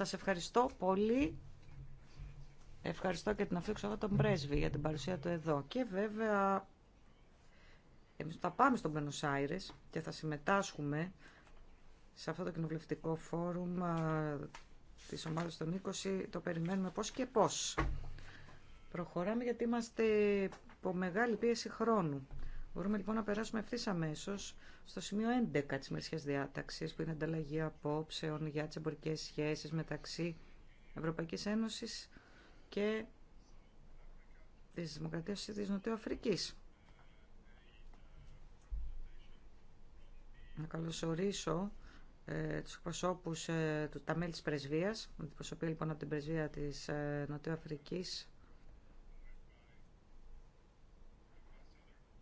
Σας ευχαριστώ πολύ. Ευχαριστώ και την αφήξω τον πρέσβη για την παρουσία του εδώ. Και βέβαια, εμείς θα πάμε στον Πενοσάιρες και θα συμμετάσχουμε σε αυτό το κοινοβουλευτικό φόρουμ της ομάδας των 20. Το περιμένουμε πώς και πώς. Προχωράμε γιατί είμαστε υπό μεγάλη πίεση χρόνου. Μπορούμε λοιπόν να περάσουμε ευθύ αμέσω στο σημείο 11 τη μερσιά διάταξη, που είναι ανταλλαγή απόψεων για τι εμπορικέ σχέσει μεταξύ Ευρωπαϊκή Ένωση και τη Δημοκρατία τη Νοτιοαφρική. Να καλωσορίσω ε, τους εκπροσώπους, ε, του, τα μέλη της με την προσωπία λοιπόν από την πρεσβεία της ε, Νοτιοαφρικής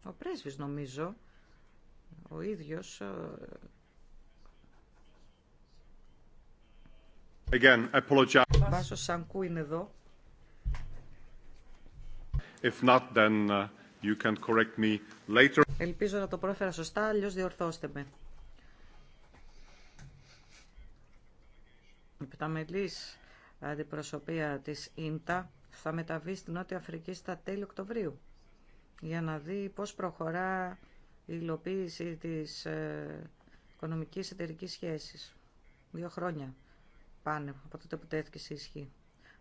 Ο πρέσβης νομίζω, ο ίδιος... Ε, Again, I apologize. Βάσος Σανκού είναι εδώ. If not, then uh, you can correct me later. Ελπίζω να το πρόφερα σωστά, αλλιώς διορθώστε με. Επιταμελής αντιπροσωπεία της ΙΝΤΑ θα μεταβεί στην Νότια Αφρική στα τέλη Οκτωβρίου για να δει πώς προχωρά η υλοποίηση της ε, οικονομικής εταιρική σχέσης. Δύο χρόνια πάνε από τότε που τέθηκε σε ισχύ.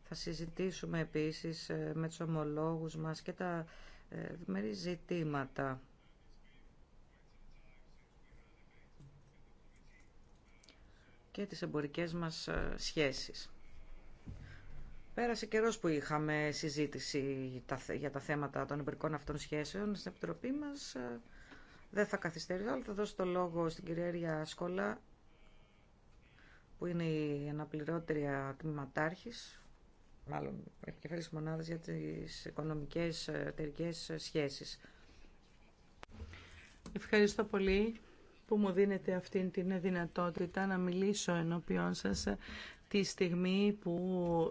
Θα συζητήσουμε επίσης ε, με τους ομολόγους μας και τα ε, μερή ζητήματα. και τις εμπορικές μας σχέσεις. Πέρασε καιρό που είχαμε συζήτηση για τα θέματα των εμπορικών αυτών σχέσεων στην Επιτροπή μας. Ε, δεν θα καθυστερήσω, αλλά θα δώσω το λόγο στην κυρία Ρια Σκόλα, που είναι η αναπληρώτρια τμήματάρχη, μάλλον επικεφαλής μονάδας για τις οικονομικές εταιρικέ σχέσεις. Ευχαριστώ πολύ που μου δίνετε αυτήν την δυνατότητα να μιλήσω ενώπιόν σας τη στιγμή που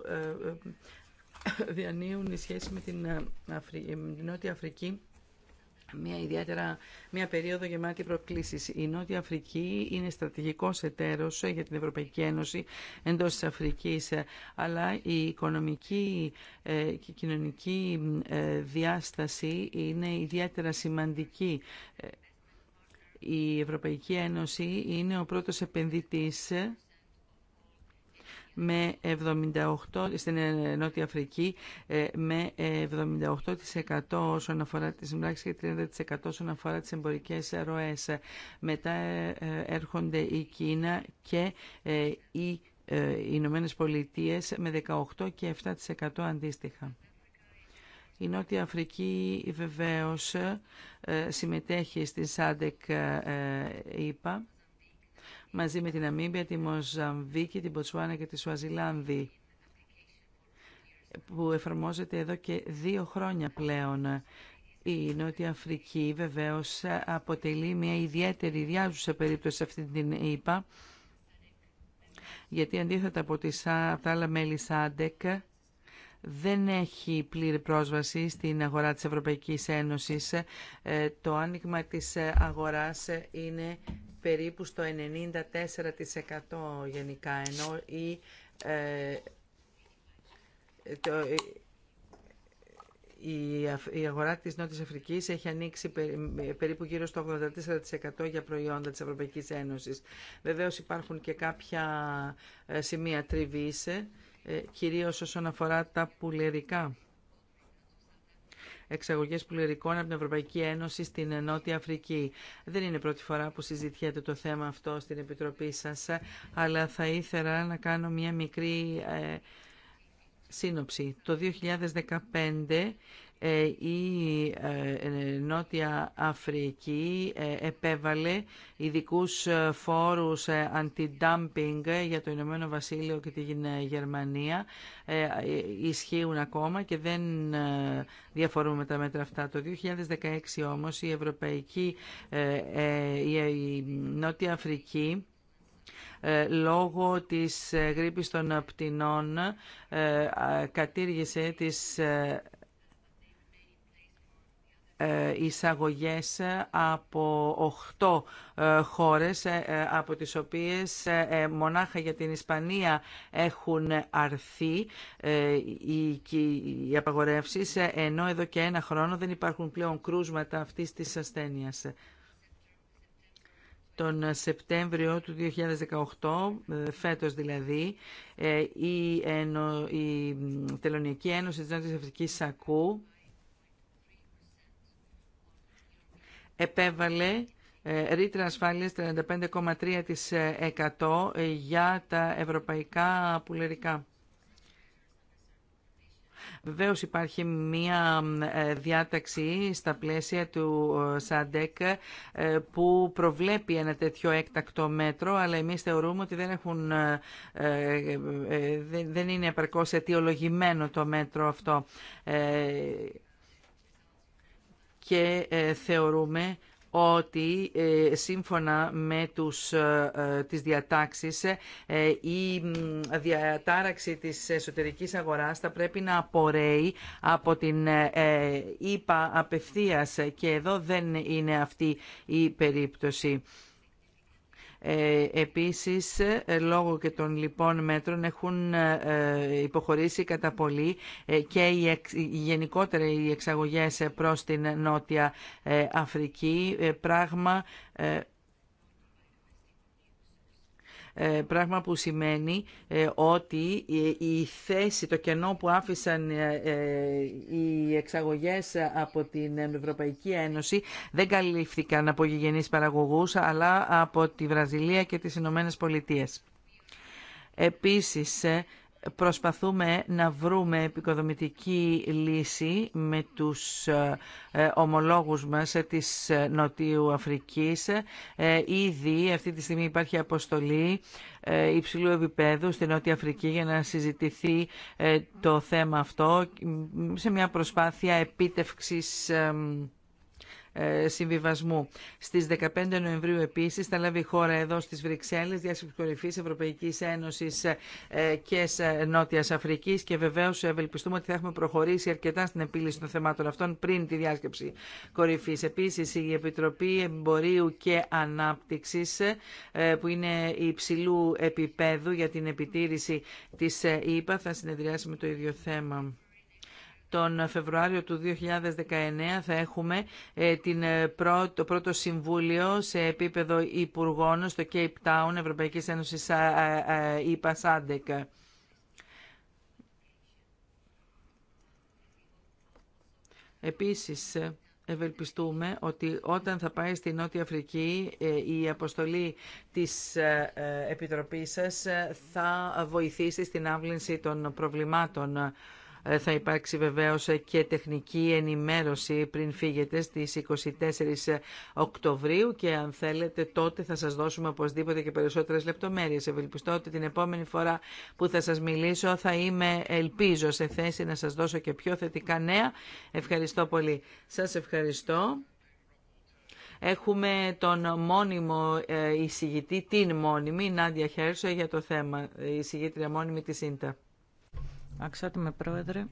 ε, ε, διανύουν η σχέση ε, με την, Νότια Αφρική μια ιδιαίτερα μια περίοδο γεμάτη προκλήσεις. Η Νότια Αφρική είναι στρατηγικός εταίρος για την Ευρωπαϊκή Ένωση εντός τη Αφρικής, αλλά η οικονομική και κοινωνική διάσταση είναι ιδιαίτερα σημαντική. Η Ευρωπαϊκή Ένωση είναι ο πρώτος επενδυτής με 78, στην ε, Νότια Αφρική ε, με 78% ε, όσον αφορά τις και 30% όσον αφορά τις εμπορικές ροές. Μετά έρχονται η Κίνα και οι Ηνωμένε Πολιτείε με 18 και 7% αντίστοιχα. Η Νότια Αφρική βεβαίως συμμετέχει στην ΣΑΝΤΕΚ ΕΙΠΑ μαζί με την Αμίμπια, τη Μοζαμβίκη, την Ποτσουάνα και τη Σουαζιλάνδη που εφαρμόζεται εδώ και δύο χρόνια πλέον. Η Νότια Αφρική βεβαίως αποτελεί μια ιδιαίτερη διάζουσα περίπτωση σε αυτή την ΕΙΠΑ, γιατί αντίθετα από, τις, τα άλλα μέλη ΣΑΝΤΕΚ δεν έχει πλήρη πρόσβαση στην αγορά της Ευρωπαϊκής Ένωσης. Ε, το άνοιγμα της αγοράς είναι περίπου στο 94% γενικά, ενώ η, ε, το, ε, η αγορά της Νότιας Αφρικής έχει ανοίξει ε, περίπου γύρω στο 84% για προϊόντα της Ευρωπαϊκής Ένωσης. Βεβαίως υπάρχουν και κάποια σημεία τριβής, κυρίως όσον αφορά τα πουλερικά εξαγωγές πουλερικών από την Ευρωπαϊκή Ένωση στην Νότια Αφρική. Δεν είναι πρώτη φορά που συζητιέται το θέμα αυτό στην Επιτροπή σας, αλλά θα ήθελα να κάνω μια μικρή ε, σύνοψη. Το 2015 ε, η ε, ε, Νότια Αφρική επέβαλε ειδικού φόρους anti-dumping για το Ηνωμένο Βασίλειο και τη Γερμανία ισχύουν ακόμα και δεν διαφορούμε τα μέτρα αυτά. Το 2016 όμως η Ευρωπαϊκή, η Νότια Αφρική λόγω της γρήπης των πτηνών κατήργησε τις ε, εισαγωγές ε, από 8 ε, χώρες, από τις οποίες μονάχα για την Ισπανία έχουν αρθεί οι απαγορεύσεις, ενώ εδώ και ένα χρόνο δεν υπάρχουν πλέον κρούσματα αυτής της ασθένειας. Τον Σεπτέμβριο του 2018, φέτος δηλαδή, η Τελωνιακή Ένωση της Νότιας Αφρικής Σακού επέβαλε ε, ρήτρα ασφάλειας 35,3% ε, για τα ευρωπαϊκά πουλερικά. Βεβαίω υπάρχει μία ε, διάταξη στα πλαίσια του ΣΑΝΤΕΚ που προβλέπει ένα τέτοιο έκτακτο μέτρο, αλλά εμείς θεωρούμε ότι δεν, έχουν, δεν είναι επαρκώς αιτιολογημένο το μέτρο αυτό και ε, θεωρούμε ότι ε, σύμφωνα με τους, ε, τις διατάξεις η διατάραξη της εσωτερικής αγοράς θα πρέπει να απορρέει από την ΕΠΑ απευθείας και εδώ δεν είναι αυτή η περίπτωση. Ε, επίσης, ε, λόγω και των λοιπών μέτρων έχουν ε, υποχωρήσει κατά πολύ και οι, γενικότερα οι εξαγωγές προς την Νότια Αφρική, πράγμα ε, πράγμα που σημαίνει ε, ότι ε, η θέση, το κενό που άφησαν οι εξαγωγές από την Ευρωπαϊκή Ένωση δεν καλύφθηκαν από γηγενείς παραγωγούς, αλλά από τη Βραζιλία και τις Ηνωμένε Πολιτείες. Επίσης, προσπαθούμε να βρούμε επικοδομητική λύση με τους ε, ε, ομολόγους μας της ε, Νοτιού Αφρικής. Ήδη αυτή τη στιγμή υπάρχει αποστολή υψηλού επίπεδου στη Νότια Αφρική για να συζητηθεί το θέμα αυτό σε μια προσπάθεια επίτευξης ε, συμβιβασμού. Στις 15 Νοεμβρίου επίση, θα λάβει η χώρα εδώ στις Βρυξέλλες διάσκεψη κορυφή Ευρωπαϊκής Ένωσης ε, και νότια Αφρικής και βεβαίω ευελπιστούμε ότι θα έχουμε προχωρήσει αρκετά στην επίλυση των θεμάτων αυτών πριν τη διάσκεψη κορυφή. Επίσης η Επιτροπή Εμπορίου και Ανάπτυξης ε, που είναι υψηλού επίπεδου για την επιτήρηση της ΕΕ θα συνεδριάσει με το ίδιο θέμα τον Φεβρουάριο του 2019 θα έχουμε ε, την ε, το πρώτο συμβούλιο σε επίπεδο υπουργών στο Cape Town Ευρωπαϊκής Ένωσης ΙΠΑ ΣΑΝΤΕΚ. Επίσης, ευελπιστούμε ότι όταν θα πάει στη Νότια Αφρική ε, η αποστολή της Επιτροπής σας θα βοηθήσει στην άβλυνση των προβλημάτων ε, θα υπάρξει βεβαίως και τεχνική ενημέρωση πριν φύγετε στις 24 Οκτωβρίου και αν θέλετε τότε θα σας δώσουμε οπωσδήποτε και περισσότερες λεπτομέρειες. Ευελπιστώ ότι την επόμενη φορά που θα σας μιλήσω θα είμαι ελπίζω σε θέση να σας δώσω και πιο θετικά νέα. Ευχαριστώ πολύ. Σας ευχαριστώ. Έχουμε τον μόνιμο ε, εισηγητή, την μόνιμη, Νάντια Χέρσο, για το θέμα, Η εισηγήτρια μόνιμη της ΙΝΤΑ. Αξιότιμε Πρόεδρε,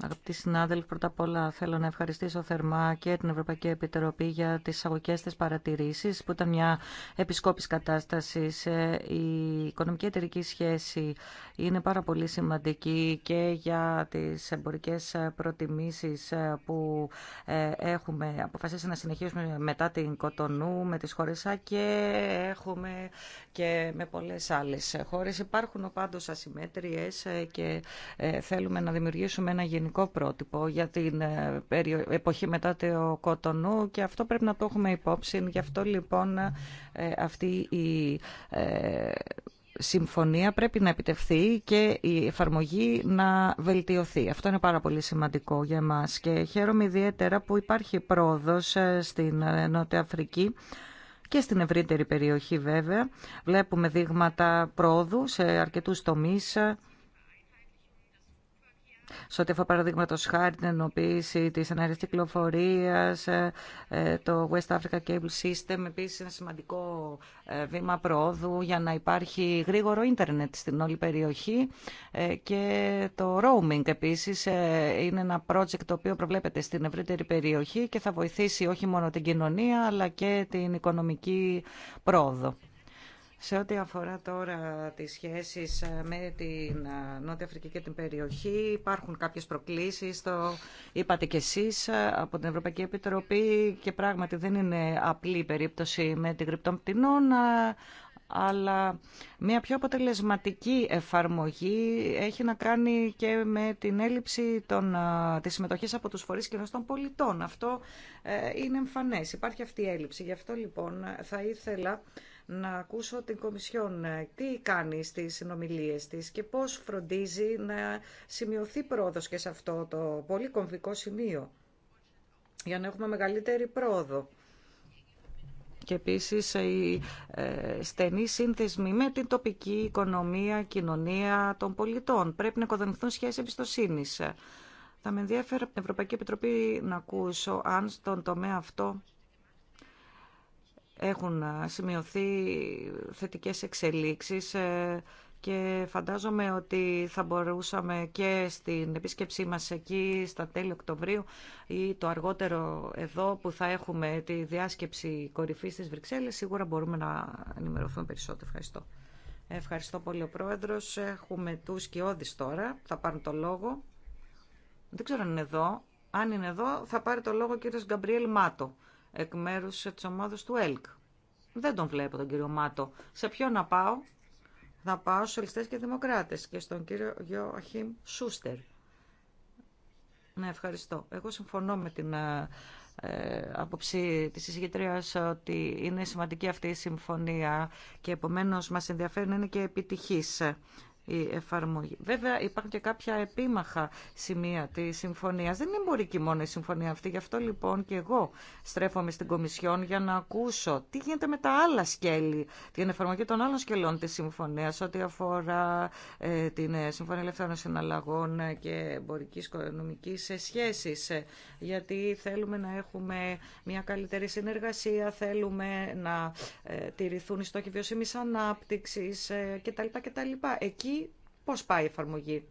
Αγαπητοί συνάδελφοι, πρώτα απ' όλα θέλω να ευχαριστήσω θερμά και την Ευρωπαϊκή Επιτροπή για τις εισαγωγικέ της παρατηρήσεις που ήταν μια επισκόπης κατάστασης. Ε, η οικονομική εταιρική σχέση είναι πάρα πολύ σημαντική και για τις εμπορικές προτιμήσεις ε, που ε, έχουμε αποφασίσει να συνεχίσουμε μετά την Κοτονού με τις χώρες και έχουμε και με πολλές άλλες χώρες. Υπάρχουν πάντως ασημέτριες και θέλουμε να δημιουργήσουμε ένα γενικό πρότυπο για την ε, εποχή μετά το Κοτονού και αυτό πρέπει να το έχουμε υπόψη. Γι' αυτό λοιπόν ε, αυτή η ε, συμφωνία πρέπει να επιτευχθεί και η εφαρμογή να βελτιωθεί. Αυτό είναι πάρα πολύ σημαντικό για μας και χαίρομαι ιδιαίτερα που υπάρχει πρόοδος στην Νότια Αφρική και στην ευρύτερη περιοχή βέβαια. Βλέπουμε δείγματα πρόοδου σε αρκετούς τομείς σε ό,τι αφορά παραδείγματο χάρη την ενοποίηση τη κυκλοφορία, ε, ε, το West Africa Cable System, επίση ένα σημαντικό ε, βήμα προόδου για να υπάρχει γρήγορο ίντερνετ στην όλη περιοχή και το roaming επίση είναι ένα project το οποίο προβλέπεται στην ευρύτερη περιοχή και θα βοηθήσει όχι μόνο την κοινωνία αλλά και την οικονομική πρόοδο. Σε ό,τι αφορά τώρα τις σχέσεις ε, με την ε, Νότια Αφρική και την περιοχή, υπάρχουν κάποιες προκλήσεις, το είπατε κι εσείς ε, από την Ευρωπαϊκή Επιτροπή και πράγματι δεν είναι απλή η περίπτωση με την κρυπτών αλλά μια πιο αποτελεσματική εφαρμογή έχει να κάνει και με την έλλειψη των, της συμμετοχής από τους φορείς και των πολιτών. Αυτό είναι εμφανές. Υπάρχει αυτή η έλλειψη. Γι' αυτό λοιπόν θα ήθελα να ακούσω την Κομισιόν ε, τι κάνει στις συνομιλίες της και πώς φροντίζει να σημειωθεί πρόοδος και σε αυτό το πολύ κομβικό σημείο για να έχουμε μεγαλύτερη πρόοδο. Και επίσης ε, η ε, στενή σύνθεσμοι με την τοπική οικονομία, κοινωνία των πολιτών. Πρέπει να οικοδομηθούν σχέσεις εμπιστοσύνης. Θα με ενδιαφέρει από την Ευρωπαϊκή Επιτροπή να ακούσω αν στον τομέα αυτό έχουν σημειωθεί θετικές εξελίξεις ε, και φαντάζομαι ότι θα μπορούσαμε και στην επίσκεψή μας εκεί στα τέλη Οκτωβρίου ή το αργότερο εδώ που θα έχουμε τη διάσκεψη κορυφής της Βρυξέλλες σίγουρα μπορούμε να ενημερωθούμε περισσότερο. Ευχαριστώ. Ευχαριστώ πολύ ο Πρόεδρος. Έχουμε τους σκιώδης τώρα. Θα πάρουν το λόγο. Δεν ξέρω αν είναι εδώ. Αν είναι εδώ θα πάρει το λόγο ο κύριος Γκαμπριέλ Μάτο εκ μέρους της ομάδας του ΕΛΚ. Δεν τον βλέπω τον κύριο Μάτο. Σε ποιον να πάω? Να πάω στους ελιστές και δημοκράτες και στον κύριο Γιώχιμ Σούστερ. Ναι, ευχαριστώ. Εγώ συμφωνώ με την ε, ε, άποψη της εισηγητρίας ότι είναι σημαντική αυτή η συμφωνία και επομένως μας ενδιαφέρει να είναι και επιτυχής η εφαρμογή. Βέβαια υπάρχουν και κάποια επίμαχα σημεία τη συμφωνία. Δεν είναι εμπορική μόνο η συμφωνία αυτή. Γι' αυτό λοιπόν και εγώ στρέφομαι στην Κομισιόν για να ακούσω τι γίνεται με τα άλλα σκέλη, την εφαρμογή των άλλων σκελών τη συμφωνία, ό,τι αφορά ε, την ε, Συμφωνία Ελεύθερων Συναλλαγών και εμπορικής σχέση. Ε, σχέση. Ε, γιατί θέλουμε να έχουμε μια καλύτερη συνεργασία, θέλουμε να ε, τηρηθούν οι στόχοι βιώσιμη ανάπτυξη ε, κτλ. Εκεί Πώς πάει η εφαρμογή.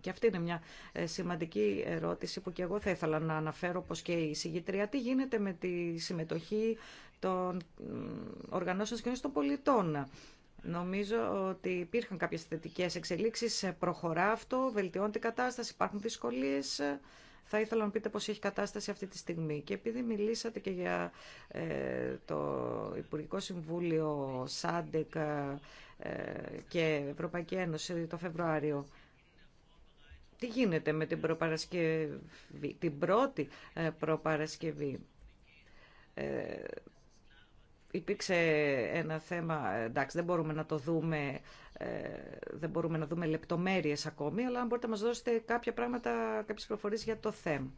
Και αυτή είναι μια ε, σημαντική ερώτηση που και εγώ θα ήθελα να αναφέρω, πως και η συγγητρία. Τι γίνεται με τη συμμετοχή των οργανώσεων και των πολιτών. Νομίζω ότι υπήρχαν κάποιες θετικές εξελίξεις, προχωρά αυτό, βελτιώνεται η κατάσταση, υπάρχουν δυσκολίες θα ήθελα να πείτε πώς έχει κατάσταση αυτή τη στιγμή. Και επειδή μιλήσατε και για ε, το Υπουργικό Συμβούλιο ΣΑΝΤΕΚ ε, και Ευρωπαϊκή Ένωση το Φεβρουάριο, τι γίνεται με την, προπαρασκευή, την πρώτη ε, προπαρασκευή υπήρξε ένα θέμα, εντάξει δεν μπορούμε να το δούμε, ε, δεν μπορούμε να δούμε λεπτομέρειες ακόμη, αλλά αν μπορείτε να μας δώσετε κάποια πράγματα, κάποιες προφορίες για το θέμα.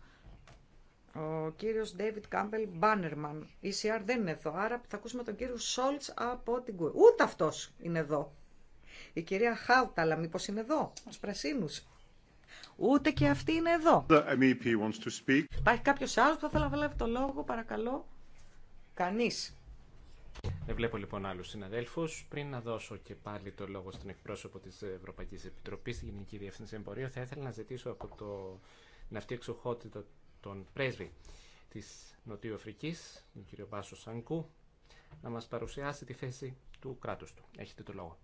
Ο κύριος David Campbell Bannerman, ECR δεν είναι εδώ, άρα θα ακούσουμε τον κύριο Σόλτς από την ΚΟΕ. Ούτε αυτός είναι εδώ. Η κυρία Χάουταλα μήπως είναι εδώ, ω πρασίνους. Ούτε και αυτή είναι εδώ. E Υπάρχει κάποιος άλλος που θα θέλει να το λόγο, παρακαλώ. Κανείς. Δεν βλέπω λοιπόν άλλου συναδέλφου. Πριν να δώσω και πάλι το λόγο στον εκπρόσωπο τη Ευρωπαϊκή Επιτροπή, τη Γενική Διευθύνση Εμπορίου, θα ήθελα να ζητήσω από το... την αυτή εξοχότητα τον πρέσβη τη Νοτιού Αφρική, τον κύριο Μπάσο Σανκού, να μα παρουσιάσει τη θέση του κράτου του. Έχετε το λόγο.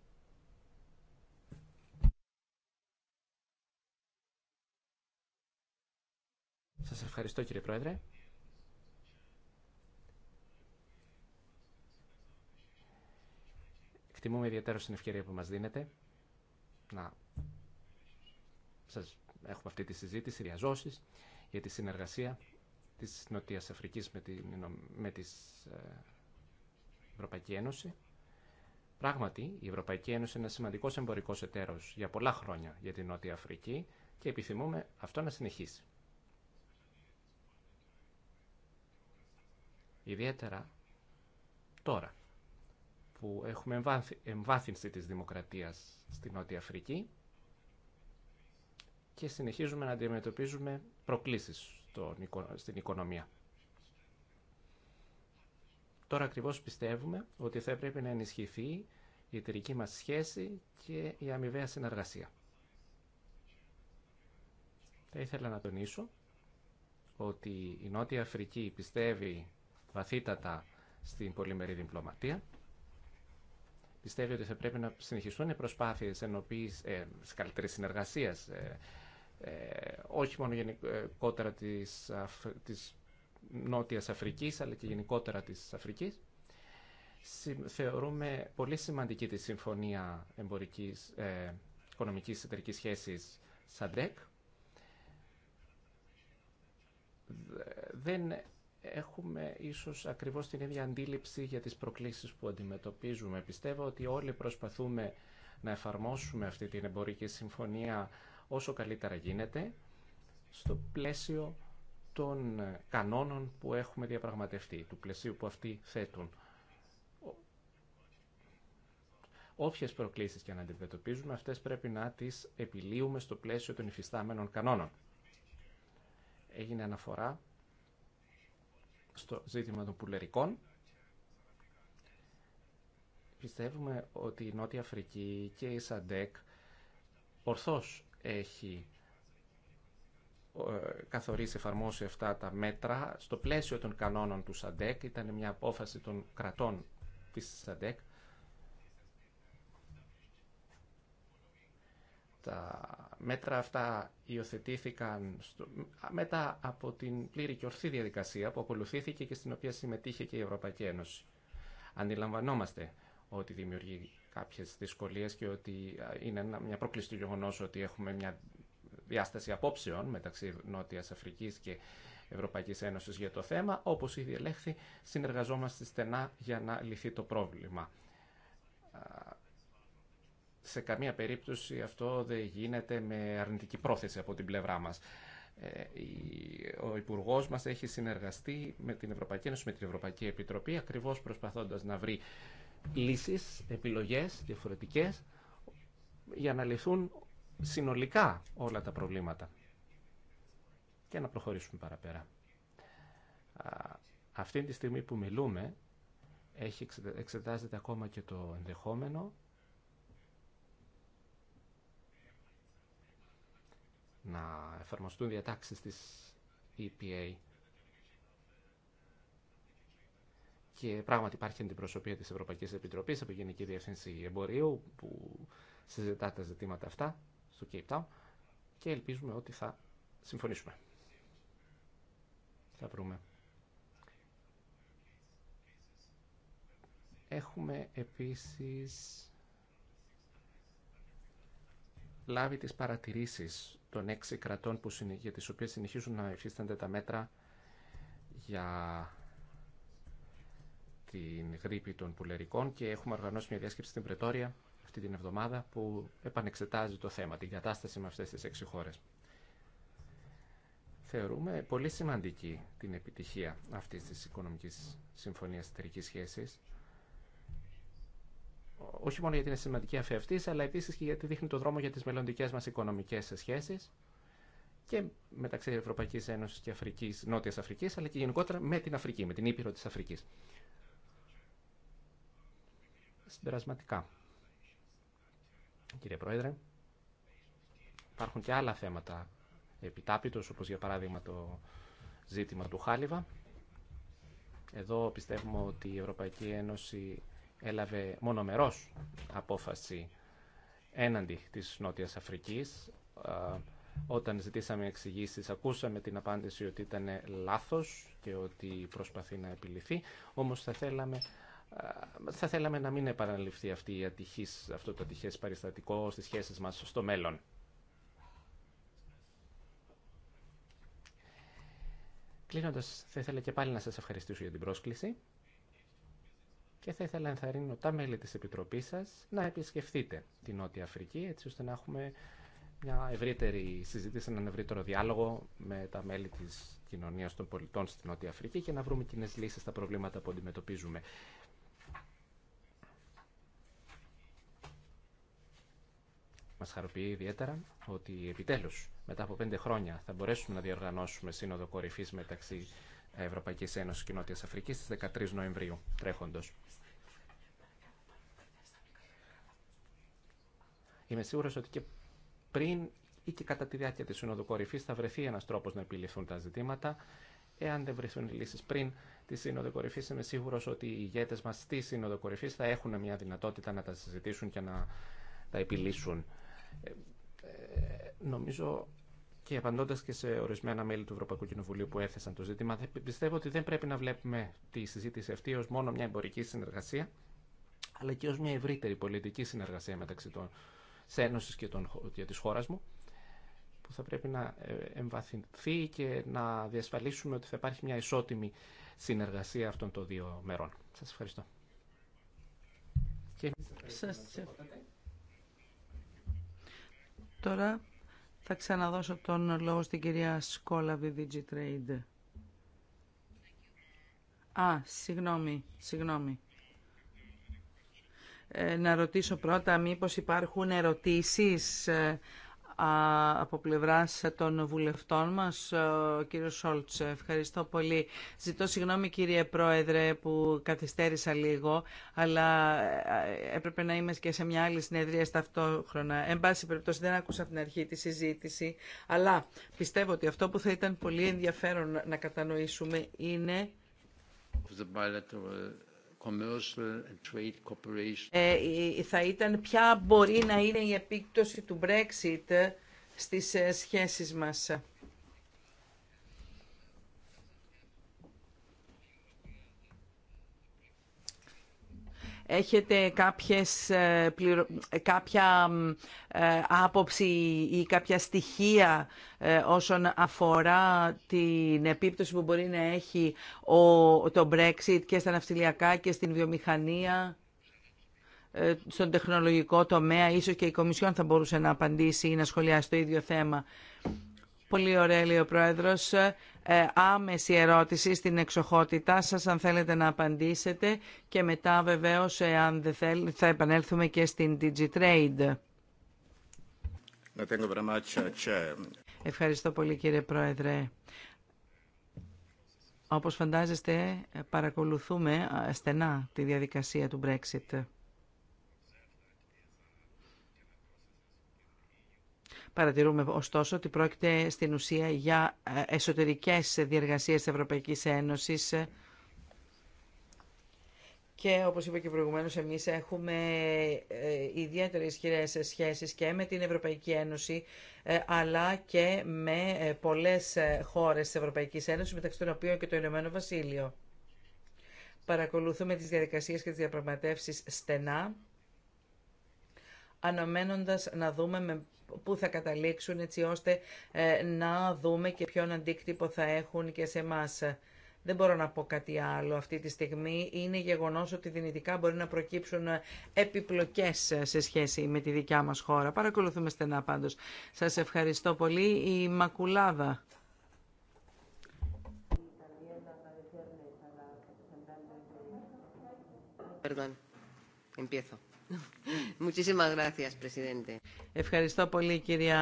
Σας ευχαριστώ κύριε Πρόεδρε. Εκτιμούμε ιδιαίτερα στην ευκαιρία που μας δίνετε να σας έχουμε αυτή τη συζήτηση, διαζώσεις για τη συνεργασία της Νοτιάς Αφρικής με την, με τις, ε, Ευρωπαϊκή Ένωση. Πράγματι, η Ευρωπαϊκή Ένωση είναι ένα σημαντικό εμπορικό εταίρο για πολλά χρόνια για την Νότια Αφρική και επιθυμούμε αυτό να συνεχίσει. Ιδιαίτερα τώρα, που έχουμε εμβάθυνση της δημοκρατίας στη Νότια Αφρική και συνεχίζουμε να αντιμετωπίζουμε προκλήσεις στην οικονομία. Τώρα ακριβώς πιστεύουμε ότι θα πρέπει να ενισχυθεί η εταιρική μας σχέση και η αμοιβαία συνεργασία. Θα ήθελα να τονίσω ότι η Νότια Αφρική πιστεύει βαθύτατα στην πολυμερή διπλωματία πιστεύει ότι θα πρέπει να συνεχιστούν οι προσπάθειες ενωπής, ε, καλύτερης συνεργασίας, ε, ε, όχι μόνο γενικότερα της, της Νότιας Αφρικής, αλλά και γενικότερα της Αφρικής. Θεωρούμε πολύ σημαντική τη Συμφωνία Εμπορικής, ε, Οικονομικής Εταιρικής Σχέσης ΣΑΝΤΕΚ. Δεν έχουμε ίσως ακριβώς την ίδια αντίληψη για τις προκλήσεις που αντιμετωπίζουμε. Πιστεύω ότι όλοι προσπαθούμε να εφαρμόσουμε αυτή την εμπορική συμφωνία όσο καλύτερα γίνεται στο πλαίσιο των κανόνων που έχουμε διαπραγματευτεί, του πλαισίου που αυτοί θέτουν. Όποιες προκλήσεις και να αντιμετωπίζουμε, αυτές πρέπει να τις επιλύουμε στο πλαίσιο των υφιστάμενων κανόνων. Έγινε αναφορά στο ζήτημα των πουλερικών. Πιστεύουμε ότι η Νότια Αφρική και η Σαντέκ ορθώς έχει ε, καθορίσει, εφαρμόσει αυτά τα μέτρα στο πλαίσιο των κανόνων του ΣΑΝΤΕΚ. Ήταν μια απόφαση των κρατών της ΣΑΝΤΕΚ Τα μέτρα αυτά υιοθετήθηκαν μετά από την πλήρη και ορθή διαδικασία που ακολουθήθηκε και στην οποία συμμετείχε και η Ευρωπαϊκή Ένωση. Αντιλαμβανόμαστε ότι δημιουργεί κάποιες δυσκολίες και ότι είναι μια πρόκληση του γεγονός ότι έχουμε μια διάσταση απόψεων μεταξύ Νότιας Αφρικής και Ευρωπαϊκής Ένωσης για το θέμα. Όπως ήδη ελέγχθη, συνεργαζόμαστε στενά για να λυθεί το πρόβλημα σε καμία περίπτωση αυτό δεν γίνεται με αρνητική πρόθεση από την πλευρά μας. Ε, ο Υπουργό μα έχει συνεργαστεί με την Ευρωπαϊκή Ένωση, με την Ευρωπαϊκή Επιτροπή, ακριβώ προσπαθώντα να βρει λύσει, επιλογέ διαφορετικέ για να λυθούν συνολικά όλα τα προβλήματα και να προχωρήσουμε παραπέρα. Αυτή τη στιγμή που μιλούμε, έχει εξετάζεται ακόμα και το ενδεχόμενο να εφαρμοστούν διατάξεις της EPA. Και πράγματι υπάρχει αντιπροσωπεία της Ευρωπαϊκής Επιτροπής από Γενική Διευθύνση Εμπορίου που συζητά τα ζητήματα αυτά στο Cape Town και ελπίζουμε ότι θα συμφωνήσουμε. Θα βρούμε. Έχουμε επίσης λάβει τις παρατηρήσεις των έξι κρατών που, για τις οποίες συνεχίζουν να υφίστανται τα μέτρα για την γρήπη των πουλερικών και έχουμε οργανώσει μια διάσκεψη στην Πρετόρια αυτή την εβδομάδα που επανεξετάζει το θέμα, την κατάσταση με αυτές τις έξι χώρες. Θεωρούμε πολύ σημαντική την επιτυχία αυτής της οικονομικής συμφωνίας εταιρικής σχέσης όχι μόνο γιατί είναι σημαντική αυτή αλλά επίση και γιατί δείχνει το δρόμο για τι μελλοντικέ μα οικονομικέ σχέσει. και μεταξύ Ευρωπαϊκή Ένωση και Αφρικής, Νότιας Αφρική, αλλά και γενικότερα με την Αφρική, με την Ήπειρο τη Αφρική. Συμπερασματικά, κύριε Πρόεδρε, υπάρχουν και άλλα θέματα επιτάπητος, όπως για παράδειγμα το ζήτημα του Χάλιβα. Εδώ πιστεύουμε ότι η Ευρωπαϊκή Ένωση έλαβε μονομερός απόφαση έναντι της Νότιας Αφρικής. Όταν ζητήσαμε εξηγήσει, ακούσαμε την απάντηση ότι ήταν λάθος και ότι προσπαθεί να επιληθεί, όμως θα θέλαμε, θα θέλαμε να μην επαναληφθεί αυτή η ατυχής, αυτό το ατυχές παριστατικό στις σχέσεις μας στο μέλλον. Κλείνοντας, θα ήθελα και πάλι να σας ευχαριστήσω για την πρόσκληση και θα ήθελα να ενθαρρύνω τα μέλη της Επιτροπής σας να επισκεφθείτε τη Νότια Αφρική έτσι ώστε να έχουμε μια ευρύτερη συζήτηση, έναν ευρύτερο διάλογο με τα μέλη της κοινωνίας των πολιτών στη Νότια Αφρική και να βρούμε κοινέ λύσεις στα προβλήματα που αντιμετωπίζουμε. Μας χαροποιεί ιδιαίτερα ότι επιτέλους μετά από πέντε χρόνια θα μπορέσουμε να διοργανώσουμε σύνοδο κορυφής μεταξύ Ευρωπαϊκής Ένωσης και Νότιας Αφρικής στις 13 Νοεμβρίου τρέχοντος. Είμαι σίγουρο ότι και πριν ή και κατά τη διάρκεια τη Συνόδου Κορυφή θα βρεθεί ένα τρόπο να επιληθούν τα ζητήματα. Εάν δεν βρεθούν λύσει πριν τη Σύνοδο Κορυφή, είμαι σίγουρο ότι οι ηγέτε μα στη Σύνοδο Κορυφή θα έχουν μια δυνατότητα να τα συζητήσουν και να τα επιλύσουν. Ε, ε, νομίζω και απαντώντα και σε ορισμένα μέλη του Ευρωπαϊκού Κοινοβουλίου που έθεσαν το ζήτημα, πιστεύω ότι δεν πρέπει να βλέπουμε τη συζήτηση αυτή ω μόνο μια εμπορική συνεργασία, αλλά και ω μια ευρύτερη πολιτική συνεργασία μεταξύ των σε Ένωσης και, των, για της χώρας μου που θα πρέπει να ε, εμβαθυνθεί και να διασφαλίσουμε ότι θα υπάρχει μια ισότιμη συνεργασία αυτών των δύο μερών. Σας ευχαριστώ. Τώρα θα ξαναδώσω τον λόγο στην κυρία Σκόλα VVG Trade. Α, συγγνώμη, συγγνώμη. Ε, να ρωτήσω πρώτα μήπως υπάρχουν ερωτήσεις ε, από πλευράς των βουλευτών μας, ε, ο κύριος Σόλτς. Ευχαριστώ πολύ. Ζητώ συγγνώμη κύριε Πρόεδρε που καθυστέρησα λίγο, αλλά έπρεπε να είμαι και σε μια άλλη συνεδρία ταυτόχρονα. Εν πάση περιπτώσει δεν άκουσα από την αρχή τη συζήτηση, αλλά πιστεύω ότι αυτό που θα ήταν πολύ ενδιαφέρον να κατανοήσουμε είναι... Ε, θα ήταν ποια μπορεί να είναι η επίκτωση του Brexit ε, στις ε, σχέσεις μας. Έχετε κάποιες, ε, ε, κάποια ε, άποψη ή κάποια στοιχεία όσον αφορά την επίπτωση που μπορεί να έχει ο, το Brexit και στα ναυτιλιακά και στην βιομηχανία, στον τεχνολογικό τομέα. Ίσως και η Κομισιόν θα μπορούσε να απαντήσει ή να σχολιάσει το ίδιο θέμα. Πολύ ωραία, λέει ο Πρόεδρος. Ε, ε, άμεση ερώτηση στην εξοχότητά σας, αν θέλετε να απαντήσετε και μετά βεβαίω ε, αν δεν θέλει, θα επανέλθουμε και στην DigiTrade. Uh, Ευχαριστώ πολύ, κύριε Πρόεδρε. Όπως φαντάζεστε, παρακολουθούμε στενά τη διαδικασία του Brexit. Παρατηρούμε ωστόσο ότι πρόκειται στην ουσία για ε, εσωτερικές διεργασίες της Ευρωπαϊκής Ένωσης και όπως είπα και προηγουμένως εμείς έχουμε ε, ιδιαίτερες ισχυρές σχέσεις και με την Ευρωπαϊκή Ένωση ε, αλλά και με πολλές χώρες της Ευρωπαϊκής Ένωσης μεταξύ των οποίων και το Ηνωμένο Βασίλειο. Παρακολουθούμε τις διαδικασίες και τις διαπραγματεύσεις στενά αναμένοντας να δούμε που θα καταλήξουν έτσι ώστε ε, να δούμε και ποιον αντίκτυπο θα έχουν και σε εμά. Δεν μπορώ να πω κάτι άλλο αυτή τη στιγμή. Είναι γεγονός ότι δυνητικά μπορεί να προκύψουν ε, επιπλοκές ε, σε σχέση με τη δικιά μας χώρα. Παρακολουθούμε στενά πάντως. Σας ευχαριστώ πολύ. Η Μακουλάδα. Perdón, empiezo. Ευχαριστώ πολύ κυρία,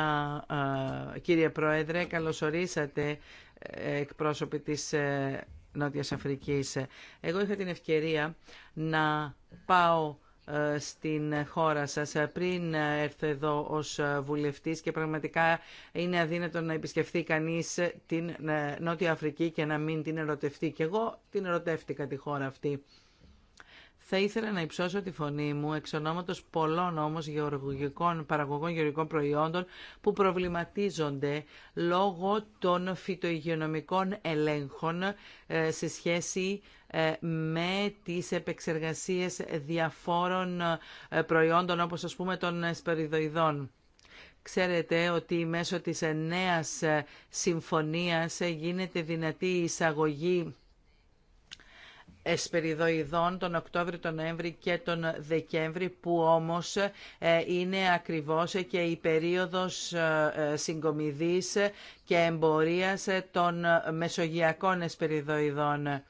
κύριε Πρόεδρε. Καλώς ορίσατε ε, εκπρόσωποι της ε, Νότιας Αφρικής. Εγώ είχα την ευκαιρία να πάω ε, στην χώρα σας πριν έρθω εδώ ως βουλευτής και πραγματικά είναι αδύνατο να επισκεφθεί κανείς την Νότια Αφρική και να μην την ερωτευτεί. Και εγώ την ερωτεύτηκα τη χώρα αυτή. Θα ήθελα να υψώσω τη φωνή μου εξ ονόματος πολλών όμως γεωργικών, παραγωγών γεωργικών προϊόντων που προβληματίζονται λόγω των φυτοϊγειονομικών ελέγχων ε, σε σχέση ε, με τις επεξεργασίες διαφόρων ε, προϊόντων όπως ας πούμε των σπεριδοειδών. Ξέρετε ότι μέσω της νέας συμφωνίας γίνεται δυνατή η εισαγωγή εσπεριδοειδών τον Οκτώβριο, τον Νοέμβρη και τον Δεκέμβρη που όμως ε, είναι ακριβώς και η περίοδος ε, ε, συγκομιδής και εμπορίας των μεσογειακών εσπεριδοειδών.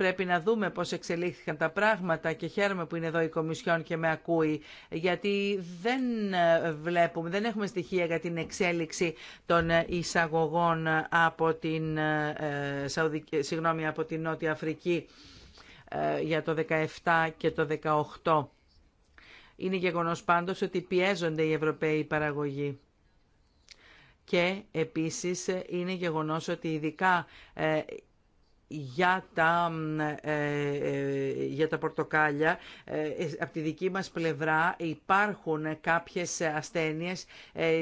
Πρέπει να δούμε πώς εξελίχθηκαν τα πράγματα και χαίρομαι που είναι εδώ η Κομισιόν και με ακούει, γιατί δεν ε, βλέπουμε, δεν έχουμε στοιχεία για την εξέλιξη των ε, εισαγωγών από την, ε, συγγνώμη, από την Νότια Αφρική για το 17 και το 18. Είναι γεγονός πάντως ότι πιέζονται οι Ευρωπαίοι παραγωγοί. Και επίσης είναι γεγονός ότι ειδικά για τα, ε, ε, για τα πορτοκάλια. Ε, από τη δική μας πλευρά υπάρχουν κάποιες ασθένειες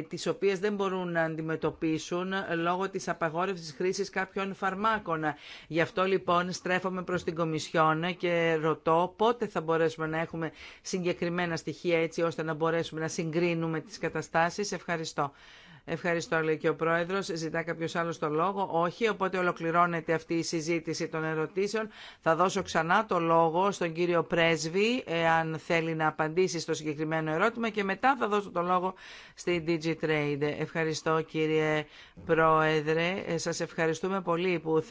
τις οποίες δεν μπορούν να αντιμετωπίσουν λόγω της απαγόρευσης χρήσης κάποιων φαρμάκων. Γι' αυτό λοιπόν στρέφομαι προς την Κομισιόν και ρωτώ πότε θα μπορέσουμε να έχουμε συγκεκριμένα στοιχεία έτσι ώστε να μπορέσουμε να συγκρίνουμε τις καταστάσεις. Ευχαριστώ. Ευχαριστώ, λέει και ο Πρόεδρο. Ζητά κάποιο άλλο το λόγο. Όχι, οπότε ολοκληρώνεται αυτή η συζήτηση των ερωτήσεων. Θα δώσω ξανά το λόγο στον κύριο Πρέσβη, αν θέλει να απαντήσει στο συγκεκριμένο ερώτημα και μετά θα δώσω το λόγο στη DigiTrade. Ευχαριστώ, κύριε Πρόεδρε. Ε, σας ευχαριστούμε πολύ που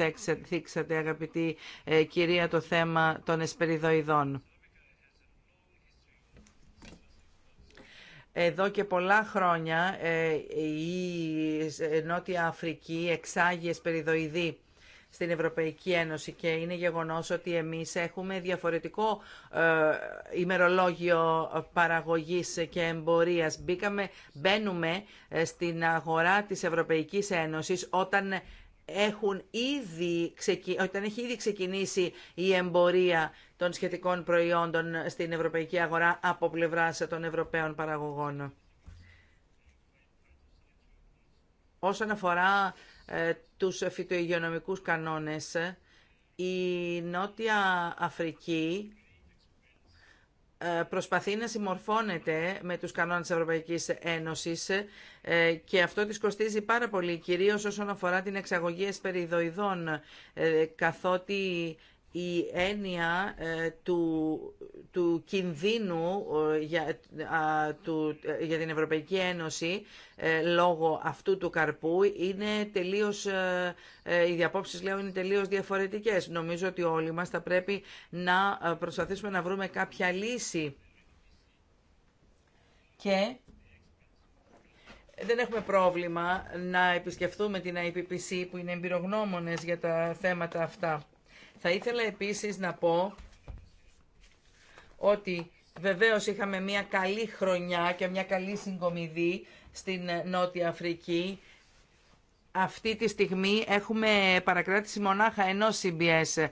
θίξατε, αγαπητή ε, κυρία, το θέμα των εσπεριδοειδών. Εδώ και πολλά χρόνια ε, ε, η Νότια Αφρική εξάγει εσπεριδοειδή στην Ευρωπαϊκή Ένωση και είναι γεγονός ότι εμείς έχουμε διαφορετικό ε, ημερολόγιο παραγωγής και εμπορίας. Μπήκαμε, μπαίνουμε στην αγορά της Ευρωπαϊκής Ένωσης όταν έχουν ήδη όταν έχει ήδη ξεκινήσει η εμπορία των σχετικών προϊόντων στην ευρωπαϊκή αγορά από πλευρά των Ευρωπαίων παραγωγών. Όσον αφορά ε, τους φυτοϊγειονομικούς κανόνες, η Νότια Αφρική ε, προσπαθεί να συμμορφώνεται με τους κανόνες της Ευρωπαϊκής Ένωσης ε, και αυτό της κοστίζει πάρα πολύ, κυρίως όσον αφορά την εξαγωγή εσπεριδοειδών, καθότι η έννοια ε, του, κινδύνου ε, για, του, ε, για την Ευρωπαϊκή Ένωση λόγω αυτού του καρπού είναι τελείως, οι διαπόψεις λέω είναι τελείως διαφορετικές. Νομίζω ότι όλοι μας θα πρέπει να προσπαθήσουμε να βρούμε κάποια λύση. Και δεν έχουμε πρόβλημα να επισκεφθούμε την IPPC που είναι εμπειρογνώμονες για τα θέματα αυτά. Θα ήθελα επίσης να πω ότι βεβαίως είχαμε μια καλή χρονιά και μια καλή συγκομιδή στην Νότια Αφρική. Αυτή τη στιγμή έχουμε παρακράτηση μονάχα ενός CBS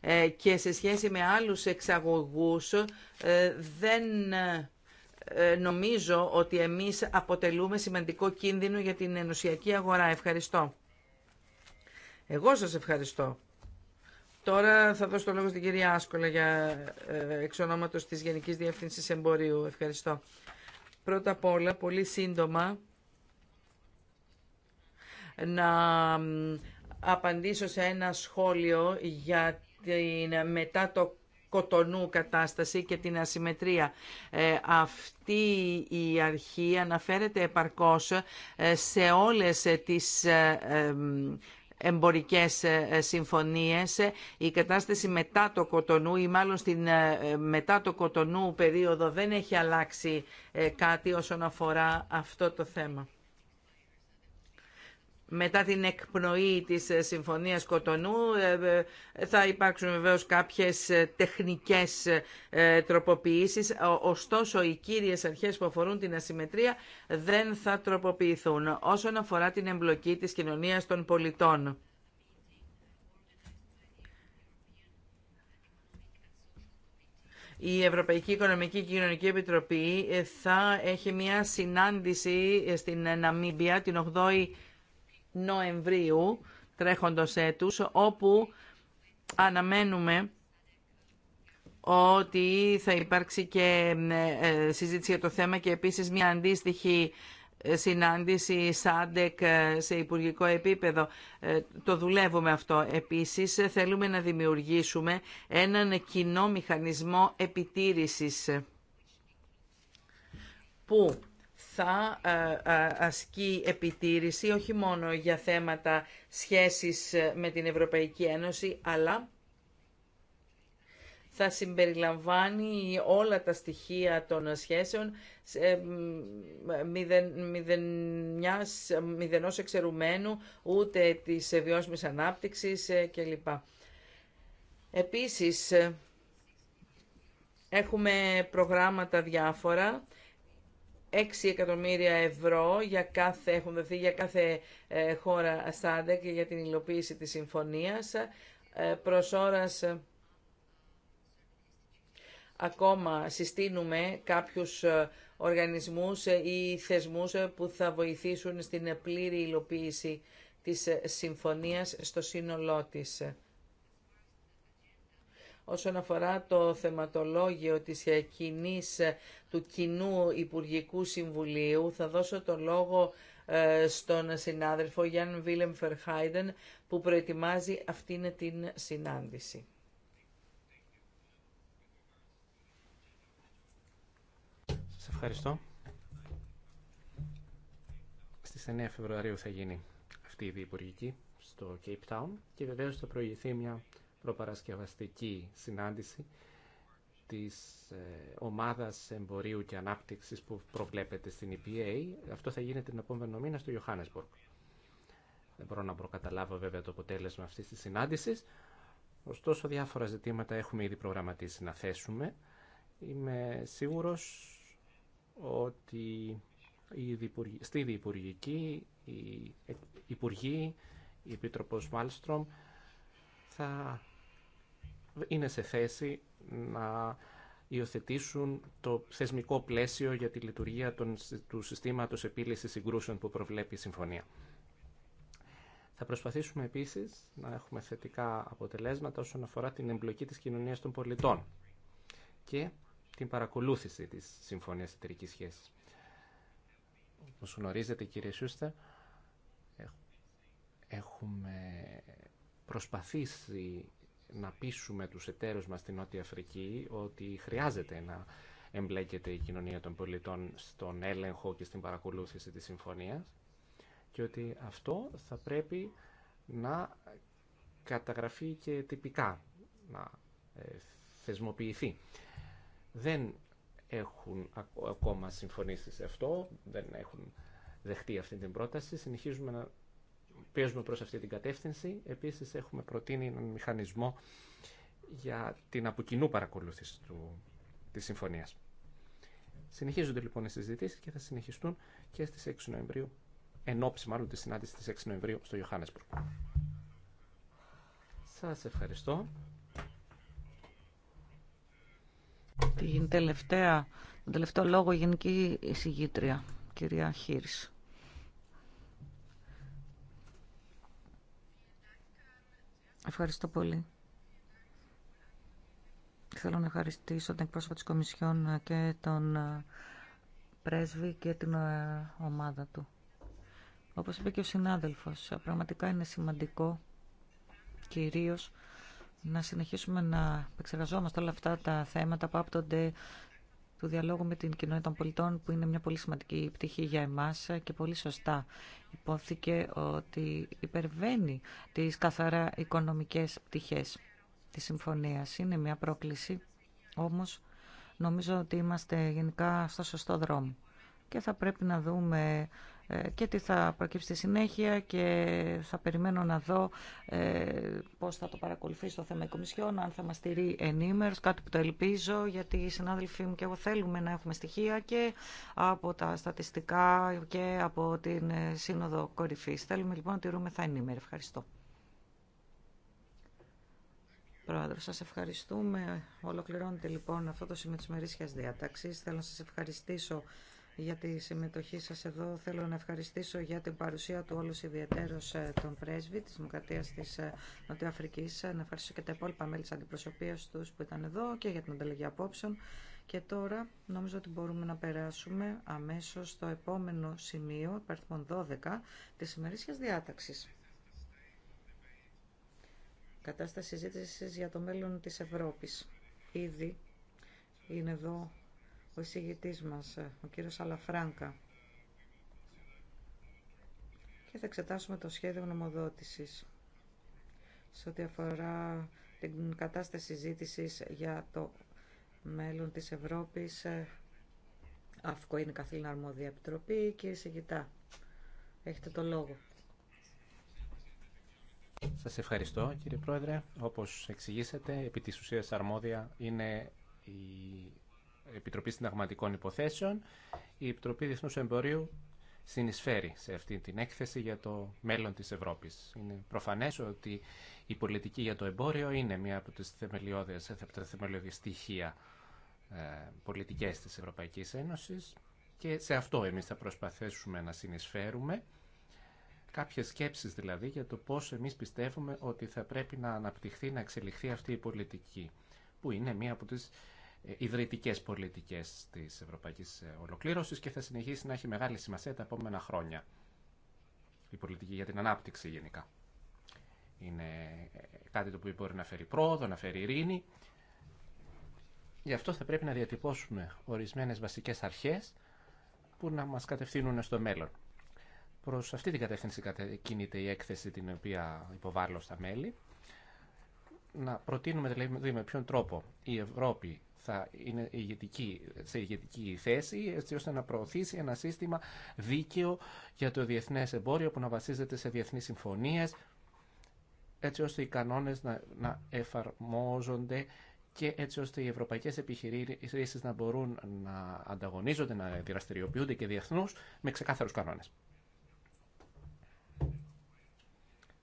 ε, και σε σχέση με άλλους εξαγωγούς ε, δεν ε, νομίζω ότι εμείς αποτελούμε σημαντικό κίνδυνο για την ενωσιακή αγορά. Ευχαριστώ. Εγώ σας ευχαριστώ. Τώρα θα δώσω το λόγο στην κυρία Άσκολα για ε, εξ ονόματος της Γενικής Διεύθυνσης Εμπορίου. Ευχαριστώ. Πρώτα απ' όλα, πολύ σύντομα, να απαντήσω σε ένα σχόλιο για την μετά το κοτονού κατάσταση και την ασυμμετρία. Ε, αυτή η αρχή αναφέρεται επαρκώς ε, σε όλες τις εμπορικές ε, ε, συμφωνίες. Η κατάσταση μετά το Κοτονού ή μάλλον στην ε, μετά το Κοτονού περίοδο δεν έχει αλλάξει κάτι όσον αφορά αυτό το θέμα μετά την εκπνοή της Συμφωνίας Κοτονού ε, ε, θα υπάρξουν βεβαίως κάποιες ε, τεχνικές τροποποιήσεις. Ωστόσο, οι κύριες αρχές που αφορούν την ασυμμετρία δεν θα τροποποιηθούν όσον αφορά την εμπλοκή της κοινωνίας των πολιτών. Η Ευρωπαϊκή Οικονομική και Κοινωνική Επιτροπή θα έχει μια συνάντηση στην Ναμίμπια την 8η Νοεμβρίου τρέχοντος έτους, όπου αναμένουμε ότι θα υπάρξει και ε, ε, συζήτηση για το θέμα και επίσης μια αντίστοιχη ε, συνάντηση ΣΑΝΤΕΚ σε υπουργικό επίπεδο. Το δουλεύουμε αυτό. Επίσης θέλουμε να δημιουργήσουμε έναν κοινό μηχανισμό επιτήρησης που θα ε, ε, ασκεί επιτήρηση όχι μόνο για θέματα σχέσης ε, με την Ευρωπαϊκή Ένωση, αλλά θα συμπεριλαμβάνει όλα τα στοιχεία των σχέσεων μηδεν, μηδεν, μιας, μηδενός εξαιρουμένου, ούτε της βιώσιμης ανάπτυξης κλπ. Επίσης, έχουμε προγράμματα διάφορα 6 εκατομμύρια ευρώ για κάθε, έχουν δοθεί για κάθε ε, χώρα χώρα και για την υλοποίηση της συμφωνίας. Ε, προς ώρας ε, ακόμα συστήνουμε κάποιους ε, οργανισμούς ή θεσμούς που θα βοηθήσουν στην πλήρη υλοποίηση της συμφωνίας στο σύνολό της όσον αφορά το θεματολόγιο της κοινής, του κοινού Υπουργικού Συμβουλίου. Θα δώσω το λόγο ε, στον συνάδελφο Γιάνν Βίλεμ Φερχάιντεν που προετοιμάζει αυτήν την συνάντηση. Σας ευχαριστώ. Στις 9 Φεβρουαρίου θα γίνει αυτή η Υπουργική στο Cape Town και βεβαίως θα προηγηθεί μια προπαρασκευαστική συνάντηση της ε, ομάδας εμπορίου και ανάπτυξης που προβλέπεται στην EPA. Αυτό θα γίνεται την επόμενο μήνα στο Johannesburg. Δεν μπορώ να προκαταλάβω βέβαια το αποτέλεσμα αυτής της συνάντησης. Ωστόσο διάφορα ζητήματα έχουμε ήδη προγραμματίσει να θέσουμε. Είμαι σίγουρος ότι στη Διυπουργική η Υπουργή, η Επίτροπος Μάλστρομ θα είναι σε θέση να υιοθετήσουν το θεσμικό πλαίσιο για τη λειτουργία του συστήματος επίλυσης συγκρούσεων που προβλέπει η Συμφωνία. Θα προσπαθήσουμε επίσης να έχουμε θετικά αποτελέσματα όσον αφορά την εμπλοκή της κοινωνίας των πολιτών και την παρακολούθηση της Συμφωνίας Εταιρική Σχέσης. Όπως γνωρίζετε κύριε Σούστα, έχουμε προσπαθήσει να πείσουμε τους εταίρους μας στην Νότια Αφρική ότι χρειάζεται να εμπλέκεται η κοινωνία των πολιτών στον έλεγχο και στην παρακολούθηση της συμφωνίας και ότι αυτό θα πρέπει να καταγραφεί και τυπικά, να ε, θεσμοποιηθεί. Δεν έχουν ακόμα συμφωνήσει σε αυτό, δεν έχουν δεχτεί αυτή την πρόταση. Συνεχίζουμε να πιέζουμε προς αυτή την κατεύθυνση. Επίσης έχουμε προτείνει έναν μηχανισμό για την αποκοινού παρακολούθηση του, της συμφωνίας. Συνεχίζονται λοιπόν οι συζητήσεις και θα συνεχιστούν και στις 6 Νοεμβρίου, εν μάλλον τη συνάντηση της 6 Νοεμβρίου στο Ιωάννεσπρο. Σας ευχαριστώ. Την τελευταία, τον τελευταίο λόγο Γενική Εισηγήτρια, κυρία Χίρης. Ευχαριστώ πολύ. Θέλω να ευχαριστήσω την εκπρόσωπο της Κομισιόν και τον ε, πρέσβη και την ε, ομάδα του. Όπως είπε και ο συνάδελφος, πραγματικά είναι σημαντικό κυρίως να συνεχίσουμε να επεξεργαζόμαστε όλα αυτά τα θέματα που άπτονται του διαλόγου με την Κοινότητα των πολιτών που είναι μια πολύ σημαντική πτυχή για εμάς και πολύ σωστά υπόθηκε ότι υπερβαίνει τις καθαρά οικονομικές πτυχές της συμφωνίας. Είναι μια πρόκληση, όμως νομίζω ότι είμαστε γενικά στο σωστό δρόμο και θα πρέπει να δούμε ε, και τι θα προκύψει στη συνέχεια και θα περιμένω να δω ε, πώς θα το παρακολουθήσει το θέμα η αν θα μας στηρεί ενήμερος, κάτι που το ελπίζω, γιατί οι συνάδελφοί μου και εγώ θέλουμε να έχουμε στοιχεία και από τα στατιστικά και από την ε, Σύνοδο Κορυφής. Θέλουμε λοιπόν να τηρούμε θα ενήμερη. Ευχαριστώ. Πρόεδρο, σας ευχαριστούμε. Ολοκληρώνεται λοιπόν αυτό το σημείο της μερίσιας διάταξης. Θέλω να σας ευχαριστήσω για τη συμμετοχή σας εδώ. Θέλω να ευχαριστήσω για την παρουσία του όλους ιδιαίτερος ε, τον πρέσβη της Δημοκρατίας της ε, Νοτιοαφρικής. Ε, να ευχαριστήσω και τα υπόλοιπα μέλη της αντιπροσωπείας τους που ήταν εδώ και για την ανταλλαγή απόψεων. Και τώρα νομίζω ότι μπορούμε να περάσουμε αμέσως στο επόμενο σημείο, υπαριθμόν 12, της ημερήσιας διάταξης. Κατάσταση συζήτηση για το μέλλον της Ευρώπης. Ήδη είναι εδώ ο εισηγητής μας, ε, ο κύριος Αλαφράνκα. Και θα εξετάσουμε το σχέδιο γνωμοδότησης σε ό,τι αφορά την κατάσταση συζήτησης για το μέλλον της Ευρώπης. Ε, Αυκό είναι καθήλυνα αρμόδια επιτροπή. Κύριε εισηγητά, έχετε το λόγο. Σας ευχαριστώ κύριε Πρόεδρε. Όπως εξηγήσατε, επί της ουσίας αρμόδια είναι η Επιτροπή Συνταγματικών Υποθέσεων. Η Επιτροπή Διεθνούς Εμπορίου συνεισφέρει σε αυτή την έκθεση για το μέλλον της Ευρώπης. Είναι προφανές ότι η πολιτική για το εμπόριο είναι μία από τις θεμελιώδες, τα στοιχεία ε, πολιτικές της Ευρωπαϊκής Ένωσης και σε αυτό εμείς θα προσπαθήσουμε να συνεισφέρουμε κάποιες σκέψεις δηλαδή για το πώς εμείς πιστεύουμε ότι θα πρέπει να αναπτυχθεί, να εξελιχθεί αυτή η πολιτική που είναι μία από τις ε, ιδρυτικέ πολιτικές τη ευρωπαϊκής ε, ολοκλήρωσης και θα συνεχίσει να έχει μεγάλη σημασία τα επόμενα χρόνια. Η πολιτική για την ανάπτυξη γενικά. Είναι ε, κάτι το οποίο μπορεί να φέρει πρόοδο, να φέρει ειρήνη. Γι' αυτό θα πρέπει να διατυπώσουμε ορισμένες βασικές αρχές που να μας κατευθύνουν στο μέλλον. Προς αυτή την κατεύθυνση κινείται η έκθεση την οποία υποβάλλω στα μέλη. Να προτείνουμε δηλαδή με ποιον τρόπο η Ευρώπη θα είναι ηγετική, σε ηγετική θέση έτσι ώστε να προωθήσει ένα σύστημα δίκαιο για το διεθνές εμπόριο που να βασίζεται σε διεθνεί συμφωνίες έτσι ώστε οι κανόνες να, να εφαρμόζονται και έτσι ώστε οι ευρωπαϊκές επιχειρήσεις να μπορούν να ανταγωνίζονται, να δραστηριοποιούνται και διεθνούς με ξεκάθαρους κανόνες.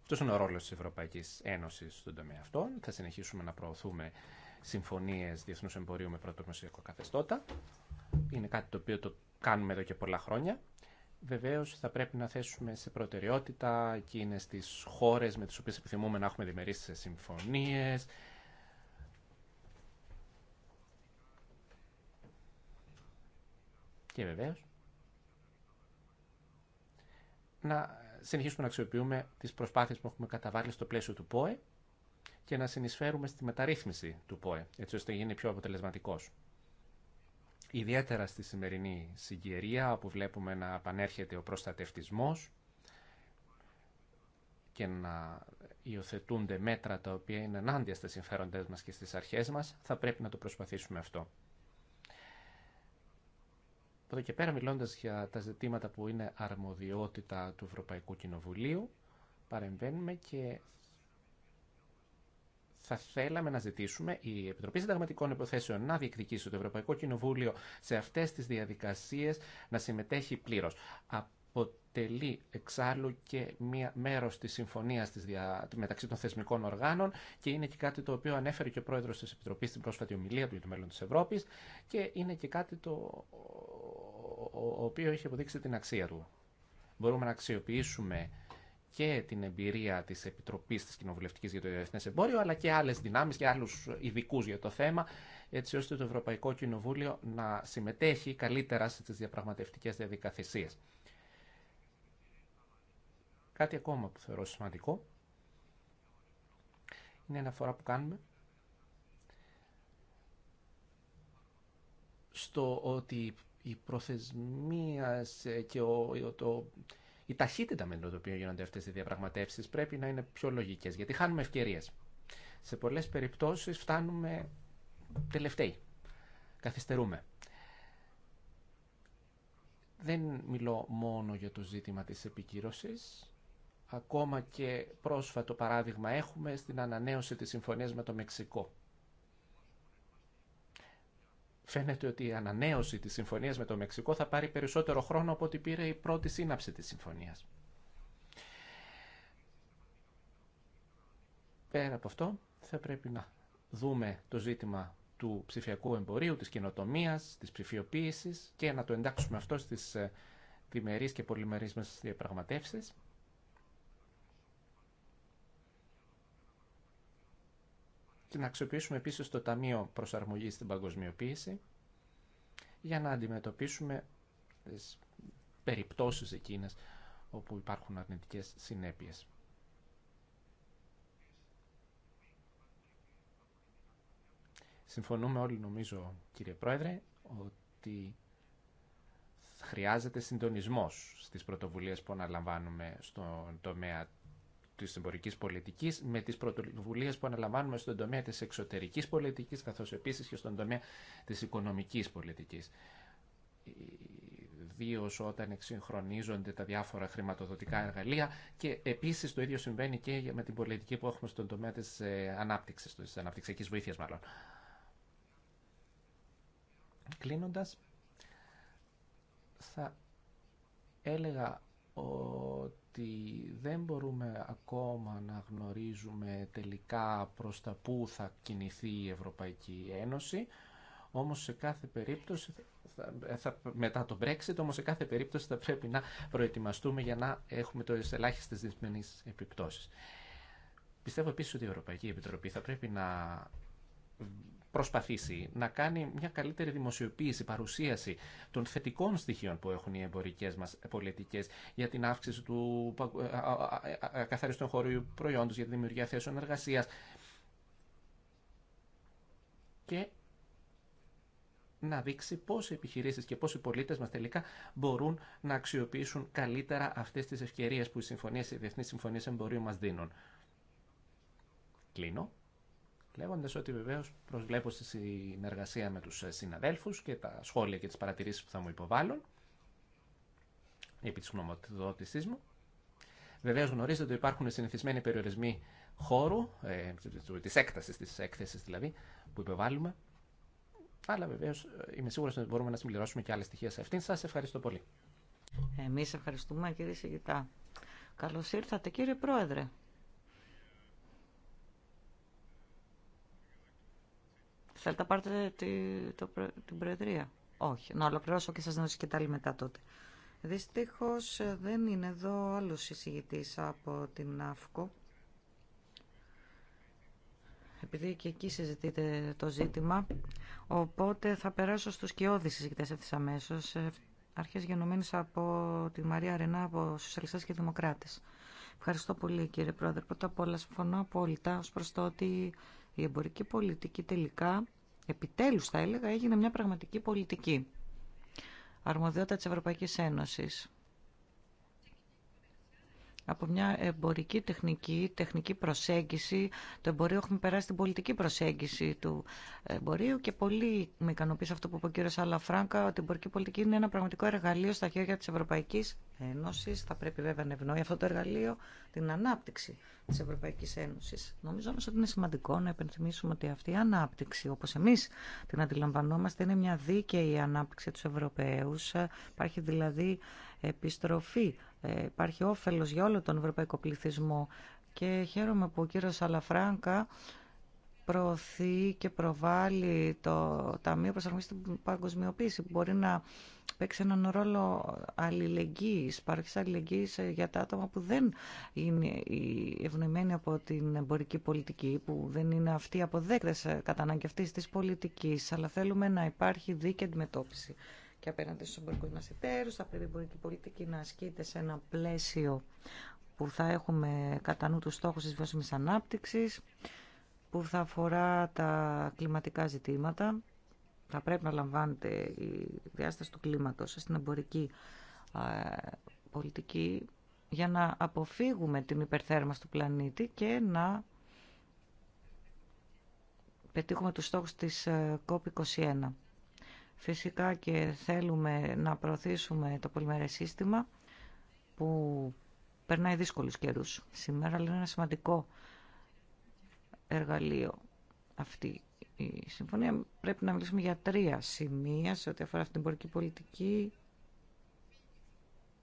Αυτό είναι ο ρόλος της Ευρωπαϊκής Ένωσης στον τομέα αυτό. Θα συνεχίσουμε να προωθούμε συμφωνίες διεθνού εμπορίου με Πρωτογνωσιακό καθεστώτα. Είναι κάτι το οποίο το κάνουμε εδώ και πολλά χρόνια. Βεβαίως θα πρέπει να θέσουμε σε προτεραιότητα εκείνες τις χώρες με τι οποίε επιθυμούμε να έχουμε διμερείς συμφωνίες, και βεβαίω να συνεχίσουμε να αξιοποιούμε τις προσπάθειες που έχουμε καταβάλει στο πλαίσιο του ΠΟΕ και να συνεισφέρουμε στη μεταρρύθμιση του ΠΟΕ, έτσι ώστε να γίνει πιο αποτελεσματικός. Ιδιαίτερα στη σημερινή συγκυρία, όπου βλέπουμε να επανέρχεται ο προστατευτισμός και να υιοθετούνται μέτρα τα οποία είναι ενάντια στα συμφέροντές μας και στις αρχές μας, θα πρέπει να το προσπαθήσουμε αυτό. Από εδώ και πέρα, μιλώντας για τα ζητήματα που είναι αρμοδιότητα του Ευρωπαϊκού Κοινοβουλίου, παρεμβαίνουμε και θα θέλαμε να ζητήσουμε η Επιτροπή Συνταγματικών Υποθέσεων να διεκδικήσει το Ευρωπαϊκό Κοινοβούλιο σε αυτέ τι διαδικασίε να συμμετέχει πλήρω. Αποτελεί εξάλλου και μία μέρο τη συμφωνία δια... μεταξύ των θεσμικών οργάνων και είναι και κάτι το οποίο ανέφερε και ο Προεδρο τη Επιτροπή στην πρόσφατη ομιλία του για το μέλλον τη Ευρώπη και είναι και κάτι το οποίο έχει αποδείξει την αξία του. Μπορούμε να αξιοποιήσουμε και την εμπειρία τη Επιτροπής της κοινοβουλευτική για το Διεθνές Εμπόριο, αλλά και άλλες δυνάμεις και άλλους ειδικού για το θέμα, έτσι ώστε το Ευρωπαϊκό Κοινοβούλιο να συμμετέχει καλύτερα στι διαπραγματευτικές διαδικασίε. Κάτι ακόμα που θεωρώ σημαντικό είναι η φορά που κάνουμε στο ότι η προθεσμία και το η ταχύτητα με την οποία γίνονται αυτέ οι διαπραγματεύσει πρέπει να είναι πιο λογικέ, γιατί χάνουμε ευκαιρίε. Σε πολλέ περιπτώσει φτάνουμε τελευταίοι. Καθυστερούμε. Δεν μιλώ μόνο για το ζήτημα της επικύρωσης, ακόμα και πρόσφατο παράδειγμα έχουμε στην ανανέωση της συμφωνίας με το Μεξικό φαίνεται ότι η ανανέωση της συμφωνίας με το Μεξικό θα πάρει περισσότερο χρόνο από ό,τι πήρε η πρώτη σύναψη της συμφωνίας. Πέρα από αυτό, θα πρέπει να δούμε το ζήτημα του ψηφιακού εμπορίου, της κοινοτομίας, της ψηφιοποίησης και να το εντάξουμε αυτό στις ε, διμερείς και πολυμερείς μας διαπραγματεύσεις. και να αξιοποιήσουμε επίσης το Ταμείο Προσαρμογής στην Παγκοσμιοποίηση για να αντιμετωπίσουμε τις περιπτώσεις εκείνες όπου υπάρχουν αρνητικές συνέπειες. Συμφωνούμε όλοι νομίζω κύριε Πρόεδρε ότι χρειάζεται συντονισμός στις πρωτοβουλίες που αναλαμβάνουμε στον τομέα Τη εμπορικής πολιτική με τις πρωτοβουλίε που αναλαμβάνουμε στον τομέα της εξωτερικής πολιτικής, καθώ επίσης και στον τομέα της οικονομικής πολιτικής. Ιδίω όταν εξυγχρονίζονται τα διάφορα χρηματοδοτικά εργαλεία και επίσης το ίδιο συμβαίνει και με την πολιτική που έχουμε στον τομέα της ε, ανάπτυξη, τη αναπτυξιακή βοήθεια, μάλλον. Κλείνοντα θα έλεγα ότι δεν μπορούμε ακόμα να γνωρίζουμε τελικά προς τα πού θα κινηθεί η Ευρωπαϊκή Ένωση, όμως σε κάθε περίπτωση, θα, μετά το Brexit, όμως σε κάθε περίπτωση θα πρέπει να προετοιμαστούμε για να έχουμε το ελάχιστες δυσμενείς επιπτώσεις. Πιστεύω επίσης ότι η Ευρωπαϊκή Επιτροπή θα πρέπει να προσπαθήσει να κάνει μια καλύτερη δημοσιοποίηση, παρουσίαση των θετικών στοιχείων που έχουν οι εμπορικές μας πολιτικέ για την αύξηση του καθαριστών χωρίου προϊόντος, για τη δημιουργία θέσεων εργασία. και να δείξει πώς επιχειρήσεις και πώς οι πολίτες μας τελικά μπορούν να αξιοποιήσουν καλύτερα αυτές τις ευκαιρίες που οι συμφωνίες, οι διεθνείς συμφωνίες εμπορίου μας δίνουν. Κλείνω Λέγοντα ότι βεβαίω προσβλέπω στη συνεργασία με του ε, συναδέλφου και τα σχόλια και τι παρατηρήσει που θα μου υποβάλλουν επί τη γνωμοδότησής μου. Βεβαίω γνωρίζετε ότι υπάρχουν συνηθισμένοι περιορισμοί χώρου, ε, της έκτασης της έκθεσης δηλαδή, που υποβάλλουμε. Αλλά βεβαίω ε, είμαι σίγουρο ότι μπορούμε να συμπληρώσουμε και άλλε στοιχεία σε αυτήν. Σα ευχαριστώ πολύ. Εμεί ευχαριστούμε κύριε Σιγητά. Καλώ ήρθατε κύριε Πρόεδρε. Θέλετε να πάρετε τη, το, την Προεδρία. Όχι. Να ολοκληρώσω και σα δώσω και τα άλλη μετά τότε. Δυστυχώ ε, δεν είναι εδώ άλλο συζητητή από την ΑΦΚΟ. Επειδή και εκεί συζητείτε το ζήτημα, οπότε θα περάσω στου κοιόδη συζητητέ αυτής αμέσω. Ε, Αρχέ γενομένε από τη Μαρία Ρενά, από Σοσιαλιστέ και Δημοκράτε. Ευχαριστώ πολύ κύριε Πρόεδρε. Πρώτα απ' όλα συμφωνώ απόλυτα ω προ το ότι η εμπορική πολιτική τελικά, επιτέλους θα έλεγα, έγινε μια πραγματική πολιτική. Αρμοδιότητα της Ευρωπαϊκής Ένωσης από μια εμπορική τεχνική, τεχνική προσέγγιση. Το εμπορίο έχουμε περάσει την πολιτική προσέγγιση του εμπορίου και πολύ με ικανοποιεί αυτό που είπε ο κύριο Αλαφράγκα, ότι η εμπορική πολιτική είναι ένα πραγματικό εργαλείο στα χέρια τη Ευρωπαϊκή Ένωση. Θα πρέπει βέβαια να ευνοεί αυτό το εργαλείο την ανάπτυξη τη Ευρωπαϊκή Ένωση. Νομίζω όμω ότι είναι σημαντικό να επενθυμίσουμε ότι αυτή η ανάπτυξη, όπω εμεί την αντιλαμβανόμαστε, είναι μια δίκαιη ανάπτυξη του Ευρωπαίου. Υπάρχει δηλαδή επιστροφή. Ε, υπάρχει όφελος για όλο τον ευρωπαϊκό πληθυσμό και χαίρομαι που ο κύριος Σαλαφράγκα προωθεί και προβάλλει το Ταμείο Προσαρμογής στην Παγκοσμιοποίηση που μπορεί να παίξει έναν ρόλο αλληλεγγύης, παροχής αλληλεγγύης για τα άτομα που δεν είναι ευνοημένοι από την εμπορική πολιτική, που δεν είναι αυτοί αποδέκτες κατά αναγκευτής της πολιτικής, αλλά θέλουμε να υπάρχει δίκαιη αντιμετώπιση και απέναντι στους εμπορικούς μας Θα πρέπει η εμπορική πολιτική να ασκείται σε ένα πλαίσιο που θα έχουμε κατά νου τους στόχους της βιώσιμης ανάπτυξης, που θα αφορά τα κλιματικά ζητήματα. Θα πρέπει να λαμβάνεται η διάσταση του κλίματος στην εμπορική πολιτική για να αποφύγουμε την υπερθέρμανση του πλανήτη και να πετύχουμε τους στόχους της ε, COP21. Φυσικά και θέλουμε να προωθήσουμε το πολυμερές σύστημα που περνάει δύσκολους καιρούς σήμερα, αλλά είναι ένα σημαντικό εργαλείο αυτή η συμφωνία. Πρέπει να μιλήσουμε για τρία σημεία σε ό,τι αφορά αυτή την εμπορική πολιτική.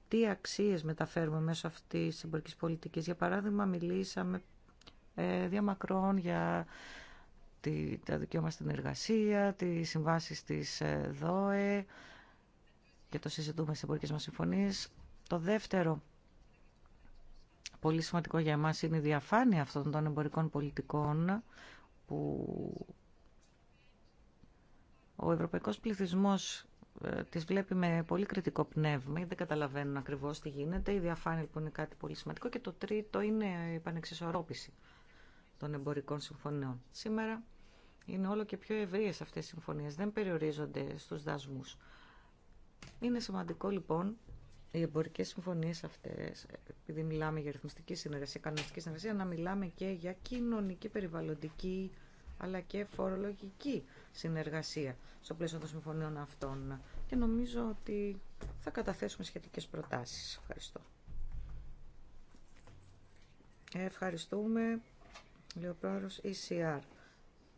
Τι αξίες μεταφέρουμε μέσω αυτής της εμπορικής πολιτικής. Για παράδειγμα, μιλήσαμε ε, διαμακρών για τη, τα δικαιώματα στην εργασία, τι συμβάσει τη ε, ΔΟΕ και το συζητούμε σε εμπορικές μα συμφωνίες. Το δεύτερο, πολύ σημαντικό για εμάς, είναι η διαφάνεια αυτών των εμπορικών πολιτικών που ο ευρωπαϊκός πληθυσμός ε, τις βλέπει με πολύ κριτικό πνεύμα, δεν καταλαβαίνουν ακριβώς τι γίνεται. Η διαφάνεια λοιπόν είναι κάτι πολύ σημαντικό και το τρίτο είναι η πανεξισορρόπηση των εμπορικών συμφωνιών. Σήμερα είναι όλο και πιο ευρειε αυτές οι συμφωνίες, δεν περιορίζονται στους δασμούς. Είναι σημαντικό λοιπόν οι εμπορικέ συμφωνίε αυτέ, επειδή μιλάμε για ρυθμιστική συνεργασία, κανονιστική συνεργασία, να μιλάμε και για κοινωνική, περιβαλλοντική αλλά και φορολογική συνεργασία στο πλαίσιο των συμφωνίων αυτών. Και νομίζω ότι θα καταθέσουμε σχετικές προτάσεις. Ευχαριστώ. Ευχαριστούμε. ECR.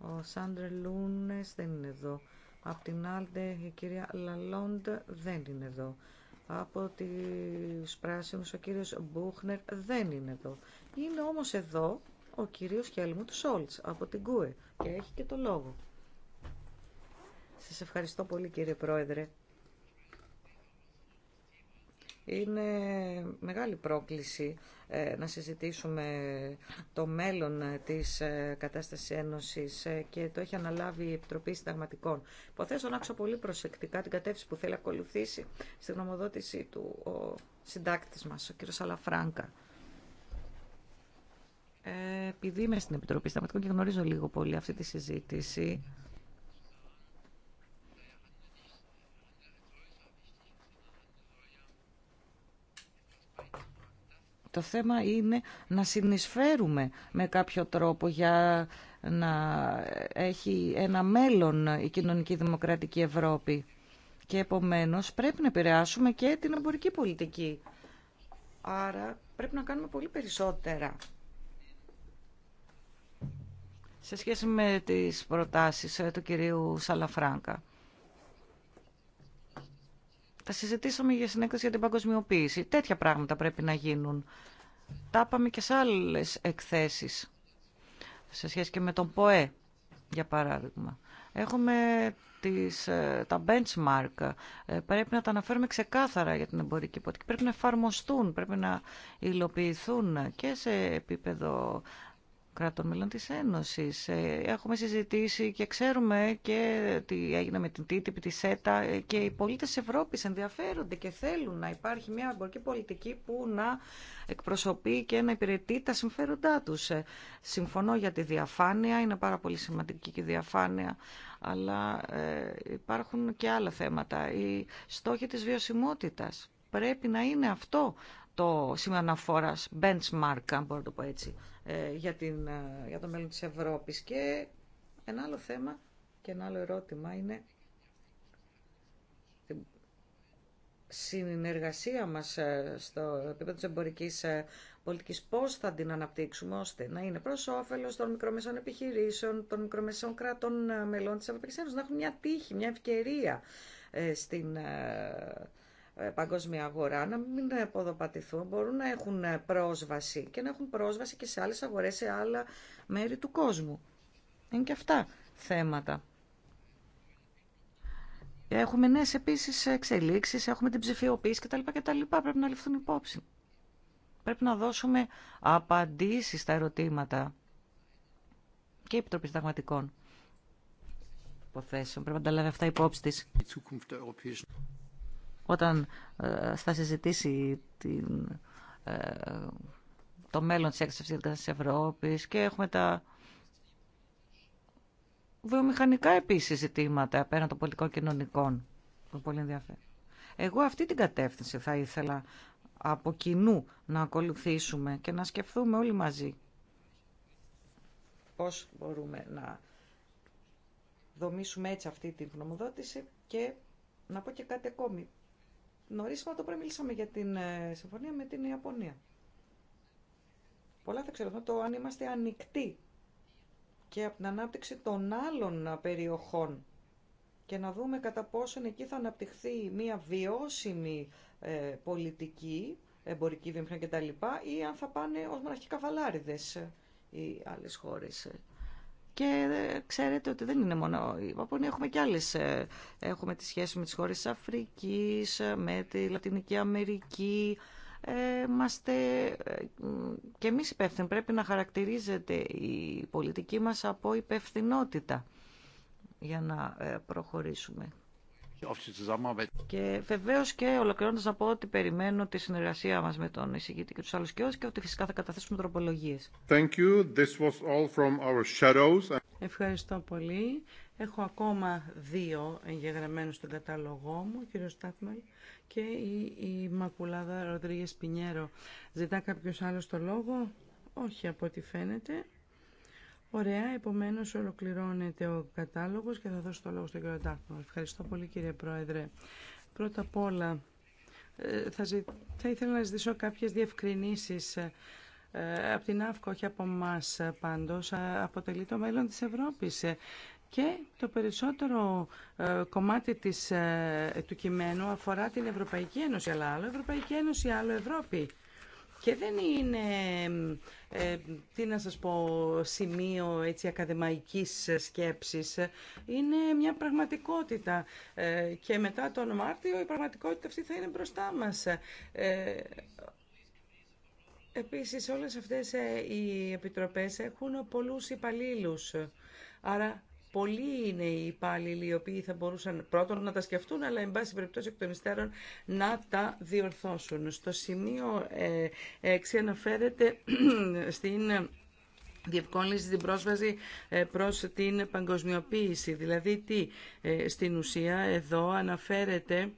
Ο Σάντρε Λούνες δεν είναι εδώ. Από την Άλντε η κυρία Λαλόντ δεν είναι εδώ. Από τις πράσινους ο κύριος Μπούχνερ δεν είναι εδώ. Είναι όμως εδώ ο κύριος Χέλμουτ Σόλτς από την ΚΟΕ και έχει και το λόγο. Σας ευχαριστώ πολύ κύριε Πρόεδρε. Είναι μεγάλη πρόκληση ε, να συζητήσουμε το μέλλον της ε, κατάστασης ένωσης ε, και το έχει αναλάβει η Επιτροπή Συνταγματικών. Υποθέσω να άξω πολύ προσεκτικά την κατεύθυνση που θέλει να ακολουθήσει στη γνωμοδότησή του ο συντάκτης μας, ο κ. Σαλαφράγκα. επειδή είμαι στην Επιτροπή Συνταγματικών και γνωρίζω λίγο πολύ αυτή τη συζήτηση, Το θέμα είναι να συνεισφέρουμε με κάποιο τρόπο για να έχει ένα μέλλον η κοινωνική δημοκρατική Ευρώπη. Και επομένως πρέπει να επηρεάσουμε και την εμπορική πολιτική. Άρα πρέπει να κάνουμε πολύ περισσότερα σε σχέση με τις προτάσεις ε, του κυρίου Σαλαφράγκα. Θα συζητήσουμε για συνέκταση για την παγκοσμιοποίηση. Τέτοια πράγματα πρέπει να γίνουν. Τα είπαμε και σε άλλε εκθέσει. Σε σχέση και με τον ΠΟΕ, για παράδειγμα. Έχουμε τις, ε, τα benchmark. Ε, πρέπει να τα αναφέρουμε ξεκάθαρα για την εμπορική Πρέπει να εφαρμοστούν, πρέπει να υλοποιηθούν και σε επίπεδο κρατών μελών της Ένωσης. Ε, έχουμε συζητήσει και ξέρουμε και τι έγινε με την TTIP, τη ΣΕΤΑ ε, και οι πολίτες της Ευρώπης ενδιαφέρονται και θέλουν να υπάρχει μια εμπορική πολιτική που να εκπροσωπεί και να υπηρετεί τα συμφέροντά τους. Ε, συμφωνώ για τη διαφάνεια, είναι πάρα πολύ σημαντική και η διαφάνεια αλλά υπάρχουν και άλλα θέματα. Οι στόχοι της βιωσιμότητας πρέπει να είναι αυτό το σημείο αναφορά benchmark, αν μπορώ να το πω έτσι, ε, για, την, ε, για το μέλλον της Ευρώπης. Και ένα άλλο θέμα και ένα άλλο ερώτημα είναι συνεργασία μας ε, στο επίπεδο της εμπορικής πολιτικής, πώς θα την αναπτύξουμε ώστε να είναι προς όφελος των μικρομεσών επιχειρήσεων, των μικρομεσών κρατών μελών της Ευρωπαϊκής Ένωσης, να έχουν μια τύχη, μια ευκαιρία στην ε, παγκόσμια αγορά, να μην αποδοπατηθούν, μπορούν να έχουν ε, πρόσβαση και να έχουν πρόσβαση και σε άλλες αγορές, σε άλλα μέρη του κόσμου. Είναι και αυτά θέματα. Έχουμε νέες επίσης εξελίξεις, έχουμε την ψηφιοποίηση κτλ. κτλ. Πρέπει να ληφθούν υπόψη. Πρέπει να δώσουμε απαντήσεις στα ερωτήματα και η Επιτροπή υποθέσεων. Πρέπει να τα λάβει αυτά υπόψη της όταν ε, θα συζητήσει ε, το μέλλον της έξευσης της Ευρώπης και έχουμε τα βιομηχανικά επίσης ζητήματα πέραν των πολιτικών κοινωνικών που πολύ ενδιαφέρον. Εγώ αυτή την κατεύθυνση θα ήθελα από κοινού να ακολουθήσουμε και να σκεφτούμε όλοι μαζί πώς μπορούμε να δομήσουμε έτσι αυτή την γνωμοδότηση και να πω και κάτι ακόμη. Νωρίσιμα το πρωί μιλήσαμε για την ε, συμφωνία με την Ιαπωνία. Πολλά θα ξέρω. το αν είμαστε ανοιχτοί και από την ανάπτυξη των άλλων περιοχών και να δούμε κατά πόσον εκεί θα αναπτυχθεί μια βιώσιμη ε, πολιτική, εμπορική βιομηχανία κτλ. ή αν θα πάνε ως μοναχικοί καβαλάριδες ε, οι άλλες χώρες. Και ε, ξέρετε ότι δεν είναι μόνο η Ιαπωνία, έχουμε και άλλες. Ε, έχουμε τη σχέση με τις χώρες Αφρικής, ε, με τη Λατινική Αμερική. Είμαστε και εμείς υπεύθυνοι. Πρέπει να χαρακτηρίζεται η πολιτική μας από υπευθυνότητα για να προχωρήσουμε. Και βεβαίω και ολοκληρώνοντα να πω ότι περιμένω τη συνεργασία μα με τον εισηγητή και του άλλου και και ότι φυσικά θα καταθέσουμε τροπολογίε. Ευχαριστώ πολύ. Έχω ακόμα δύο εγγεγραμμένου στον κατάλογό μου, ο κύριο Στάκμελ και η, Μακουλάδα Ροντρίγε Πινιέρο. Ζητά κάποιο άλλο το λόγο. Όχι από ό,τι φαίνεται. Ωραία, επομένω ολοκληρώνεται ο κατάλογο και θα δώσω το λόγο στον κύριο Ντάχνο. Ευχαριστώ πολύ κύριε Πρόεδρε. Πρώτα απ' όλα ε, θα, ήθελα να ζητήσω κάποιε διευκρινήσει ε, ε, από την ΑΦΚΟ, όχι από εμά πάντως, αποτελεί το μέλλον της Ευρώπης. Και το περισσότερο κομμάτι της, του κειμένου αφορά την Ευρωπαϊκή Ένωση, αλλά άλλο Ευρωπαϊκή Ένωση, άλλο Ευρώπη και δεν είναι, ε, τι να σας πω, σημείο έτσι, ακαδημαϊκής σκέψης. Είναι μια πραγματικότητα ε, και μετά τον Μάρτιο η πραγματικότητα αυτή θα είναι μπροστά μας. Ε, επίσης όλες αυτές ε, οι επιτροπές έχουν πολλούς υπαλλήλους. Άρα Πολλοί είναι οι υπάλληλοι οι οποίοι θα μπορούσαν πρώτον να τα σκεφτούν, αλλά εν πάση περιπτώσει εκ των υστέρων να τα διορθώσουν. Στο σημείο 6 ε, αναφέρεται στην διευκόλυνση την πρόσβαση ε, προς την παγκοσμιοποίηση. Δηλαδή τι ε, στην ουσία εδώ αναφέρεται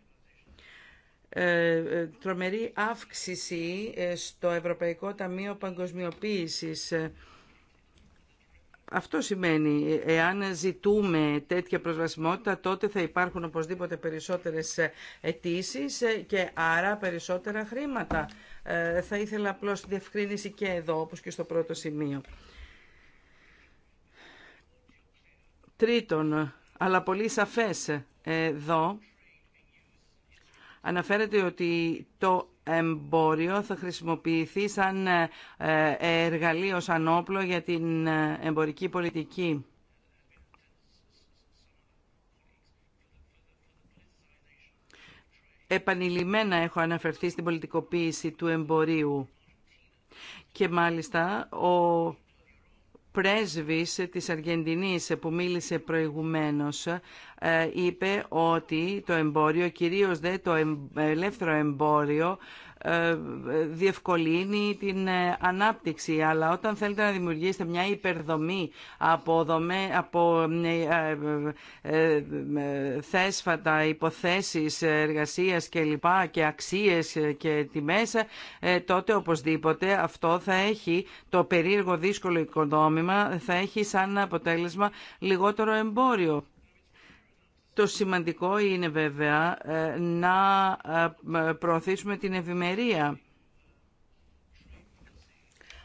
τρομερή αύξηση στο Ευρωπαϊκό Ταμείο Παγκοσμιοποίησης αυτό σημαίνει, εάν ζητούμε τέτοια προσβασιμότητα, τότε θα υπάρχουν οπωσδήποτε περισσότερες αιτήσει και άρα περισσότερα χρήματα. Ε, θα ήθελα απλώς διευκρίνηση και εδώ, όπως και στο πρώτο σημείο. Τρίτον, αλλά πολύ σαφές ε, εδώ, αναφέρεται ότι το εμπόριο θα χρησιμοποιηθεί σαν ε, ε, εργαλείο, σαν όπλο για την ε, εμπορική πολιτική. Επανειλημμένα έχω αναφερθεί στην πολιτικοποίηση του εμπορίου. Και μάλιστα ο πρέσβης της Αργεντινής που μίλησε προηγουμένως ε, είπε ότι το εμπόριο, κυρίως δε το ελεύθερο εμπόριο ε, διευκολύνει την ε, ανάπτυξη. Αλλά όταν θέλετε να δημιουργήσετε μια υπερδομή από, δομέ, από ε, θέσφατα, υποθέσεις εργασίας και λοιπά και αξίες και τιμές, τότε οπωσδήποτε αυτό θα έχει το περίεργο δύσκολο οικοδόμημα, θα έχει σαν αποτέλεσμα λιγότερο εμπόριο. Το σημαντικό είναι βέβαια ε, να ε, προωθήσουμε την ευημερία.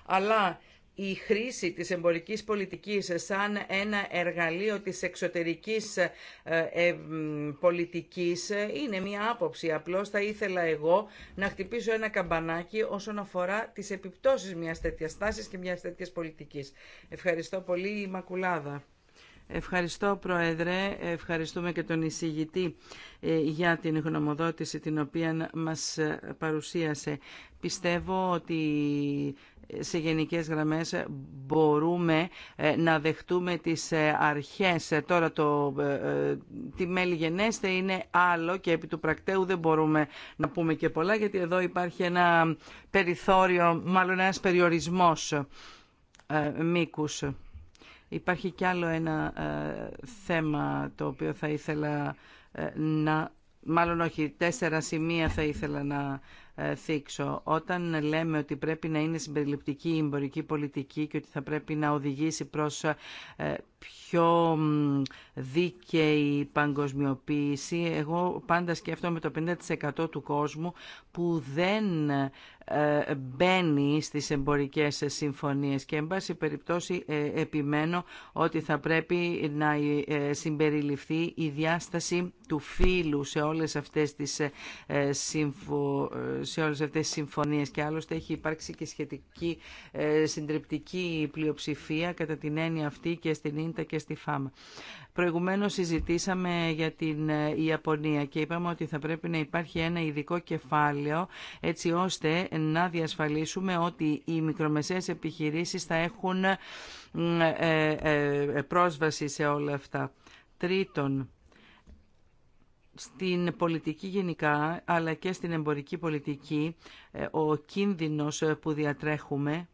Αλλά η χρήση της εμπορικής πολιτικής σαν ένα εργαλείο της εξωτερικής ε, ε πολιτικής είναι μία άποψη. Απλώς θα ήθελα εγώ να χτυπήσω ένα καμπανάκι όσον αφορά τις επιπτώσεις μιας τέτοιας τάσης και μιας τέτοιας πολιτικής. Ευχαριστώ πολύ η Μακουλάδα. Ευχαριστώ Πρόεδρε, ευχαριστούμε και τον εισηγητή ε, για την γνωμοδότηση την οποία μας ε, παρουσίασε. Πιστεύω ότι ε, σε γενικές γραμμές μπορούμε να δεχτούμε τις αρχές. Τώρα το τι μέλη γενέστε είναι άλλο και επί του πρακτέου δεν μπορούμε να πούμε και πολλά γιατί εδώ υπάρχει ένα περιθώριο, μάλλον ένας περιορισμός μήκους. Υπάρχει κι άλλο ένα ε, θέμα το οποίο θα ήθελα ε, να... Μάλλον όχι, τέσσερα σημεία θα ήθελα να ε, θίξω. Όταν λέμε ότι πρέπει να είναι συμπεριληπτική η εμπορική πολιτική και ότι θα πρέπει να οδηγήσει προς πιο δίκαιη παγκοσμιοποίηση, εγώ πάντα σκέφτομαι το 50% του κόσμου που δεν ε, μπαίνει στις εμπορικές συμφωνίες και εν πάση περιπτώσει ε, επιμένω ότι θα πρέπει να ε, συμπεριληφθεί η διάσταση του φύλου σε όλες αυτές τις, σε όλες αυτές συμφωνίες και άλλωστε έχει υπάρξει και σχετική συντριπτική πλειοψηφία κατά την έννοια αυτή και στην Ίντα και στη φάμα. Προηγουμένως συζητήσαμε για την Ιαπωνία και είπαμε ότι θα πρέπει να υπάρχει ένα ειδικό κεφάλαιο έτσι ώστε να διασφαλίσουμε ότι οι μικρομεσαίες επιχειρήσεις θα έχουν ε, ε, ε, πρόσβαση σε όλα αυτά. Τρίτον, στην πολιτική γενικά, αλλά και στην εμπορική πολιτική, ο κίνδυνος που διατρέχουμε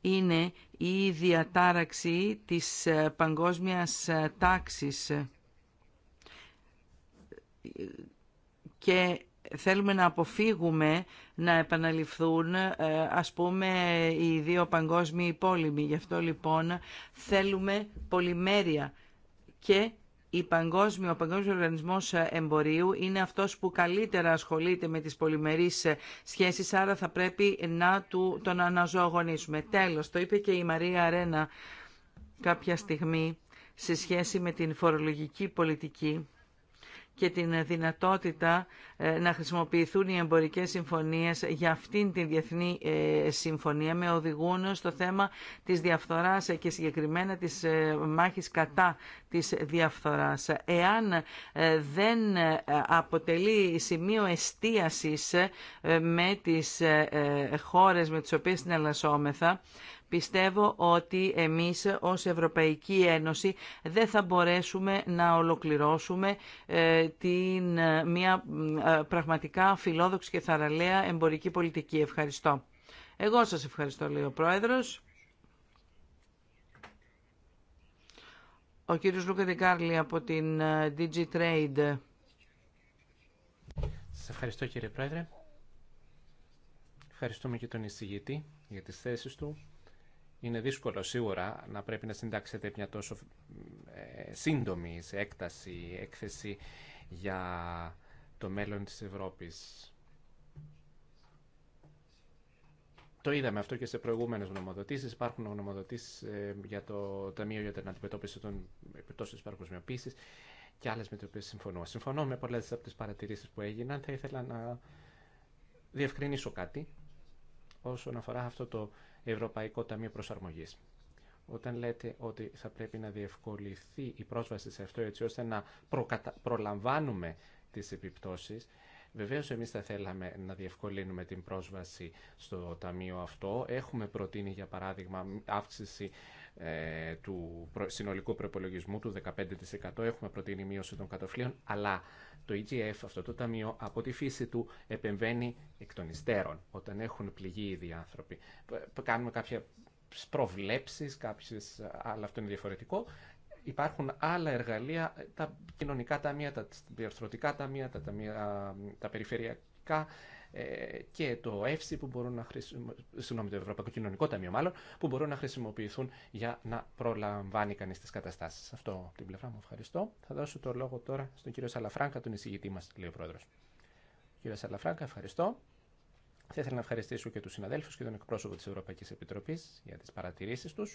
είναι η διατάραξη της παγκόσμιας τάξης και θέλουμε να αποφύγουμε να επαναληφθούν ε, ας πούμε οι δύο παγκόσμιοι πόλεμοι. Γι' αυτό λοιπόν θέλουμε πολυμέρεια και η παγκόσμιο, ο Παγκόσμιος Οργανισμός Εμπορίου είναι αυτός που καλύτερα ασχολείται με τις πολυμερείς σχέσεις, άρα θα πρέπει να του, τον αναζωογονήσουμε. Τέλος, το είπε και η Μαρία Αρένα κάποια στιγμή σε σχέση με την φορολογική πολιτική και την δυνατότητα ε, να χρησιμοποιηθούν οι εμπορικές συμφωνίες για αυτήν την διεθνή ε, συμφωνία με οδηγούν στο θέμα της διαφθοράς ε, και συγκεκριμένα της μάχης κατά της διαφθοράς. Εάν δεν αποτελεί σημείο εστίασης με τις χώρες με τις οποίες συναλλασσόμεθα, Πιστεύω ότι εμείς ως Ευρωπαϊκή Ένωση δεν θα μπορέσουμε να ολοκληρώσουμε ε, την, ε, μια ε, πραγματικά φιλόδοξη και θαραλέα εμπορική πολιτική. Ευχαριστώ. Εγώ σας ευχαριστώ, λέει ο Πρόεδρος. Ο κύριος Λούκα Δικάρλη από την DigiTrade. Σας ευχαριστώ κύριε Πρόεδρε. Ευχαριστούμε και τον εισηγητή για τις θέσεις του. Είναι δύσκολο σίγουρα να πρέπει να συντάξετε μια τόσο ε, σύντομη σε έκταση, έκθεση για το μέλλον της Ευρώπης. Το είδαμε αυτό και σε προηγούμενε γνωμοδοτήσει. Υπάρχουν γνωμοδοτήσει ε, για το Ταμείο για την Αντιμετώπιση των Επιπτώσεων τη Παγκοσμιοποίηση και άλλε με τι οποίε συμφωνώ. Συμφωνώ με πολλέ από τι παρατηρήσει που έγιναν. Θα ήθελα να διευκρινίσω κάτι όσον αφορά αυτό το Ευρωπαϊκό Ταμείο Προσαρμογής. Όταν λέτε ότι θα πρέπει να διευκολυθεί η πρόσβαση σε αυτό έτσι ώστε να προκατα... προλαμβάνουμε τις επιπτώσεις, Βεβαίως εμείς θα θέλαμε να διευκολύνουμε την πρόσβαση στο ταμείο αυτό. Έχουμε προτείνει για παράδειγμα αύξηση ε, του συνολικού προπολογισμού του 15%. Έχουμε προτείνει μείωση των κατοφλίων, αλλά το EGF, αυτό το ταμείο, από τη φύση του επεμβαίνει εκ των υστέρων, όταν έχουν πληγεί οι άνθρωποι. Κάνουμε κάποια προβλέψεις, κάποιες, αλλά αυτό είναι διαφορετικό. Υπάρχουν άλλα εργαλεία, ε, τα κοινωνικά ταμεία, τα διαρθρωτικά ταμεία, τα, ταμεία, τα περιφερειακά, ε, και το ΕΦΣΥ που μπορούν να συγγνώμη, το Ευρωπαϊκό Κοινωνικό Ταμείο μάλλον, που μπορούν να χρησιμοποιηθούν για να προλαμβάνει κανεί τι καταστάσει. Αυτό από την πλευρά μου ευχαριστώ. Θα δώσω το λόγο τώρα στον κύριο Σαλαφράγκα, τον εισηγητή μα, λέει ο πρόεδρο. Κύριε Σαλαφράγκα, ευχαριστώ. Θα ήθελα να ευχαριστήσω και του συναδέλφου και τον εκπρόσωπο τη Ευρωπαϊκή Επιτροπή για τι παρατηρήσει του,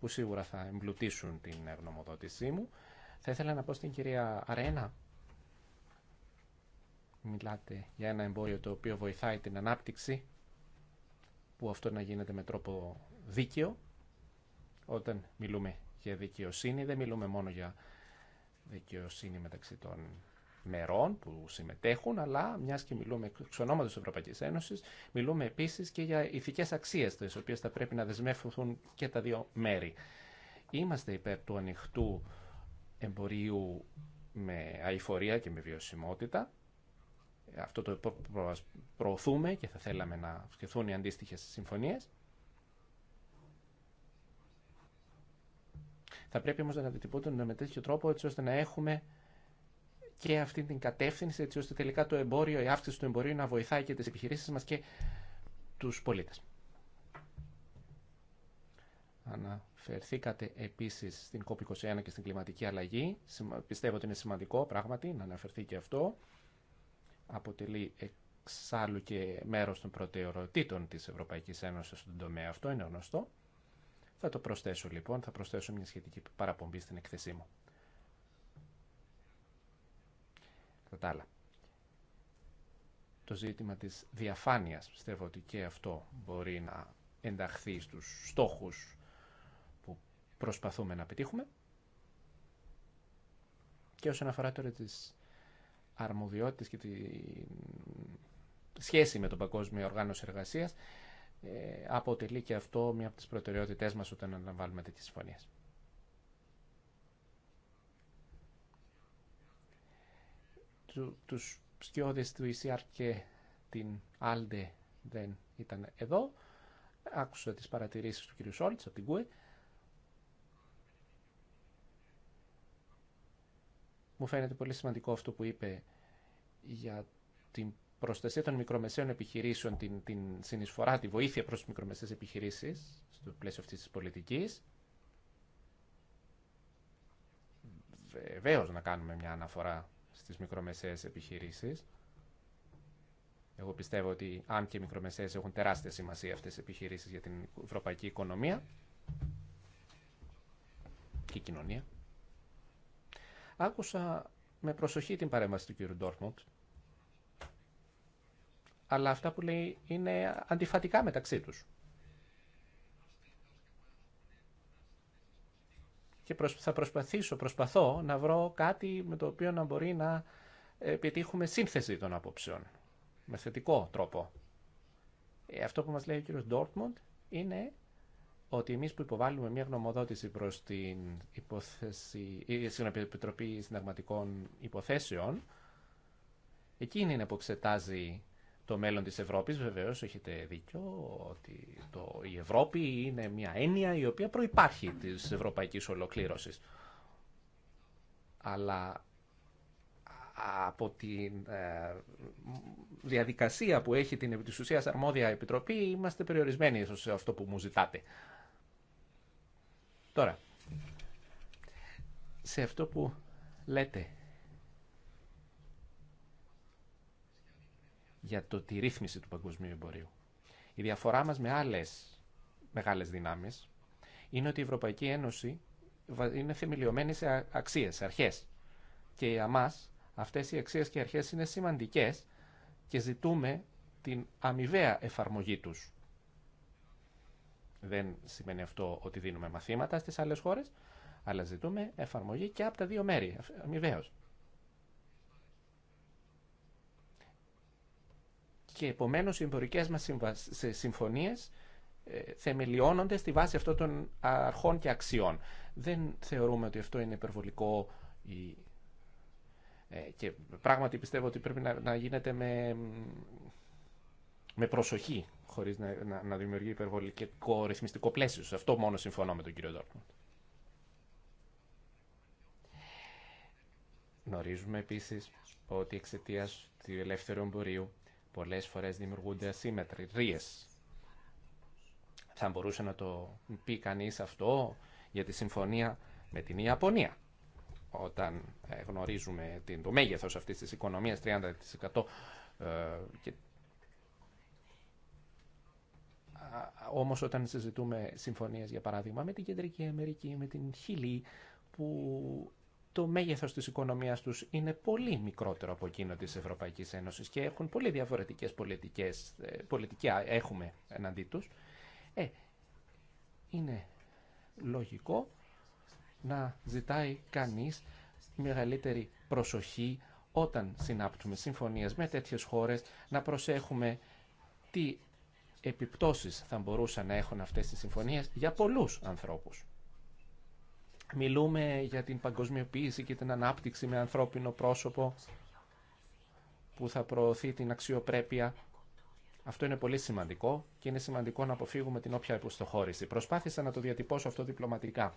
που σίγουρα θα εμπλουτίσουν την γνωμοδότησή μου. Θα ήθελα να πω στην κυρία Αρένα μιλάτε για ένα εμπόριο το οποίο βοηθάει την ανάπτυξη, που αυτό να γίνεται με τρόπο δίκαιο. Όταν μιλούμε για δικαιοσύνη, δεν μιλούμε μόνο για δικαιοσύνη μεταξύ των μερών που συμμετέχουν, αλλά μιας και μιλούμε εξ ονόματος της Ευρωπαϊκής Ένωσης, μιλούμε επίσης και για ηθικές αξίες, τις οποίες θα πρέπει να δεσμεύουν και τα δύο μέρη. Είμαστε υπέρ του ανοιχτού εμπορίου με αηφορία και με βιωσιμότητα, αυτό το προωθούμε και θα θέλαμε να σκεφτούν οι αντίστοιχες συμφωνίες. Θα πρέπει όμως να αντιτυπώται με τέτοιο τρόπο έτσι ώστε να έχουμε και αυτή την κατεύθυνση έτσι ώστε τελικά το εμπόριο, η αύξηση του εμπορίου να βοηθάει και τις επιχειρήσεις μας και τους πολίτες. Αναφερθήκατε επίσης στην COP21 και στην κλιματική αλλαγή. Πιστεύω ότι είναι σημαντικό πράγματι να αναφερθεί και αυτό αποτελεί εξάλλου και μέρος των προτεραιοτήτων της Ευρωπαϊκής Ένωσης στον τομέα αυτό, είναι γνωστό. Θα το προσθέσω λοιπόν, θα προσθέσω μια σχετική παραπομπή στην εκθεσή μου. Κατά τα άλλα, το ζήτημα της διαφάνειας, πιστεύω ότι και αυτό μπορεί να ενταχθεί στους στόχους που προσπαθούμε να πετύχουμε. Και όσον αφορά τώρα τις αρμοδιότητες και τη σχέση με τον Παγκόσμιο Οργάνωση Εργασίας ε, αποτελεί και αυτό μία από τις προτεραιότητές μας όταν αναλαμβάνουμε τέτοιες συμφωνίες. Τους σκιώδες του ECR και την ALDE δεν ήταν εδώ. Άκουσα τις παρατηρήσεις του κ. Σόλτς από την ΚΟΕ. Μου φαίνεται πολύ σημαντικό αυτό που είπε για την προστασία των μικρομεσαίων επιχειρήσεων, την, την συνεισφορά, τη βοήθεια προς τις μικρομεσαίες επιχειρήσεις στο πλαίσιο αυτής της πολιτικής. Βεβαίω να κάνουμε μια αναφορά στις μικρομεσαίες επιχειρήσεις. Εγώ πιστεύω ότι αν και οι μικρομεσαίες έχουν τεράστια σημασία αυτές οι επιχειρήσεις για την ευρωπαϊκή οικονομία και κοινωνία. Άκουσα με προσοχή την παρέμβαση του κ. αλλά αυτά που λέει είναι αντιφατικά μεταξύ τους. Και θα προσπαθήσω, προσπαθώ να βρω κάτι με το οποίο να μπορεί να επιτύχουμε σύνθεση των απόψεων, με θετικό τρόπο. Ε, αυτό που μας λέει ο κύριος Ντόρτμοντ είναι ότι εμείς που υποβάλλουμε μια γνωμοδότηση προς την υπόθεση, ε, η Επιτροπή Συνταγματικών Υποθέσεων, εκείνη είναι που εξετάζει το μέλλον της Ευρώπης, βεβαίως έχετε δίκιο ότι το, η Ευρώπη είναι μια έννοια η οποία προϋπάρχει της ευρωπαϊκής ολοκλήρωσης. Αλλά από τη ε, διαδικασία που έχει την επί της ουσίας αρμόδια επιτροπή είμαστε περιορισμένοι σε αυτό που μου ζητάτε. Τώρα, σε αυτό που λέτε για το, τη ρύθμιση του παγκοσμίου εμπορίου, η διαφορά μας με άλλες μεγάλες δυνάμεις είναι ότι η Ευρωπαϊκή Ένωση είναι θεμελιωμένη σε αξίες, σε αρχές. Και για μας αυτές οι αξίες και αρχές είναι σημαντικές και ζητούμε την αμοιβαία εφαρμογή τους δεν σημαίνει αυτό ότι δίνουμε μαθήματα στις άλλες χώρες, αλλά ζητούμε εφαρμογή και από τα δύο μέρη, αμοιβαίω. Και επομένω, οι εμπορικέ μα συμφωνίες ε, θεμελιώνονται στη βάση αυτών των αρχών και αξιών. Δεν θεωρούμε ότι αυτό είναι υπερβολικό ε, και πράγματι πιστεύω ότι πρέπει να γίνεται με με προσοχή, χωρί να, να, να, δημιουργεί υπερβολικό ρυθμιστικό πλαίσιο. Σε αυτό μόνο συμφωνώ με τον κύριο Ντόρκμουντ. Γνωρίζουμε επίση ότι εξαιτία του ελεύθερου εμπορίου πολλέ φορέ δημιουργούνται ασύμετροι Θα μπορούσε να το πει κανεί αυτό για τη συμφωνία με την Ιαπωνία όταν ε, γνωρίζουμε το μέγεθος αυτή της οικονομίας 30% ε, και Όμω όταν συζητούμε συμφωνίε, για παράδειγμα με την Κεντρική Αμερική, με την Χιλή που το μέγεθος της οικονομίας τους είναι πολύ μικρότερο από εκείνο της Ευρωπαϊκής Ένωση και έχουν πολύ διαφορετικές πολιτικές, ε, Πολιτικά έχουμε εναντί του. ε, είναι λογικό να ζητάει κανείς μεγαλύτερη προσοχή όταν συνάπτουμε συμφωνίες με τέτοιες χώρες, να προσέχουμε τι επιπτώσεις θα μπορούσαν να έχουν αυτές τις συμφωνίες για πολλούς ανθρώπους. Μιλούμε για την παγκοσμιοποίηση και την ανάπτυξη με ανθρώπινο πρόσωπο που θα προωθεί την αξιοπρέπεια. Αυτό είναι πολύ σημαντικό και είναι σημαντικό να αποφύγουμε την όποια υποστοχώρηση. Προσπάθησα να το διατυπώσω αυτό διπλωματικά,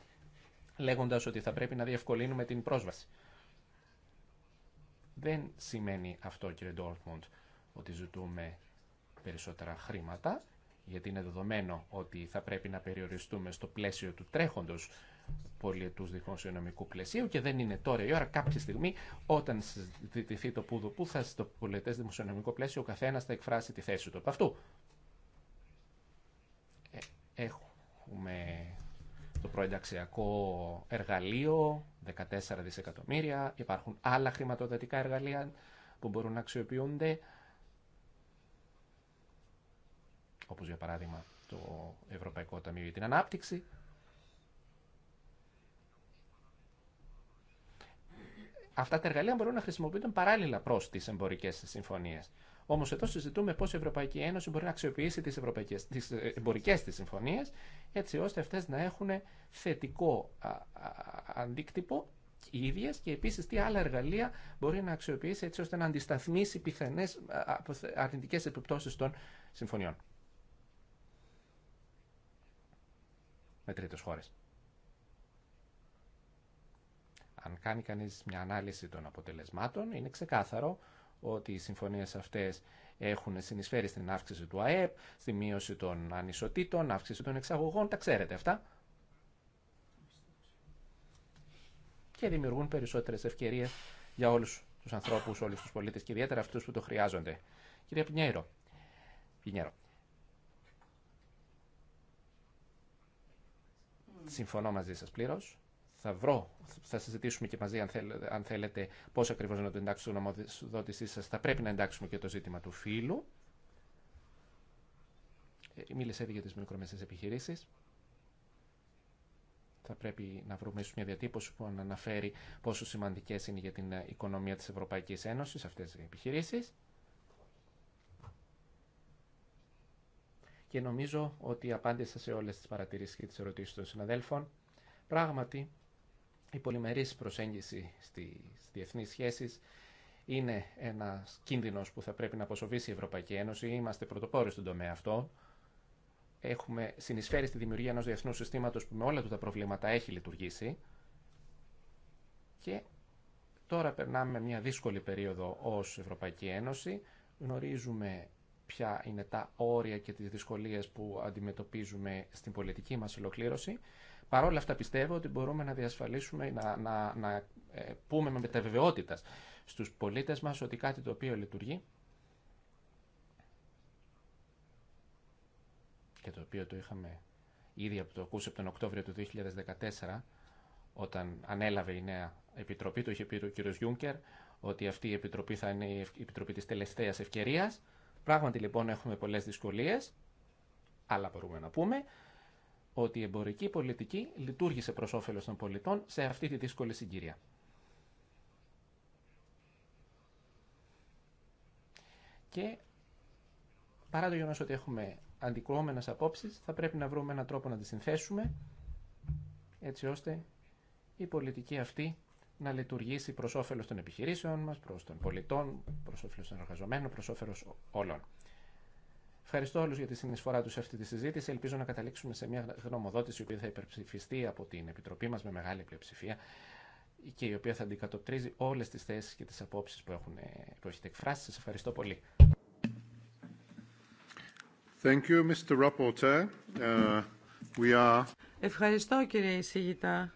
λέγοντας ότι θα πρέπει να διευκολύνουμε την πρόσβαση. Δεν σημαίνει αυτό, κύριε Ντόρτμοντ, ότι ζητούμε περισσότερα χρήματα, γιατί είναι δεδομένο ότι θα πρέπει να περιοριστούμε στο πλαίσιο του τρέχοντος πολιετού δημοσιονομικού πλαισίου και δεν είναι τώρα η ώρα. Κάποια στιγμή, όταν συζητηθεί το πουδο που θα στο πολιετέ δημοσιονομικό πλαίσιο, ο καθένα θα εκφράσει τη θέση του από αυτού. Ε, έχουμε το προενταξιακό εργαλείο, 14 δισεκατομμύρια. Υπάρχουν άλλα χρηματοδοτικά εργαλεία που μπορούν να αξιοποιούνται. όπως για παράδειγμα το Ευρωπαϊκό Ταμείο για την Ανάπτυξη. Αυτά τα εργαλεία μπορούν να χρησιμοποιούνται παράλληλα προ τι εμπορικέ συμφωνίε. Όμω εδώ συζητούμε πώ η Ευρωπαϊκή Ένωση μπορεί να αξιοποιήσει τι τις ε, εμπορικέ τη συμφωνίε, έτσι ώστε αυτέ να έχουν θετικό αντίκτυπο οι ίδιε και επίση τι άλλα εργαλεία μπορεί να αξιοποιήσει έτσι ώστε να αντισταθμίσει πιθανέ αρνητικέ επιπτώσει των συμφωνιών. με τρίτε χώρες. Αν κάνει κανείς μια ανάλυση των αποτελεσμάτων, είναι ξεκάθαρο ότι οι συμφωνίες αυτές έχουν συνεισφέρει στην αύξηση του ΑΕΠ, στη μείωση των ανισοτήτων, αύξηση των εξαγωγών, τα ξέρετε αυτά. Και δημιουργούν περισσότερες ευκαιρίες για όλους τους ανθρώπους, όλους τους πολίτες και ιδιαίτερα αυτούς που το χρειάζονται. Κύριε Πινιέρο, Πινιέρο Συμφωνώ μαζί σας πλήρως. Θα βρω, θα συζητήσουμε και μαζί αν θέλετε πώ ακριβώς να το εντάξουμε στο νομοδότησή σα Θα πρέπει να εντάξουμε και το ζήτημα του φύλου. Ε, μίλησε ήδη για τι μικρομεσαίες επιχειρήσει. Θα πρέπει να βρούμε ίσω μια διατύπωση που αναφέρει πόσο σημαντικές είναι για την ε, οικονομία της Ευρωπαϊκής Ένωση αυτέ οι επιχειρήσει. και νομίζω ότι απάντησα σε όλες τις παρατηρήσεις και τις ερωτήσεις των συναδέλφων. Πράγματι, η πολυμερής προσέγγιση στις διεθνείς σχέσεις είναι ένας κίνδυνος που θα πρέπει να αποσοβήσει η Ευρωπαϊκή Ένωση. Είμαστε πρωτοπόροι στον τομέα αυτό. Έχουμε συνεισφέρει στη δημιουργία ενός διεθνού συστήματο που με όλα του τα προβλήματα έχει λειτουργήσει. Και τώρα περνάμε μια δύσκολη περίοδο ω Ευρωπαϊκή Ένωση. Γνωρίζουμε ποια είναι τα όρια και τις δυσκολίες που αντιμετωπίζουμε στην πολιτική μας ολοκλήρωση. Παρ' όλα αυτά πιστεύω ότι μπορούμε να διασφαλίσουμε, να, να, να ε, πούμε με μεταβεβαιότητα στους πολίτες μας ότι κάτι το οποίο λειτουργεί και το οποίο το είχαμε ήδη από το ακούσει από τον Οκτώβριο του 2014 όταν ανέλαβε η νέα επιτροπή, το είχε πει ο κ. Γιούγκερ, ότι αυτή η επιτροπή θα είναι η επιτροπή της τελευταίας ευκαιρίας Πράγματι λοιπόν έχουμε πολλές δυσκολίες, αλλά μπορούμε να πούμε ότι η εμπορική πολιτική λειτουργήσε προς όφελος των πολιτών σε αυτή τη δύσκολη συγκυρία. Και παρά το γεγονός ότι έχουμε αντικρουόμενες απόψεις, θα πρέπει να βρούμε έναν τρόπο να τις συνθέσουμε, έτσι ώστε η πολιτική αυτή να λειτουργήσει προς όφελος των επιχειρήσεων μας, προς των πολιτών, προς όφελος των εργαζομένων, προς όφελος όλων. Ευχαριστώ όλους για τη συνεισφορά τους σε αυτή τη συζήτηση. Ελπίζω να καταλήξουμε σε μια γνωμοδότηση η οποία θα υπερψηφιστεί από την Επιτροπή μας με μεγάλη πλειοψηφία και η οποία θα αντικατοπτρίζει όλες τις θέσεις και τις απόψεις που, έχουν, που έχετε εκφράσει. Σας ευχαριστώ πολύ. Thank you, Mr. Uh, we Ευχαριστώ κύριε Ισηγητά.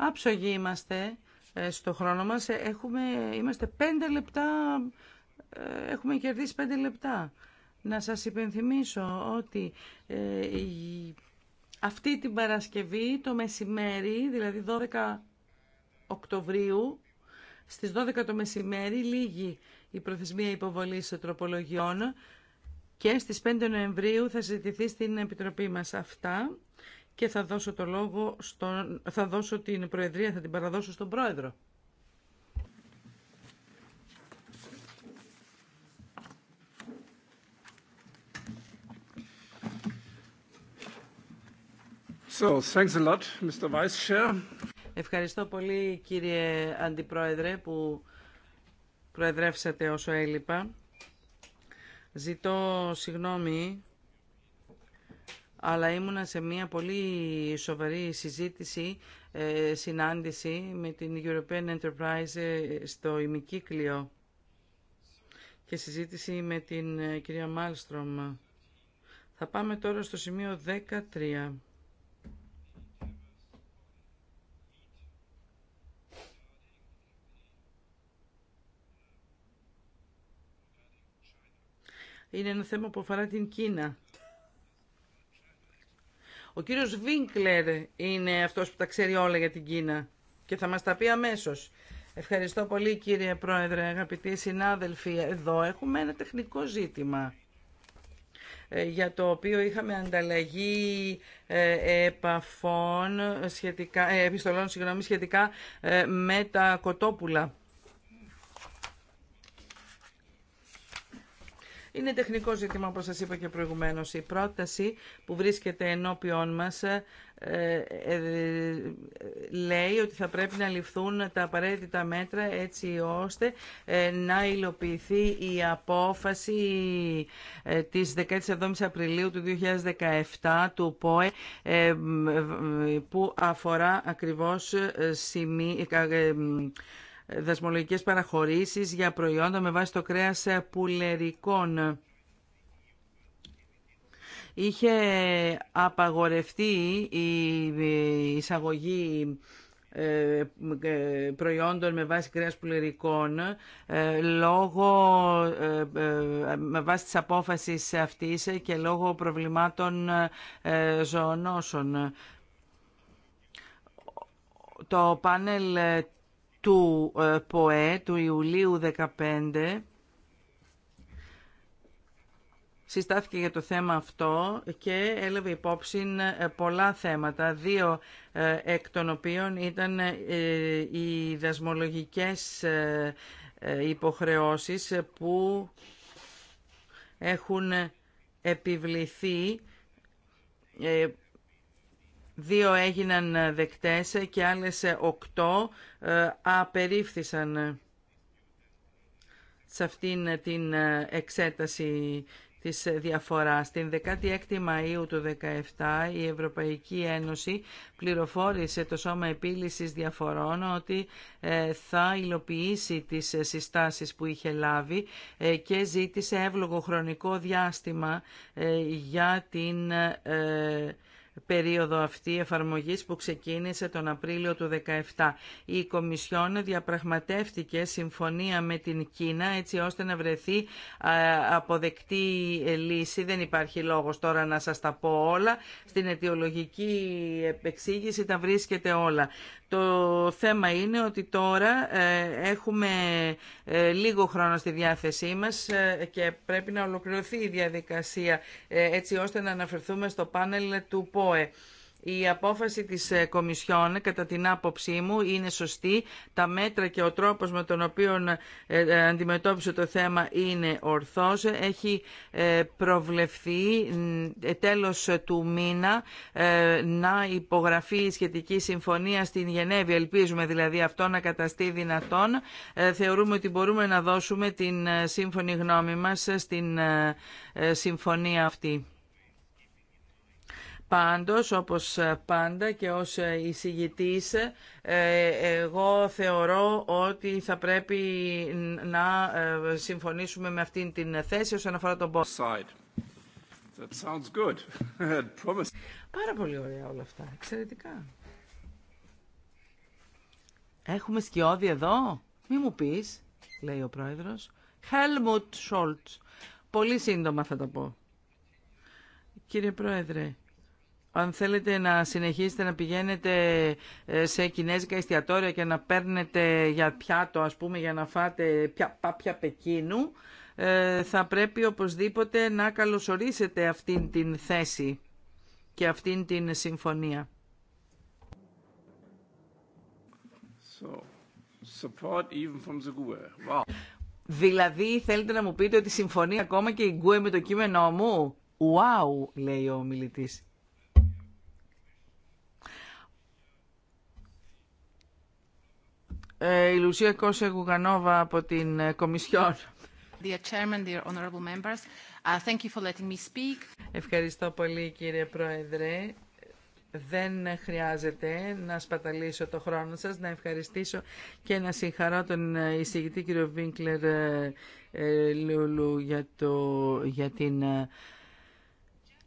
Άψογοι είμαστε ε, στο χρόνο μας. Ε, έχουμε, είμαστε πέντε λεπτά, ε, έχουμε κερδίσει πέντε λεπτά. Να σας υπενθυμίσω ότι ε, η, αυτή την Παρασκευή το μεσημέρι, δηλαδή 12 Οκτωβρίου, στις 12 το μεσημέρι λίγη η προθεσμία υποβολής τροπολογιών και στις 5 Νοεμβρίου θα συζητηθεί στην Επιτροπή μας αυτά και θα δώσω το λόγο στον, θα δώσω την Προεδρία, θα την παραδώσω στον Πρόεδρο. So, thanks a lot, Mr. Vice Chair. Ευχαριστώ πολύ κύριε Αντιπρόεδρε που προεδρεύσατε όσο έλειπα. Ζητώ συγγνώμη αλλά ήμουνα σε μια πολύ σοβαρή συζήτηση, ε, συνάντηση με την European Enterprise ε, στο ημικύκλιο και συζήτηση με την ε, κυρία Μάλστρομ. Θα πάμε τώρα στο σημείο 13. Είναι ένα θέμα που αφορά την Κίνα. Ο κύριος Βίνκλερ είναι αυτός που τα ξέρει όλα για την Κίνα και θα μας τα πει αμέσω. Ευχαριστώ πολύ κύριε Πρόεδρε, αγαπητοί συνάδελφοι. Εδώ έχουμε ένα τεχνικό ζήτημα ε, για το οποίο είχαμε ανταλλαγή ε, επαφών, σχετικά, ε, επιστολών συγγνώμη, σχετικά με τα κοτόπουλα. Είναι τεχνικό ζήτημα, όπως σας είπα και προηγουμένως. Η πρόταση που βρίσκεται ενώπιόν μας ε, ε λέει ότι θα πρέπει να ληφθούν τα απαραίτητα μέτρα έτσι ώστε ε, να υλοποιηθεί η απόφαση ε, της 17 Απριλίου του 2017 του ΠΟΕ που αφορά ακριβώς σημεία δασμολογικές παραχωρήσεις για προϊόντα με βάση το κρέας πουλερικών. Είχε απαγορευτεί η εισαγωγή ε, ε, προϊόντων με βάση κρέας πουλερικών ε, λόγω με βάση της απόφασης αυτής και λόγω προβλημάτων ζωονόσων. Το πάνελ του ε, ΠΟΕ του Ιουλίου 15 συστάθηκε για το θέμα αυτό και έλαβε υπόψη ε, πολλά θέματα, δύο ε, εκ των οποίων ήταν οι δασμολογικές υποχρεώσεις που έχουν επιβληθεί Δύο έγιναν ε, δεκτές και άλλες ε, οκτώ ε, απερίφθησαν σε αυτήν την εξέταση της διαφοράς. Την 16η Μαΐου του 2017 η Ευρωπαϊκή Ένωση πληροφόρησε το Σώμα Επίλυσης Διαφορών ότι θα υλοποιήσει τις συστάσεις που είχε λάβει και ζήτησε εύλογο χρονικό διάστημα για την περίοδο αυτή εφαρμογής που ξεκίνησε τον Απρίλιο του 2017. Η Κομισιόν διαπραγματεύτηκε συμφωνία με την Κίνα έτσι ώστε να βρεθεί αποδεκτή λύση. Δεν υπάρχει λόγος τώρα να σας τα πω όλα. Στην αιτιολογική επεξήγηση τα βρίσκεται όλα. Το θέμα είναι ότι τώρα ε, έχουμε ε, λίγο χρόνο στη διάθεσή μας ε, και πρέπει να ολοκληρωθεί η διαδικασία έτσι ώστε να αναφερθούμε στο πάνελ του ΠΟΕ. Η απόφαση της ε, Κομισιόν, κατά την άποψή μου, είναι σωστή. Τα μέτρα και ο τρόπος με τον οποίο ε, ε, αντιμετώπισε το θέμα είναι ορθός. Έχει προβλεφθεί τέλος του μήνα να υπογραφεί η σχετική συμφωνία στην Γενέβη. Ελπίζουμε δηλαδή αυτό να καταστεί δυνατόν. Θεωρούμε ότι μπορούμε να δώσουμε την σύμφωνη γνώμη μας στην συμφωνία αυτή. Πάντως, όπως πάντα και ως εισηγητής, ε, εγώ θεωρώ ότι θα πρέπει να ε, συμφωνήσουμε με αυτήν την θέση όσον αφορά τον πόλεμο. Πάρα πολύ ωραία όλα αυτά. Εξαιρετικά. Έχουμε σκιώδη εδώ. Μη μου πεις, λέει ο πρόεδρος. Helmut Σόλτ. Πολύ σύντομα θα το πω. Κύριε Πρόεδρε, αν θέλετε να συνεχίσετε να πηγαίνετε ε, σε κινέζικα εστιατόρια και να παίρνετε για πιάτο, ας πούμε, για να φάτε πια, πάπια Πεκίνου, ε, θα πρέπει οπωσδήποτε να καλωσορίσετε αυτήν την θέση και αυτήν την συμφωνία. So, even e. Δηλαδή, θέλετε να μου πείτε ότι συμφωνεί ακόμα και η Γκουε e με το κείμενό μου. Wow, λέει ο μιλητής. Ε, η Λουσία Κόσε Γουγανόβα από την Κομισιόν. Ευχαριστώ πολύ κύριε Πρόεδρε. Δεν χρειάζεται να σπαταλήσω το χρόνο σας, να ευχαριστήσω και να συγχαρώ τον ε, εισηγητή κύριο Βίνκλερ ε, ε, Λούλου για, το, για την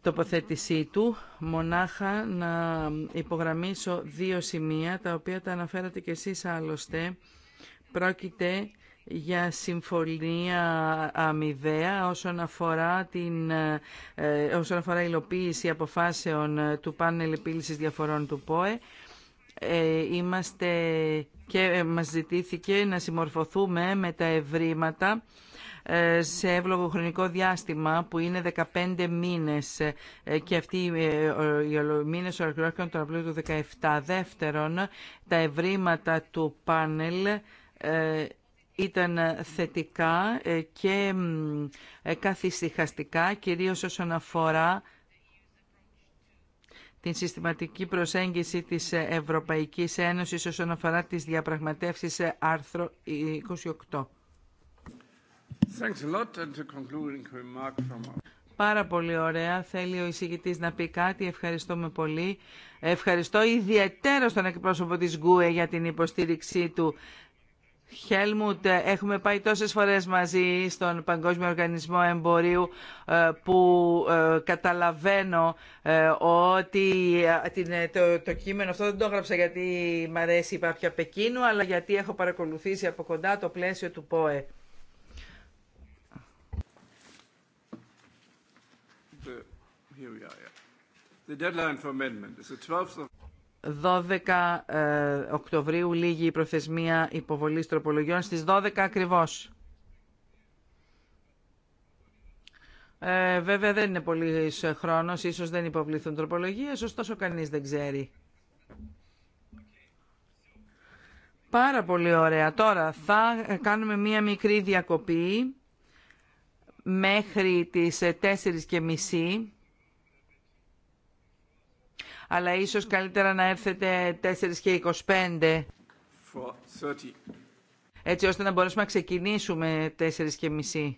τοποθέτησή του μονάχα να υπογραμμίσω δύο σημεία τα οποία τα αναφέρατε κι εσείς άλλωστε. Πρόκειται για συμφωνία αμοιβαία όσον αφορά, την, ε, όσον αφορά υλοποίηση αποφάσεων του πάνελ επίλυσης διαφορών του ΠΟΕ. Ε, είμαστε και ε, μας ζητήθηκε να συμμορφωθούμε με τα ευρήματα ε, σε εύλογο χρονικό διάστημα που είναι 15 μήνες ε, και αυτοί ε, οι μήνες ολοκληρώθηκαν τον του 17 Δεύτερον, τα ευρήματα του πάνελ ήταν θετικά και καθυσυχαστικά, κυρίως όσον αφορά την συστηματική προσέγγιση της Ευρωπαϊκής Ένωσης όσον αφορά τις διαπραγματεύσεις άρθρο 28. Πάρα πολύ ωραία. Θέλει ο εισηγητής να πει κάτι. Ευχαριστούμε πολύ. Ευχαριστώ ιδιαίτερα στον εκπρόσωπο της Γκουε για την υποστήριξή του. Χέλμουτ, έχουμε πάει τόσες φορές μαζί στον Παγκόσμιο Οργανισμό Εμπορίου ε, που ε, καταλαβαίνω ε, ότι το, το κείμενο αυτό δεν το έγραψα γιατί μ' αρέσει η Παπια Πεκίνου, αλλά γιατί έχω παρακολουθήσει από κοντά το πλαίσιο του ΠΟΕ. 12 ε, Οκτωβρίου λίγη η προθεσμία υποβολής τροπολογιών στις 12 ακριβώς. Ε, βέβαια δεν είναι πολύ χρόνος, ίσως δεν υποβληθούν τροπολογίες, ωστόσο κανείς δεν ξέρει. Πάρα πολύ ωραία. Τώρα θα κάνουμε μία μικρή διακοπή μέχρι τις 4.30 αλλά ίσως καλύτερα να έρθετε 4 και 25. Έτσι ώστε να μπορέσουμε να ξεκινήσουμε 4 και μισή.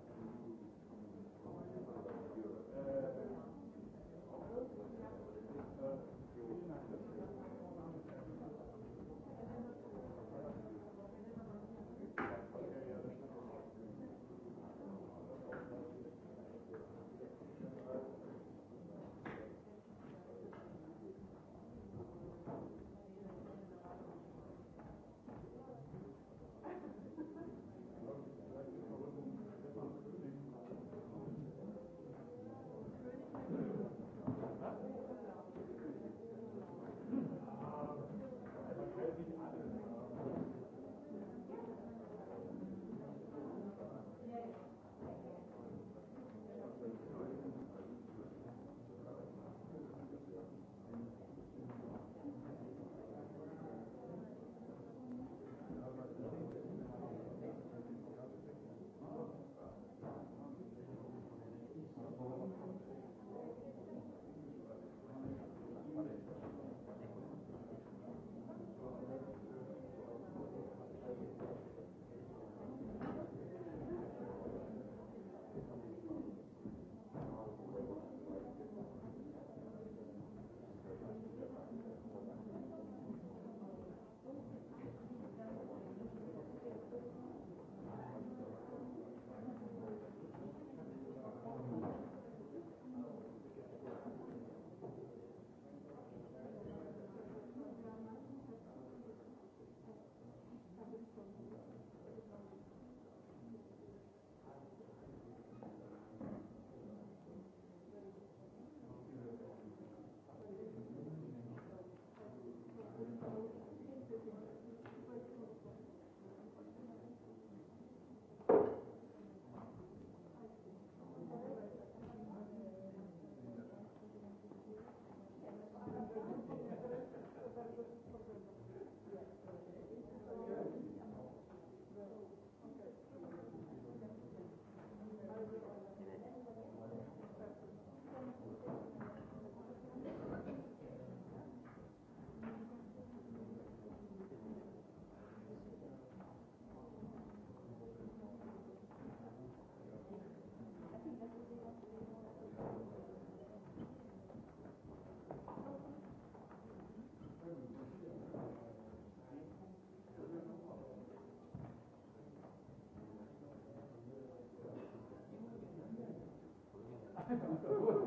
Ευχαριστώ.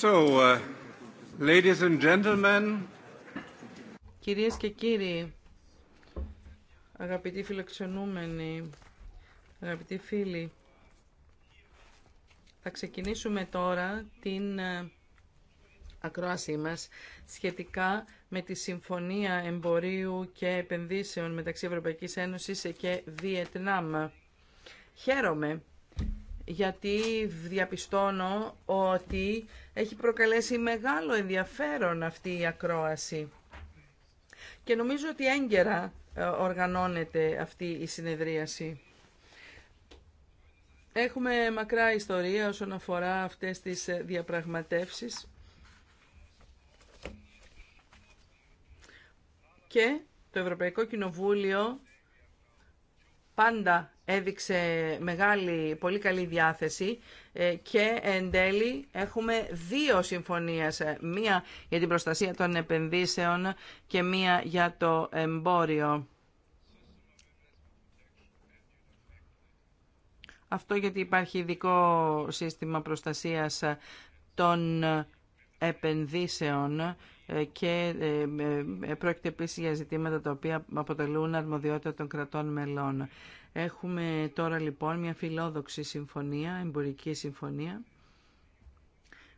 So, uh, and gentlemen. Κυρίες και κύριοι, αγαπητοί φιλοξενούμενοι, αγαπητοί φίλοι, θα ξεκινήσουμε τώρα την ε, ακρόασή μας σχετικά με τη Συμφωνία Εμπορίου και Επενδύσεων μεταξύ Ευρωπαϊκής Ένωσης και Βιετνάμ. Χαίρομαι γιατί διαπιστώνω ότι έχει προκαλέσει μεγάλο ενδιαφέρον αυτή η ακρόαση. Και νομίζω ότι έγκαιρα ε, οργανώνεται αυτή η συνεδρίαση. Έχουμε μακρά ιστορία όσον αφορά αυτές τις ε, διαπραγματεύσεις. Και το Ευρωπαϊκό Κοινοβούλιο πάντα έδειξε μεγάλη, πολύ καλή διάθεση ε, και εν τέλει έχουμε δύο συμφωνίες, ε, μία για την προστασία των επενδύσεων και μία για το εμπόριο. Αυτό γιατί υπάρχει ειδικό σύστημα προστασίας των επενδύσεων ε, και πρόκειται επίσης για ζητήματα τα οποία αποτελούν αρμοδιότητα των κρατών μελών. Έχουμε τώρα λοιπόν μια φιλόδοξη συμφωνία, εμπορική συμφωνία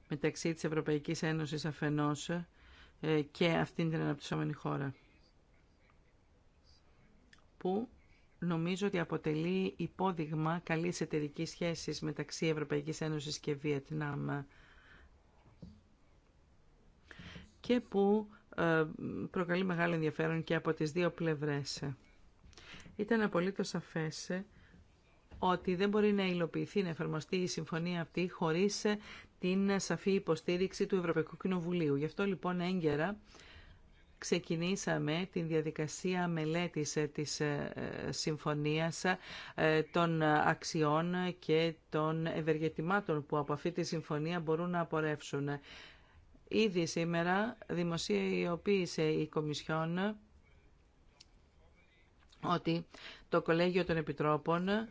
μεταξύ της Ευρωπαϊκής Ένωσης αφενός ε, και αυτήν την αναπτυσσόμενη χώρα που νομίζω ότι αποτελεί υπόδειγμα καλής εταιρικής σχέσης μεταξύ Ευρωπαϊκής Ένωσης και Βιετνάμ και που ε, προκαλεί μεγάλο ενδιαφέρον και από τις δύο πλευρές. Ήταν απολύτως σαφές ε, ότι δεν μπορεί να υλοποιηθεί, να εφαρμοστεί η συμφωνία αυτή χωρίς ε, την σαφή υποστήριξη του Ευρωπαϊκού Κοινοβουλίου. Γι' αυτό λοιπόν έγκαιρα ξεκινήσαμε την διαδικασία μελέτης ε, της συμφωνίας των αξιών και των ευεργετημάτων που από αυτή τη συμφωνία μπορούν να απορρεύσουν. Ήδη σήμερα δημοσιοποίησε η Κομισιόν ότι το Κολέγιο των Επιτρόπων ε,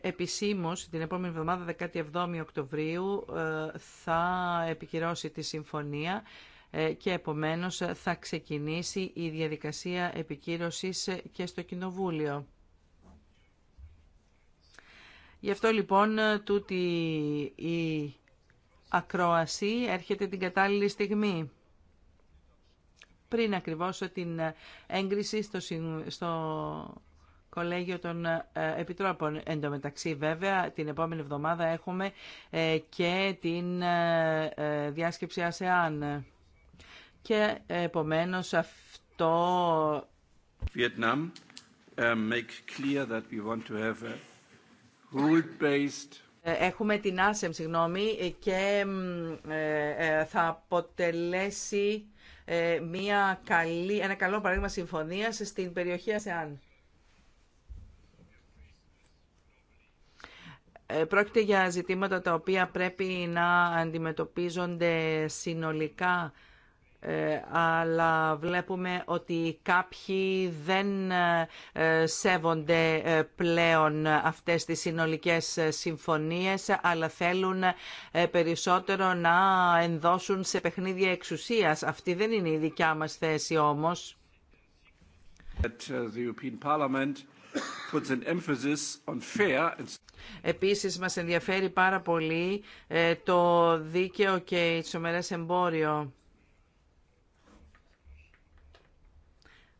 επισήμως την επόμενη εβδομάδα 17 Οκτωβρίου ε, θα επικυρώσει τη συμφωνία ε, και επομένως θα ξεκινήσει η διαδικασία επικύρωσης και στο Κοινοβούλιο. Γι' αυτό λοιπόν τούτη η ακρόαση έρχεται την κατάλληλη στιγμή πριν ακριβώς την έγκριση στο, στο Κολέγιο των ε, Επιτρόπων. Εν τω μεταξύ βέβαια την επόμενη εβδομάδα έχουμε ε, και την ε, διάσκεψη ΑΣΕΑΝ. Και επομένως αυτό... make clear that we want to have Έχουμε την άσεμ, συγγνώμη, και θα αποτελέσει ε, μια καλή, ένα καλό παράδειγμα συμφωνίας στην περιοχή ΑΣΕΑΝ. Ε, πρόκειται για ζητήματα τα οποία πρέπει να αντιμετωπίζονται συνολικά ε, αλλά βλέπουμε ότι κάποιοι δεν ε, σέβονται ε, πλέον αυτές τις συνολικές συμφωνίες αλλά θέλουν περισσότερο να ενδώσουν σε παιχνίδια εξουσίας. Αυτή δεν είναι η δικιά μας θέση όμως. Uh, Επίσης μας ενδιαφέρει πάρα πολύ το δίκαιο και η εμπόριο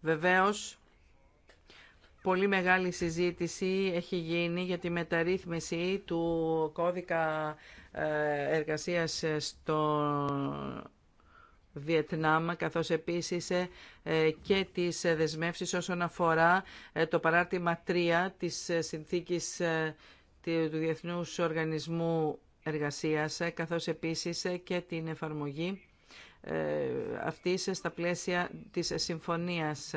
Βεβαίως, πολύ μεγάλη συζήτηση έχει γίνει για τη μεταρρύθμιση του κώδικα ε, εργασίας στο Βιετνάμ, καθώς επίσης ε, και τις δεσμεύσεις όσον αφορά ε, το παράρτημα 3 της συνθήκης του Διεθνούς Οργανισμού Εργασίας, καθώς επίσης και την εφαρμογή ε, αυτή στα πλαίσια της συμφωνίας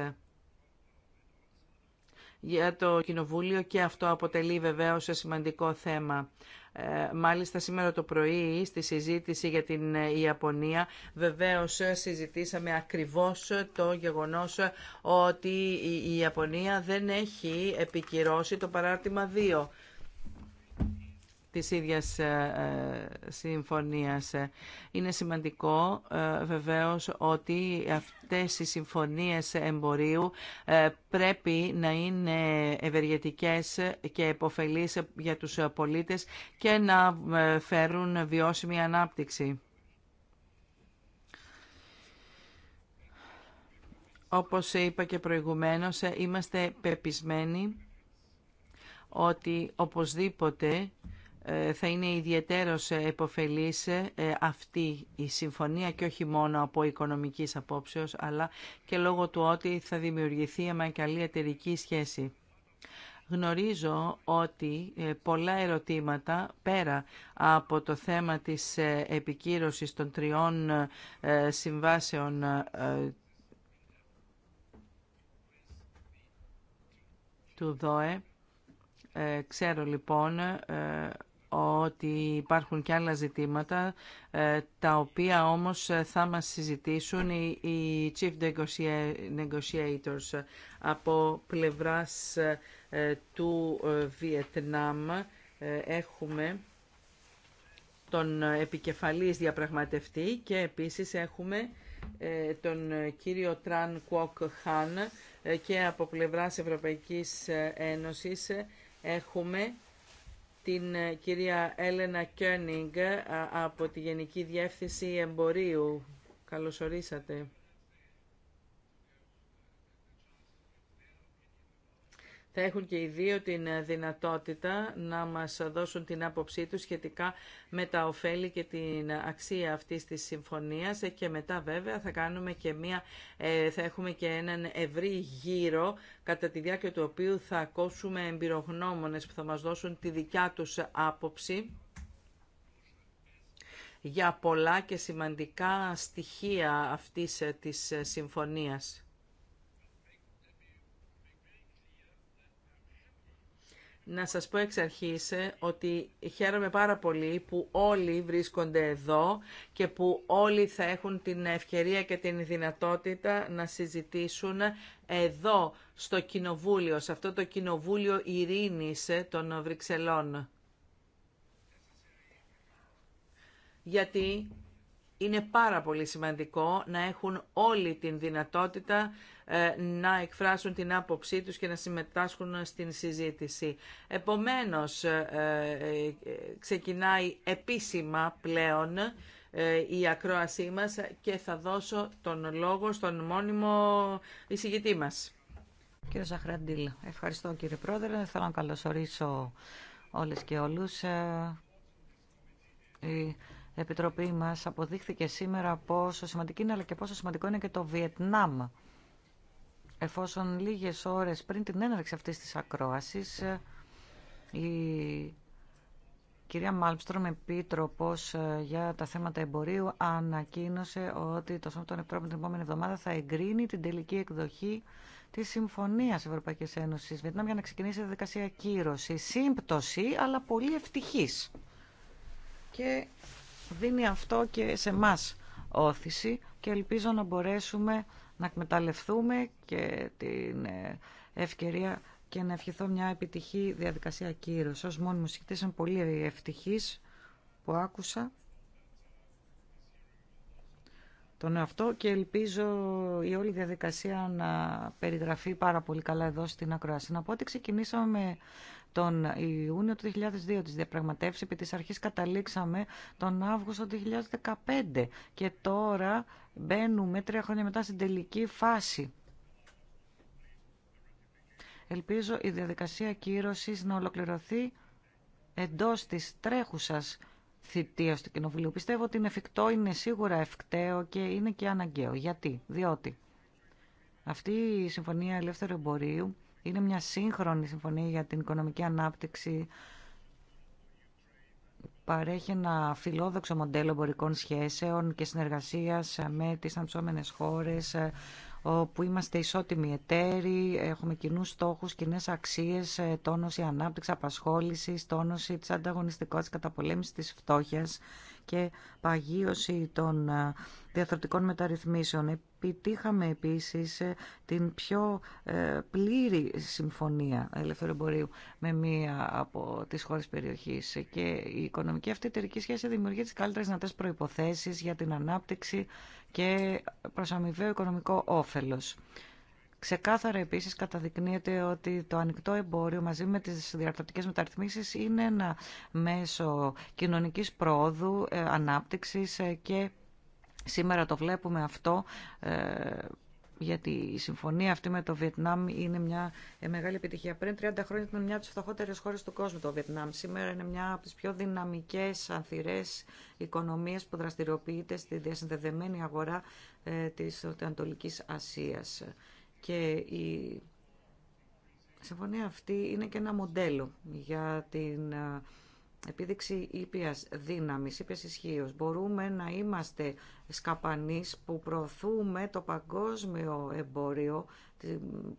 για το Κοινοβούλιο και αυτό αποτελεί βεβαίως σημαντικό θέμα. Ε, μάλιστα σήμερα το πρωί στη συζήτηση για την Ιαπωνία βεβαίως συζητήσαμε ακριβώς το γεγονός ότι η Ιαπωνία δεν έχει επικυρώσει το παράρτημα 2 της ίδιας ε, ε, συμφωνίας. Είναι σημαντικό ε, βεβαίως ότι αυτές οι συμφωνίες εμπορίου πρέπει να είναι ευεργετικές και επωφελείς για τους πολίτες και να φέρουν βιώσιμη ανάπτυξη. Όπως είπα και προηγουμένως, είμαστε πεπισμένοι ότι οπωσδήποτε ε, θα είναι ιδιαίτερος ε, επωφελής ε, αυτή η συμφωνία και όχι μόνο από οικονομικής απόψεως αλλά και λόγω του ότι θα δημιουργηθεί μια καλή εταιρική σχέση. Γνωρίζω ότι πολλά ερωτήματα πέρα από το θέμα της επικύρωσης των τριών συμβάσεων του ΔΟΕ, ξέρω λοιπόν ότι υπάρχουν και άλλα ζητήματα, ε, τα οποία όμως θα μας συζητήσουν οι Chief Negotiators από πλευράς ε, του ε, Βιετνάμ. Έχουμε τον επικεφαλής διαπραγματευτή και επίσης έχουμε τον κύριο Τραν Κουόκ Χάν και από πλευράς Ευρωπαϊκής Ένωσης έχουμε την ε, κυρία Έλενα Κιόνιγκ ε, από τη Γενική Διεύθυνση Εμπορίου. καλωσορίσατε. θα έχουν και οι δύο την ε, δυνατότητα να μας δώσουν την άποψή τους σχετικά με τα ωφέλη και την αξία αυτής της συμφωνίας ε, και μετά βέβαια θα, κάνουμε και μια, ε, θα έχουμε και έναν ευρύ γύρο κατά τη διάρκεια του οποίου θα ακούσουμε εμπειρογνώμονες που θα μας δώσουν τη δικιά τους άποψη για πολλά και σημαντικά στοιχεία αυτής της συμφωνίας. Να σας πω εξ αρχής ε, ότι χαίρομαι πάρα πολύ που όλοι βρίσκονται εδώ και που όλοι θα έχουν την ευκαιρία και την δυνατότητα να συζητήσουν εδώ στο Κοινοβούλιο, σε αυτό το Κοινοβούλιο Ειρήνης ε, των Βρυξελών. Γιατί είναι πάρα πολύ σημαντικό να έχουν όλη την δυνατότητα ε, να εκφράσουν την άποψή τους και να συμμετάσχουν στην συζήτηση. Επομένως, ε, ε, ξεκινάει επίσημα πλέον η ακρόασή μας και θα δώσω τον λόγο στον μόνιμο εισηγητή μας. Κύριε Ζαχραντήλ, ευχαριστώ κύριε Πρόεδρε. Θέλω να καλωσορίσω όλες και όλους Επιτροπή μας αποδείχθηκε σήμερα πόσο σημαντική είναι αλλά και πόσο σημαντικό είναι και το Βιετνάμ. Εφόσον λίγες ώρες πριν την έναρξη αυτής της ακρόασης η κυρία Μάλμστρομ, επίτροπος για τα θέματα εμπορίου, ανακοίνωσε ότι το Σώμα των Επιτρόπων την επόμενη εβδομάδα θα εγκρίνει την τελική εκδοχή της Συμφωνίας Ευρωπαϊκής Ένωσης Βιετνάμ για να ξεκινήσει η διαδικασία κύρωση. Σύμπτωση, αλλά πολύ ευτυχής. Και δίνει αυτό και σε εμά όθηση και ελπίζω να μπορέσουμε να εκμεταλλευτούμε και την ε, ευκαιρία και να ευχηθώ μια επιτυχή διαδικασία κύρωση. Ως μόνοι μουσικητές είμαι πολύ ευτυχής που άκουσα τον εαυτό και ελπίζω η όλη διαδικασία να περιγραφεί πάρα πολύ καλά εδώ στην Ακροασία. Να ότι ξεκινήσαμε με τον Ιούνιο του 2002 τις διαπραγματεύσεις. Επί της αρχής καταλήξαμε τον Αύγουστο του 2015 και τώρα μπαίνουμε τρία χρόνια μετά στην τελική φάση. Ελπίζω η διαδικασία κύρωσης να ολοκληρωθεί εντός της τρέχουσας θητείας του Κοινοβουλίου. Πιστεύω ότι είναι εφικτό, είναι σίγουρα ευκταίο και είναι και αναγκαίο. Γιατί, διότι αυτή η Συμφωνία Ελεύθερου Εμπορίου είναι μια σύγχρονη συμφωνία για την οικονομική ανάπτυξη. Παρέχει ένα φιλόδοξο μοντέλο εμπορικών σχέσεων και συνεργασίας με τις ανψόμενες χώρες, όπου είμαστε ισότιμοι εταίροι, έχουμε κοινούς στόχους, κοινέ αξίες, τόνωση ανάπτυξη, απασχόληση, τόνωση της ανταγωνιστικότητας, καταπολέμησης της φτώχειας και παγίωση των ε, διαθροτικών μεταρρυθμίσεων. Επιτύχαμε επίσης ε, την πιο ε, πλήρη συμφωνία ελεύθερου με μία από τις χώρες περιοχής και η οικονομική αυτή εταιρική σχέση δημιουργεί τις καλύτερες δυνατέ προϋποθέσεις για την ανάπτυξη και προς οικονομικό όφελος. Ξεκάθαρα επίσης καταδεικνύεται ότι το ανοιχτό εμπόριο μαζί με τις διαρτατικές μεταρρυθμίσεις είναι ένα μέσο κοινωνικής πρόοδου, ε, ανάπτυξης ε, και σήμερα το βλέπουμε αυτό ε, γιατί η συμφωνία αυτή με το Βιετνάμ είναι μια μεγάλη επιτυχία. Πριν 30 χρόνια ήταν μια από τι φτωχότερε χώρε του κόσμου το Βιετνάμ. Σήμερα είναι μια από τι πιο δυναμικέ, ανθυρέ οικονομίε που δραστηριοποιείται στη διασυνδεδεμένη αγορά τη Ανατολική Ασία. Και η συμφωνία αυτή είναι και ένα μοντέλο για την ε, επίδειξη ήπιας δύναμης, ήπιας ισχύω. Μπορούμε να είμαστε σκαπανείς που προωθούμε το παγκόσμιο εμπόριο,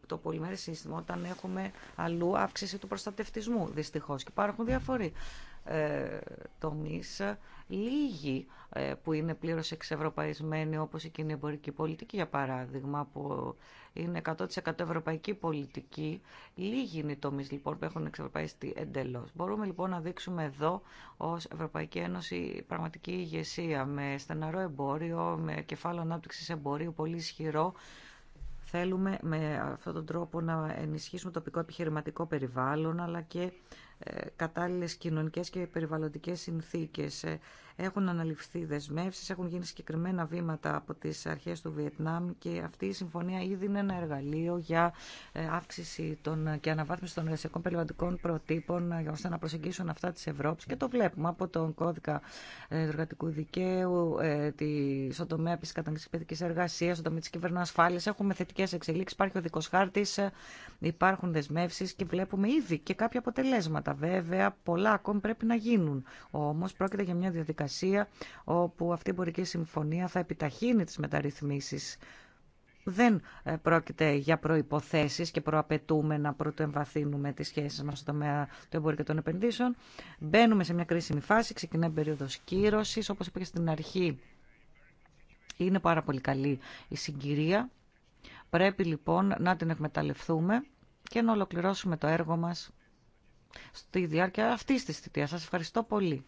το πολυμέρι σύστημα, όταν έχουμε αλλού αύξηση του προστατευτισμού, δυστυχώς. Και υπάρχουν διαφοροί ε, τομείς, λίγοι ε, που είναι πλήρως εξευρωπαϊσμένοι όπως η κοινή εμπορική πολιτική για παράδειγμα που είναι 100% ευρωπαϊκή πολιτική, λίγοι είναι οι τομείς λοιπόν που έχουν εξευρωπαϊστεί εντελώς. Μπορούμε λοιπόν να δείξουμε εδώ ως Ευρωπαϊκή Ένωση πραγματική ηγεσία με στεναρό εμπόριο, με κεφάλαιο ανάπτυξης εμπορίου πολύ ισχυρό Θέλουμε με αυτόν τον τρόπο να ενισχύσουμε τοπικό επιχειρηματικό περιβάλλον, αλλά και κατάλληλες κοινωνικές και περιβαλλοντικές συνθήκες. Ε, έχουν αναλυφθεί δεσμεύσεις, έχουν γίνει συγκεκριμένα βήματα από τις αρχές του Βιετνάμ και αυτή η συμφωνία ήδη είναι ένα εργαλείο για ε, αύξηση των και αναβάθμιση των εργασιακών περιβαλλοντικών προτύπων ε, ώστε να προσεγγίσουν αυτά της Ευρώπης και το βλέπουμε από τον κώδικα ε, εργατικού δικαίου, στον τομέα της κατανοητικής παιδικής εργασίας, στον τομέα της ασφάλεια, Έχουμε θετικές εξελίξεις, υπάρχει ο δικό χάρτη, υπάρχουν δεσμεύσει και βλέπουμε ήδη και κάποια αποτελέσματα. Βέβαια, πολλά ακόμη πρέπει να γίνουν. Όμως πρόκειται για μια διαδικασία διαδικασία όπου αυτή η εμπορική συμφωνία θα επιταχύνει τις μεταρρυθμίσεις. Δεν ε, πρόκειται για προϋποθέσεις και προαπαιτούμενα να εμβαθύνουμε τις σχέσεις μας στο τομέα του εμπορίου και των επενδύσεων. Μπαίνουμε σε μια κρίσιμη φάση, ξεκινάει περίοδος κύρωσης, όπως είπα και στην αρχή. Είναι πάρα πολύ καλή η συγκυρία. Πρέπει λοιπόν να την εκμεταλλευτούμε και να ολοκληρώσουμε το έργο μας στη διάρκεια αυτής της θητείας. Σας ευχαριστώ πολύ.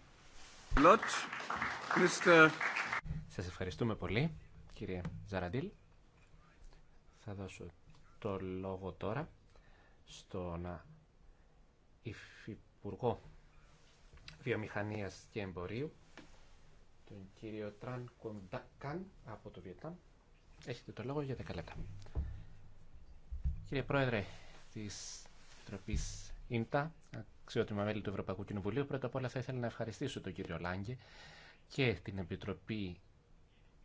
Σας ευχαριστούμε πολύ, κύριε Ζαραντήλ. Θα δώσω το λόγο τώρα στον Υφυπουργό Βιομηχανίας και Εμπορίου, τον κύριο Τραν Κοντακάν από το Βιετνάμ. Έχετε το λόγο για 10 λεπτά. Κύριε Πρόεδρε της Τροπής ΙΝΤΑ, αξιότιμα μέλη του Ευρωπαϊκού Κοινοβουλίου, πρώτα απ' όλα θα ήθελα να ευχαριστήσω τον κύριο Λάγκε και την Επιτροπή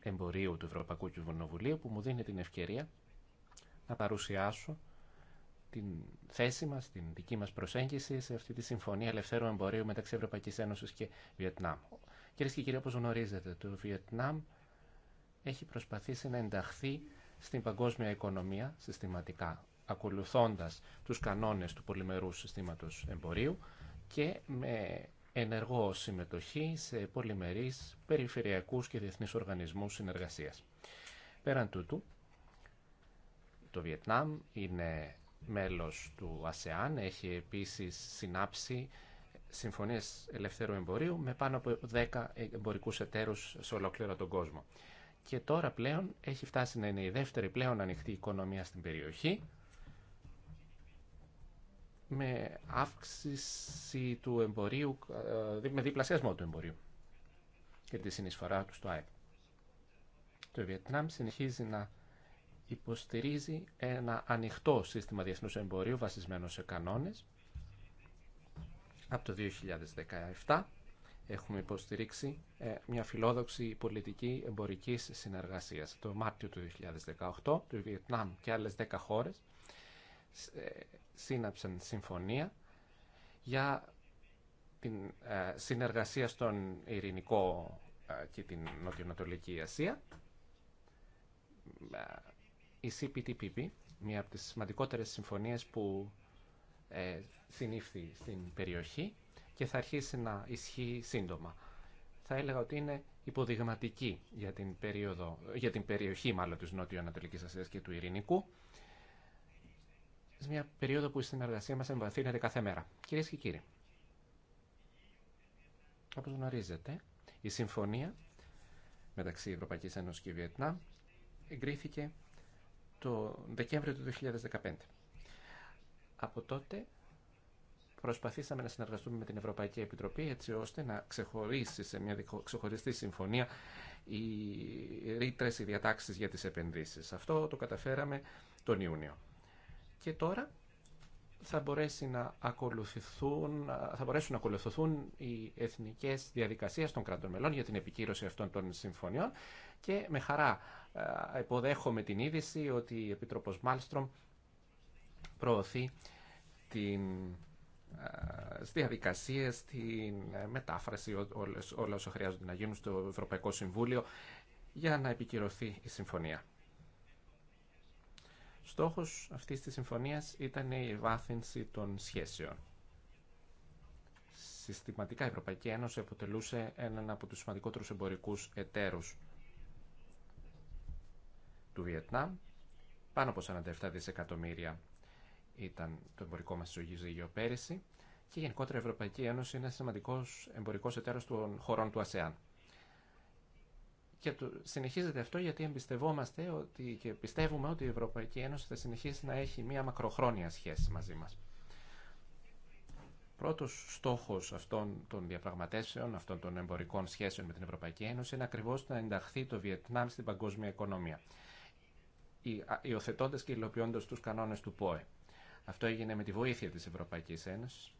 Εμπορίου του Ευρωπαϊκού Κοινοβουλίου που μου δίνει την ευκαιρία να παρουσιάσω την θέση μας, την δική μας προσέγγιση σε αυτή τη Συμφωνία Ελευθέρου Εμπορίου μεταξύ Ευρωπαϊκής Ένωσης και Βιετνάμ. Κυρίε και κύριοι, όπως γνωρίζετε, το Βιετνάμ έχει προσπαθήσει να ενταχθεί στην παγκόσμια οικονομία συστηματικά ακολουθώντας τους κανόνες του πολυμερού συστήματος εμπορίου και με ενεργό συμμετοχή σε πολυμερείς περιφερειακούς και διεθνείς οργανισμούς συνεργασίας. Πέραν τούτου, το Βιετνάμ είναι μέλος του ΑΣΕΑΝ, έχει επίσης συνάψει συμφωνίες ελευθέρου εμπορίου με πάνω από 10 εμπορικούς εταίρους σε ολόκληρο τον κόσμο. Και τώρα πλέον έχει φτάσει να είναι η δεύτερη πλέον ανοιχτή οικονομία στην περιοχή, με αύξηση του εμπορίου, ε, με διπλασιασμό του εμπορίου και τη συνεισφορά του στο ΑΕΠ. Το Βιετνάμ συνεχίζει να υποστηρίζει ένα ανοιχτό σύστημα διεθνούς εμπορίου βασισμένο σε κανόνες. Από το 2017 έχουμε υποστηρίξει ε, μια φιλόδοξη πολιτική εμπορικής συνεργασίας. Το Μάρτιο του 2018 το Βιετνάμ και άλλες 10 χώρες σύναψαν συμφωνία για την ε, συνεργασία στον Ειρηνικό ε, και την Νοτιοανατολική Ασία. Ε, η CPTPP, μία από τις σημαντικότερες συμφωνίες που συνήφθη στην περιοχή και θα αρχίσει να ισχύει σύντομα. Θα έλεγα ότι είναι υποδειγματική για την, περίοδο, για την περιοχή μάλλον της Νότιο-Ανατολικής Ασίας και του Ειρηνικού σε μια περίοδο που η συνεργασία μας εμβαθύνεται κάθε μέρα. Κυρίε και κύριοι, όπως γνωρίζετε, η συμφωνία μεταξύ Ευρωπαϊκής Ένωσης και Βιετνάμ εγκρίθηκε το Δεκέμβριο του 2015. Από τότε προσπαθήσαμε να συνεργαστούμε με την Ευρωπαϊκή Επιτροπή έτσι ώστε να ξεχωρίσει σε μια ξεχωριστή συμφωνία οι ρήτρες, οι διατάξεις για τις επενδύσεις. Αυτό το καταφέραμε τον Ιούνιο και τώρα θα, μπορέσει να θα μπορέσουν να ακολουθηθούν οι εθνικές διαδικασίες των κρατών μελών για την επικύρωση αυτών των συμφωνιών και με χαρά υποδέχομαι την είδηση ότι η Επίτροπος Μάλστρομ προωθεί την στις διαδικασίες, στην μετάφραση, όλα όσα χρειάζονται να γίνουν στο Ευρωπαϊκό Συμβούλιο για να επικυρωθεί η συμφωνία. Στόχος αυτής της συμφωνίας ήταν η ευάθυνση των σχέσεων. Συστηματικά η Ευρωπαϊκή Ένωση αποτελούσε έναν από τους σημαντικότερους εμπορικούς εταίρους του Βιετνάμ. Πάνω από 47 δισεκατομμύρια ήταν το εμπορικό μας ισογείο πέρυσι και γενικότερα η Ευρωπαϊκή Ένωση είναι σημαντικός εμπορικός εταίρος των χωρών του ΑΣΕΑΝ. Και το συνεχίζεται αυτό γιατί εμπιστευόμαστε ότι και πιστεύουμε ότι η Ευρωπαϊκή Ένωση θα συνεχίσει να έχει μια μακροχρόνια σχέση μαζί μας. Πρώτος στόχος αυτών των διαπραγματεύσεων, αυτών των εμπορικών σχέσεων με την Ευρωπαϊκή Ένωση είναι ακριβώς να ενταχθεί το Βιετνάμ στην παγκόσμια οικονομία, υιοθετώντα και υλοποιώντα τους κανόνες του ΠΟΕ. Αυτό έγινε με τη βοήθεια της Ευρωπαϊκής Ένωσης,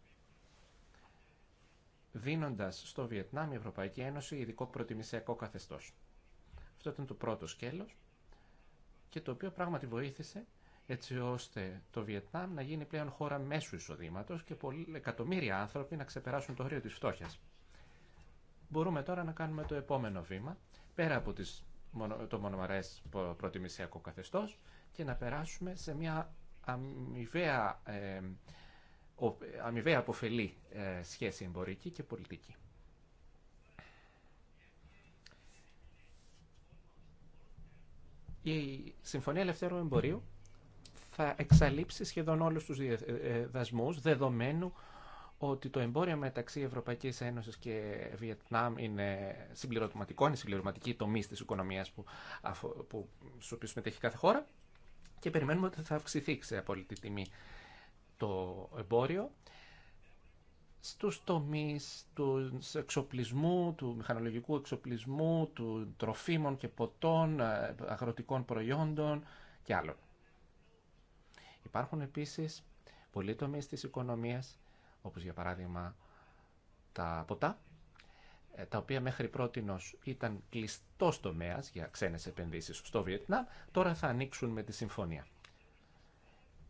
δίνοντας στο Βιετνάμ η Ευρωπαϊκή Ένωση ειδικό προτιμησιακό καθεστώς. Αυτό ήταν το πρώτο σκέλος και το οποίο πράγματι βοήθησε έτσι ώστε το Βιετνάμ να γίνει πλέον χώρα μέσου εισοδήματο και πολλοί εκατομμύρια άνθρωποι να ξεπεράσουν το όριο της φτώχειας. Μπορούμε τώρα να κάνουμε το επόμενο βήμα, πέρα από τις, το μονομερές προτιμησιακό καθεστώς και να περάσουμε σε μια αμοιβαία, ε, αποφελή ε, σχέση εμπορική και πολιτική. η Συμφωνία Ελευθέρου Εμπορίου θα εξαλείψει σχεδόν όλους τους ε, ε, δασμούς, δεδομένου ότι το εμπόριο μεταξύ Ευρωπαϊκής Ένωσης και Βιετνάμ είναι συμπληρωματικό, είναι συμπληρωματική τομή της οικονομίας που, που, στους κάθε χώρα και περιμένουμε ότι θα αυξηθεί σε απόλυτη τιμή το εμπόριο στους τομείς του εξοπλισμού, του μηχανολογικού εξοπλισμού, του τροφίμων και ποτών, ε, αγροτικών προϊόντων και άλλων. Υπάρχουν επίσης πολλοί τομείς της οικονομίας, όπως για παράδειγμα τα ποτά, ε, τα οποία μέχρι πρότινος ήταν κλειστός τομέας για ξένες επενδύσεις στο Βιετνάμ, τώρα θα ανοίξουν με τη συμφωνία.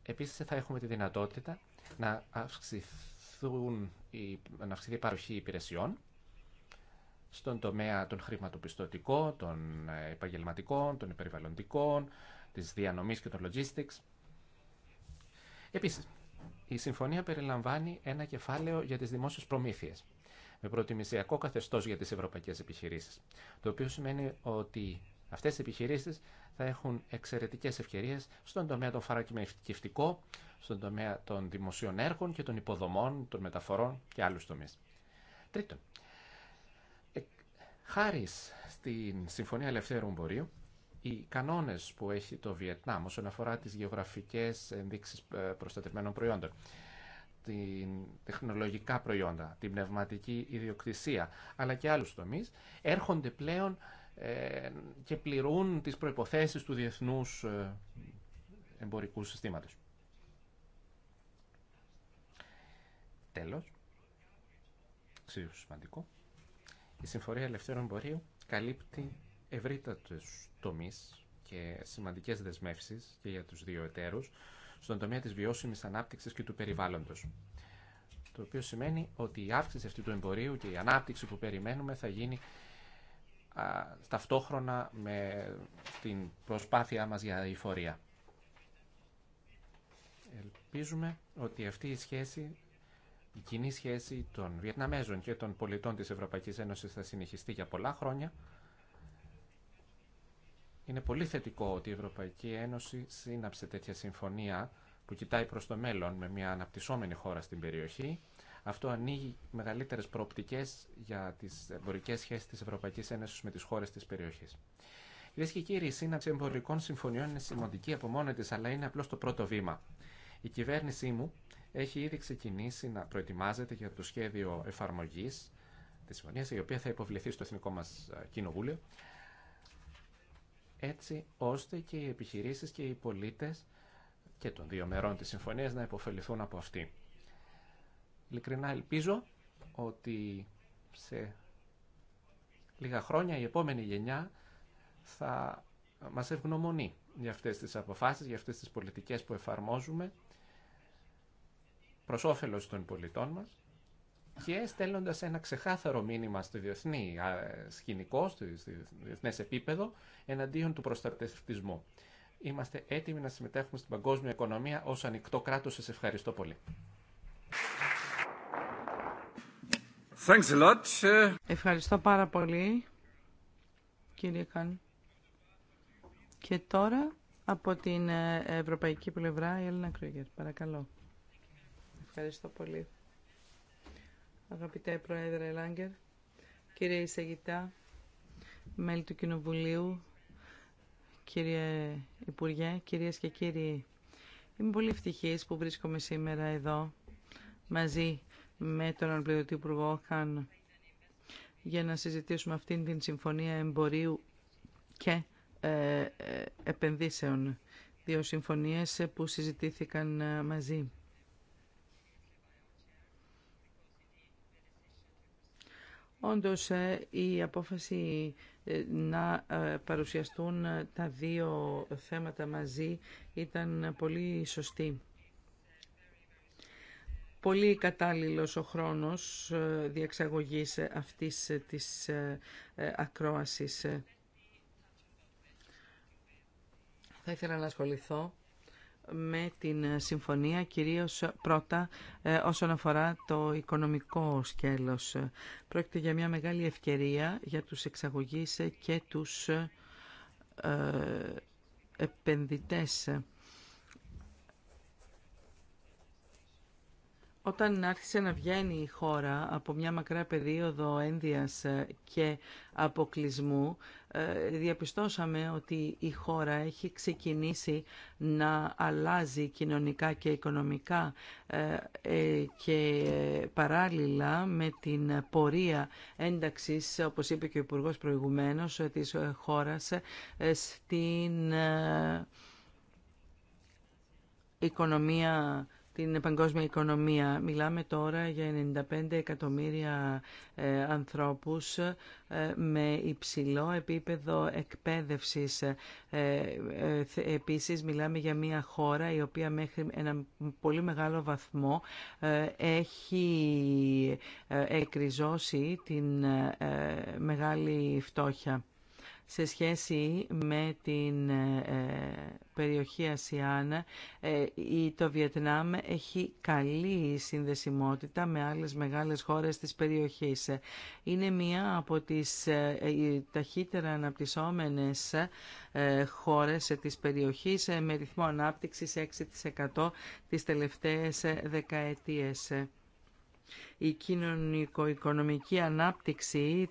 Επίσης θα έχουμε τη δυνατότητα να αυξηθούν η, να αυξηθεί η παροχή υπηρεσιών στον τομέα των χρηματοπιστωτικών, των ε, επαγγελματικών, των περιβαλλοντικών, της διανομής και των logistics. Επίσης, η συμφωνία περιλαμβάνει ένα κεφάλαιο για τις δημόσιες προμήθειες με προτιμησιακό καθεστώς για τις ευρωπαϊκές επιχειρήσεις, το οποίο σημαίνει ότι Αυτές οι επιχειρήσεις θα έχουν εξαιρετικές ευκαιρίες στον τομέα των φαρακιμευτικό, στον τομέα των δημοσίων έργων και των υποδομών, των μεταφορών και άλλους τομείς. Τρίτον, χάρη στην Συμφωνία Ελευθέρου Μπορείου, οι κανόνες που έχει το Βιετνάμ όσον αφορά τις γεωγραφικές ενδείξεις ε, προστατευμένων προϊόντων, την τεχνολογικά προϊόντα, την πνευματική ιδιοκτησία, αλλά και άλλους τομείς, έρχονται πλέον ε, και πληρούν τις προϋποθέσεις του διεθνούς ε, εμπορικού συστήματος. Τέλος, εξίσου σημαντικό, η Συμφορία Ελευθέρων Εμπορίου καλύπτει ευρύτατες τομείς και σημαντικές δεσμεύσεις και για τους δύο εταίρους στον τομέα της βιώσιμης ανάπτυξης και του περιβάλλοντος. Το οποίο σημαίνει ότι η αύξηση αυτού του εμπορίου και η ανάπτυξη που περιμένουμε θα γίνει ταυτόχρονα με την προσπάθειά μας για φορεία. Ελπίζουμε ότι αυτή η σχέση, η κοινή σχέση των Βιετναμέζων και των πολιτών της Ευρωπαϊκής Ένωσης θα συνεχιστεί για πολλά χρόνια. Είναι πολύ θετικό ότι η Ευρωπαϊκή Ένωση σύναψε τέτοια συμφωνία που κοιτάει προς το μέλλον με μια αναπτυσσόμενη χώρα στην περιοχή αυτό ανοίγει μεγαλύτερε προοπτικέ για τι εμπορικέ σχέσει τη Ευρωπαϊκή Ένωση με τι χώρε τη περιοχή. Κυρίε και κύριοι, η σύναψη εμπορικών συμφωνιών είναι σημαντική από μόνη τη, αλλά είναι απλώ το πρώτο βήμα. Η κυβέρνησή μου έχει ήδη ξεκινήσει να προετοιμάζεται για το σχέδιο εφαρμογή τη συμφωνία, η οποία θα υποβληθεί στο Εθνικό μα ε, Κοινοβούλιο, έτσι ώστε και οι επιχειρήσει και οι πολίτε και των δύο μερών τη συμφωνία να υποφεληθούν από αυτή. Ειλικρινά ελπίζω ότι σε λίγα χρόνια η επόμενη γενιά θα μας ευγνωμονεί για αυτές τις αποφάσεις, για αυτές τις πολιτικές που εφαρμόζουμε προς όφελος των πολιτών μας και στέλνοντας ένα ξεχάθαρο μήνυμα στο διεθνή σκηνικό, στο διεθνές επίπεδο, εναντίον του προστατευτισμού. Είμαστε έτοιμοι να συμμετέχουμε στην παγκόσμια οικονομία ως ανοιχτό κράτος. Σας ευχαριστώ πολύ. Ευχαριστώ πάρα πολύ, κύριε Καν. Και τώρα από την ε, ευρωπαϊκή πλευρά η Έλληνα Κρούγκερ. Παρακαλώ. Ευχαριστώ πολύ. Αγαπητέ Πρόεδρε Λάγκερ, κύριε Ισαγητά, μέλη του Κοινοβουλίου, κύριε Υπουργέ, κυρίες και κύριοι, είμαι πολύ ευτυχής που βρίσκομαι σήμερα εδώ μαζί με τον Αναπληρωτή Υπουργό Χάν για να συζητήσουμε αυτήν την Συμφωνία Εμπορίου και ε, ε Επενδύσεων. Δύο συμφωνίες που συζητήθηκαν ε, μαζί. Όντως, ε, η απόφαση να παρουσιαστούν τα δύο θέματα μαζί ήταν πολύ σωστή πολύ κατάλληλος ο χρόνος ε, διεξαγωγής αυτής ε, της ε, ακρόασης. Θα ήθελα να ασχοληθώ με την συμφωνία, κυρίως πρώτα όσον αφορά το οικονομικό σκέλος. Πρόκειται για μια μεγάλη ευκαιρία για τους εξαγωγείς και τους επενδυτές. Όταν άρχισε να βγαίνει η χώρα από μια μακρά περίοδο ένδυας και αποκλεισμού, ε, διαπιστώσαμε ότι η χώρα έχει ξεκινήσει να αλλάζει κοινωνικά και οικονομικά ε, ε, και παράλληλα με την πορεία ένταξης, όπως είπε και ο Υπουργός προηγουμένως, της χώρας στην οικονομία την παγκόσμια οικονομία. Μιλάμε τώρα για 95 εκατομμύρια ε, ανθρώπους ε, με υψηλό επίπεδο εκπαίδευσης. Ε, επίσης μιλάμε για μια χώρα η οποία μέχρι ένα πολύ μεγάλο βαθμό έχει εκριζώσει την μεγάλη φτώχεια σε σχέση με την ε, περιοχή Ασιάνα ε, το Βιετνάμ έχει καλή συνδεσιμότητα με άλλες μεγάλες χώρες της περιοχής. Είναι μία από τις ε, ταχύτερα αναπτυσσόμενες χώρες της περιοχής με ρυθμό ανάπτυξης 6% τις τελευταίες δεκαετίες. Η κοινωνικο-οικονομική ανάπτυξη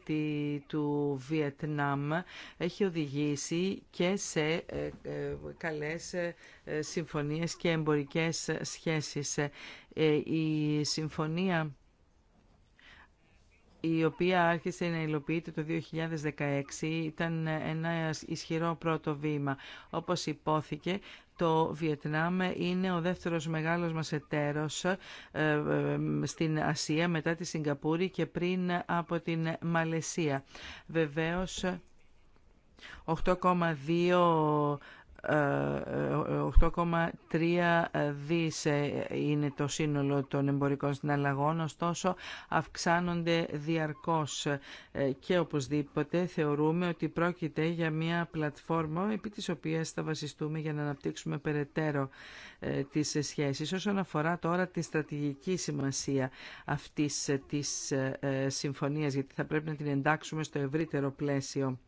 του Βιετνάμ έχει οδηγήσει και σε ε, ε, καλές ε, συμφωνίες και εμπορικές σχέσεις. Η συμφωνία η οποία άρχισε να υλοποιείται το 2016 ήταν ένα ισχυρό πρώτο βήμα. Όπως υπόθηκε, το Βιετνάμ είναι ο δεύτερος μεγάλος μας εταίρος ε, ε, στην Ασία μετά τη Σιγκαπούρη και πριν από την Μαλαισία. Βεβαίως 8,2 8,3 δις ε, είναι το σύνολο των εμπορικών συναλλαγών, ωστόσο αυξάνονται διαρκώς ε, και οπωσδήποτε θεωρούμε ότι πρόκειται για μια πλατφόρμα επί της οποίας θα βασιστούμε για να αναπτύξουμε περαιτέρω ε, τις σχέσεις. Όσον αφορά τώρα τη στρατηγική σημασία αυτής της συμφωνίας, γιατί θα πρέπει να την εντάξουμε στο ευρύτερο πλαίσιο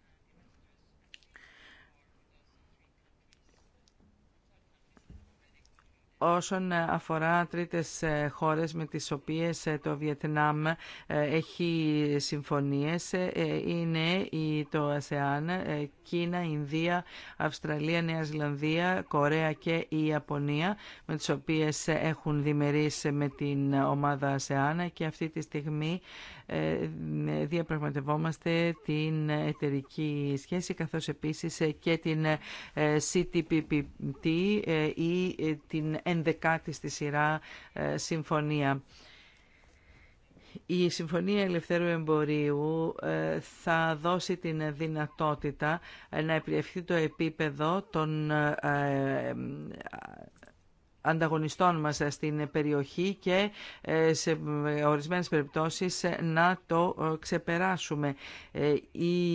όσον αφορά τρίτες ε, χώρες με τις οποίες ε, το Βιετνάμ ε, έχει συμφωνίες είναι το ΑΣΕΑΝ, Κίνα, Ινδία, Αυστραλία, Νέα Ζηλανδία, Κορέα και η Ιαπωνία με τις οποίες έχουν διμερείς με την ομάδα ΑΣΕΑΝ και αυτή τη στιγμή διαπραγματευόμαστε την εταιρική σχέση καθώς επίσης και την CTPPT ή την ενδεκάτη στη σειρά ε, συμφωνία. Η Συμφωνία Ελευθέρου Εμπορίου ε, θα δώσει την δυνατότητα να επιρρευθεί το επίπεδο των ε, ανταγωνιστών μας στην περιοχή και ε, σε ορισμένες περιπτώσεις ε, να το ε, ξεπεράσουμε. Η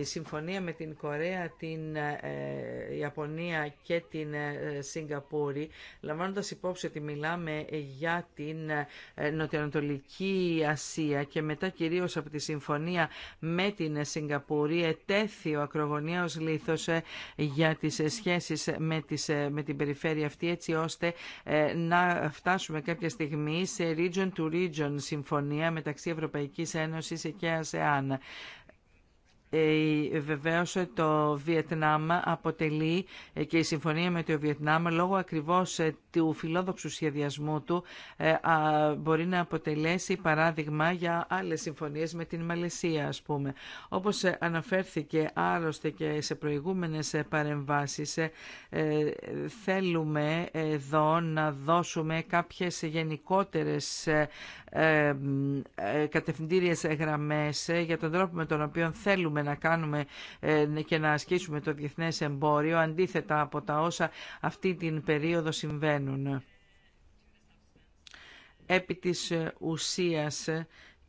συμφωνία με την Κορέα, την Ιαπωνία και την Σιγκαπούρη, λαμβάνοντας υπόψη ότι μιλάμε για την Νοτιοανατολική Ασία και μετά κυρίως από τη συμφωνία με την Σιγκαπούρη, ετέθη ο ακρογωνιαίος λήθος για τις σχέσεις με την περιφέρεια αυτή, έτσι ώστε ε, να φτάσουμε κάποια στιγμή σε region to region συμφωνία μεταξύ Ευρωπαϊκής Ένωσης και ΑΣΕΑΝ. Ε, βεβαίως το Βιετνάμ αποτελεί ε, και η συμφωνία με το Βιετνάμ λόγω ακριβώς ε, του φιλόδοξου σχεδιασμού του μπορεί να αποτελέσει παράδειγμα για άλλες συμφωνίες με την Μαλαισία ας πούμε. Όπως αναφέρθηκε άλλωστε και σε προηγούμενες παρεμβάσεις θέλουμε εδώ να δώσουμε κάποιες γενικότερες κατευθυντήριες γραμμές για τον τρόπο με τον οποίο θέλουμε να κάνουμε ε, και να ασκήσουμε το διεθνές εμπόριο, αντίθετα από τα όσα αυτή την περίοδο συμβαίνουν. Επί της ε, ουσίας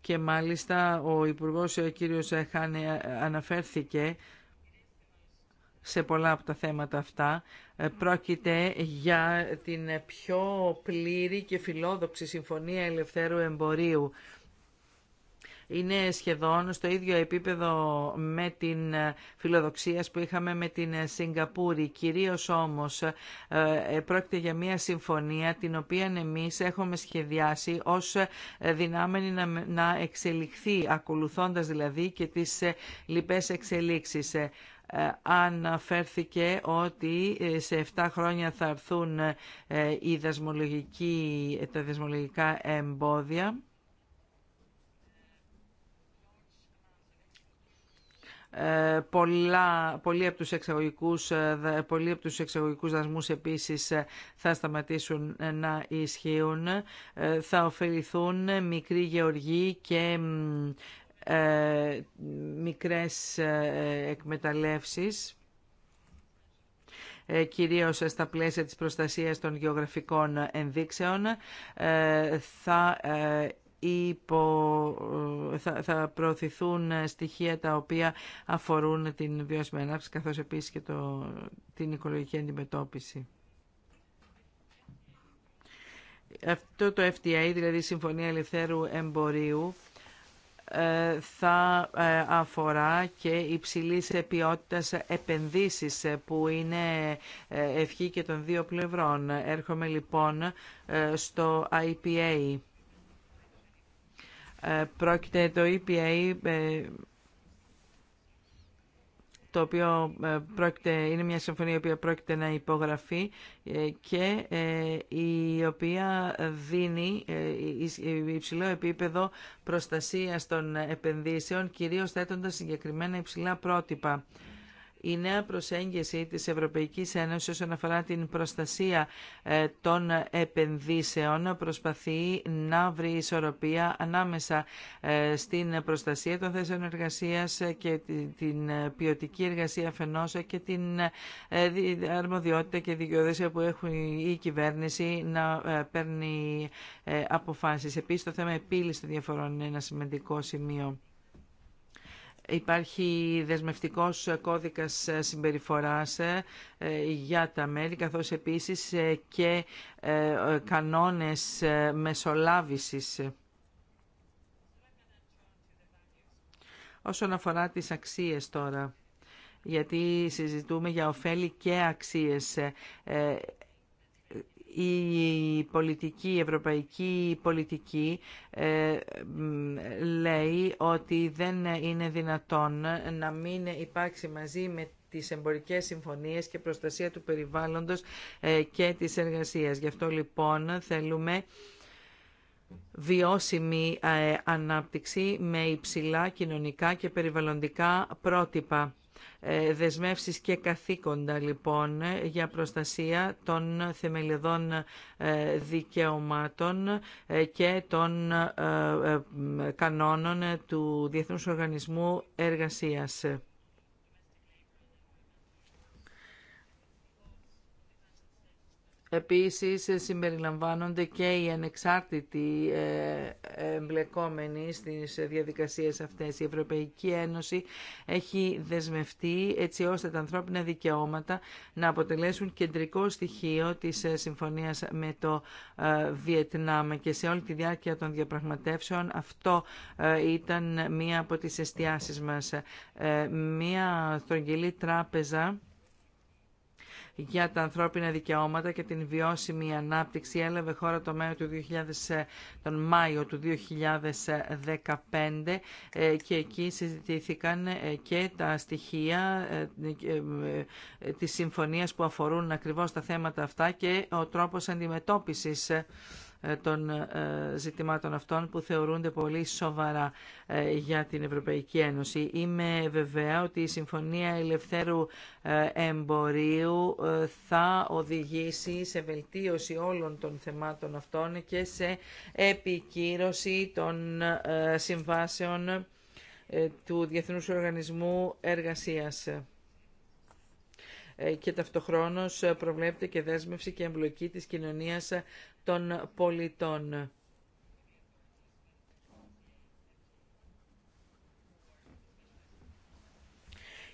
και μάλιστα ο Υπουργός ο ε, κύριος Χάνε αναφέρθηκε σε πολλά από τα θέματα αυτά. Πρόκειται για την πιο πλήρη και φιλόδοξη Συμφωνία Ελευθέρου Εμπορίου είναι σχεδόν στο ίδιο επίπεδο με την ε, φιλοδοξία που είχαμε με την ε, Σιγκαπούρη. Κυρίως όμως ε, πρόκειται για μια συμφωνία την οποία εμείς έχουμε σχεδιάσει ως δυνάμενη να εξελιχθεί, ακολουθώντας δηλαδή και τις λοιπές εξελίξεις αναφέρθηκε ότι σε 7 χρόνια θα έρθουν οι τα δεσμολογικά εμπόδια Ε, πολλά, πολλοί, από τους εξαγωγικούς, ε, πολλοί από τους δασμούς επίσης ε, θα σταματήσουν να ισχύουν. Θα ωφεληθούν μικροί γεωργοί και μικρές εκμεταλλεύσεις κυρίως στα πλαίσια της προστασίας των γεωγραφικών ενδείξεων, θα υπο, ε, θα, θα προωθηθούν στοιχεία τα οποία αφορούν την βιώσιμη ανάπτυξη καθώς επίσης και το, την οικολογική αντιμετώπιση. Αυτό το FTA, δηλαδή Συμφωνία Ελευθέρου Εμπορίου, ε, θα ε, αφορά και υψηλής ποιότητας επενδύσεις που είναι ευχή και των δύο πλευρών. Έρχομαι λοιπόν στο IPA. Ε, πρόκειται το EPA ε, το οποίο ε, πρόκειται, είναι μια συμφωνία η οποία πρόκειται να υπογραφεί και η οποία δίνει υψηλό επίπεδο προστασίας των επενδύσεων, κυρίως θέτοντας συγκεκριμένα υψηλά πρότυπα η νέα προσέγγιση της Ευρωπαϊκής Ένωσης όσον αφορά την προστασία ε, των επενδύσεων προσπαθεί να βρει ισορροπία ανάμεσα ε, στην προστασία των θέσεων εργασίας και την ποιοτική εργασία αφενός και την ε, αρμοδιότητα και δικαιοδέσια που έχουν η κυβέρνηση να παίρνει αποφάσεις. Επίσης το θέμα επίλυση των διαφορών είναι ένα σημαντικό σημείο. Υπάρχει δεσμευτικός κώδικας συμπεριφοράς ε, για τα μέλη, καθώς επίσης ε, και ε, κανόνες μεσολάβησης. Όσον αφορά τις αξίες τώρα, γιατί συζητούμε για ωφέλη και αξίες η πολιτική, ευρωπαϊκή πολιτική ε, λέει ότι δεν είναι δυνατόν να μην υπάρξει μαζί με τις εμπορικές συμφωνίες και προστασία του περιβάλλοντος ε, και της εργασίας. Γι' αυτό λοιπόν θέλουμε βιώσιμη ε, ανάπτυξη με υψηλά κοινωνικά και περιβαλλοντικά πρότυπα. Ε, δεσμεύσεις και καθήκοντα λοιπόν για προστασία των θεμελιδών ε, δικαιωμάτων ε, και των κανόνων του Διεθνούς Οργανισμού Εργασίας. Επίσης συμπεριλαμβάνονται και οι ανεξάρτητοι ε, εμπλεκόμενοι στις διαδικασίες αυτές. Η Ευρωπαϊκή Ένωση έχει δεσμευτεί έτσι ώστε τα ανθρώπινα δικαιώματα να αποτελέσουν κεντρικό στοιχείο της ε, συμφωνίας με το ε, Βιετνάμ και σε όλη τη διάρκεια των διαπραγματεύσεων αυτό ήταν μία από τις εστιάσεις μας. Μία στρογγυλή τράπεζα για τα ανθρώπινα δικαιώματα και την βιώσιμη ανάπτυξη έλαβε χώρα το Μάιο του 2000, τον Μάιο του 2015 ε, και εκεί συζητήθηκαν ε, και τα στοιχεία ε, της συμφωνίας που αφορούν ακριβώς τα θέματα αυτά και ο τρόπος αντιμετώπισης ε, των ε, ζητημάτων αυτών που θεωρούνται πολύ σοβαρά ε, για την Ευρωπαϊκή Ένωση. Είμαι βεβαία ότι η Συμφωνία Ελευθέρου Εμπορίου θα οδηγήσει σε βελτίωση όλων των θεμάτων αυτών και σε επικύρωση των συμβάσεων του Διεθνούς Οργανισμού Εργασίας και ταυτοχρόνως προβλέπεται και δέσμευση και εμπλοκή της κοινωνίας των πολιτών.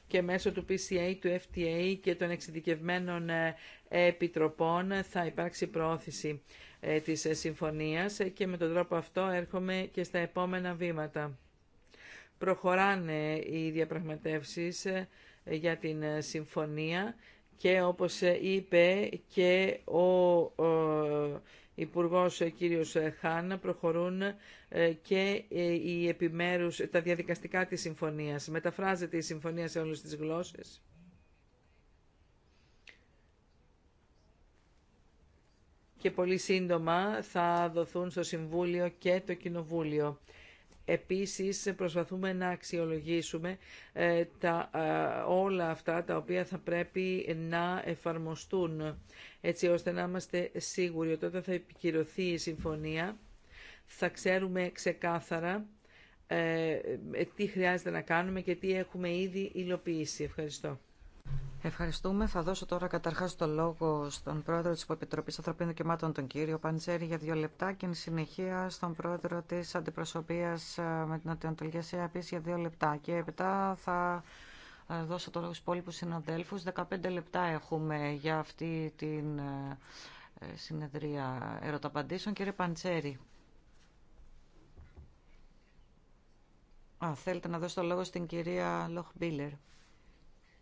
και μέσω του PCA, του FTA και των εξειδικευμένων ε, επιτροπών θα υπάρξει προώθηση ε, της ε, συμφωνίας και με τον τρόπο αυτό έρχομαι και στα επόμενα βήματα. Προχωράνε οι διαπραγματεύσεις για την συμφωνία και όπως είπε και ο Υπουργός κύριος Χάν προχωρούν ε, και ε, οι επιμέρους, τα διαδικαστικά της συμφωνίας. Μεταφράζεται η συμφωνία σε όλες τις γλώσσες. Και πολύ σύντομα θα δοθούν στο Συμβούλιο και το Κοινοβούλιο. Επίσης προσπαθούμε να αξιολογήσουμε ε, τα, ε, όλα αυτά τα οποία θα πρέπει να εφαρμοστούν έτσι ώστε να είμαστε σίγουροι ότι όταν θα επικυρωθεί η συμφωνία θα ξέρουμε ξεκάθαρα ε, τι χρειάζεται να κάνουμε και τι έχουμε ήδη υλοποιήσει. Ευχαριστώ. Ευχαριστούμε. Θα δώσω τώρα καταρχάς το λόγο στον πρόεδρο της Επιτροπής Ανθρωπίνων Δικαιωμάτων, τον κύριο Παντζέρη, για δύο λεπτά και εν συνεχεία στον πρόεδρο της Αντιπροσωπείας ε, με την Νοτιοανατολική Ασία για δύο λεπτά. Και μετά θα ε, δώσω το λόγο στους υπόλοιπους συναδέλφους. 15 λεπτά έχουμε για αυτή την ε, συνεδρία ερωταπαντήσεων. Κύριε Παντσέρη. Α, θέλετε να δώσω το λόγο στην κυρία Λοχμπίλερ.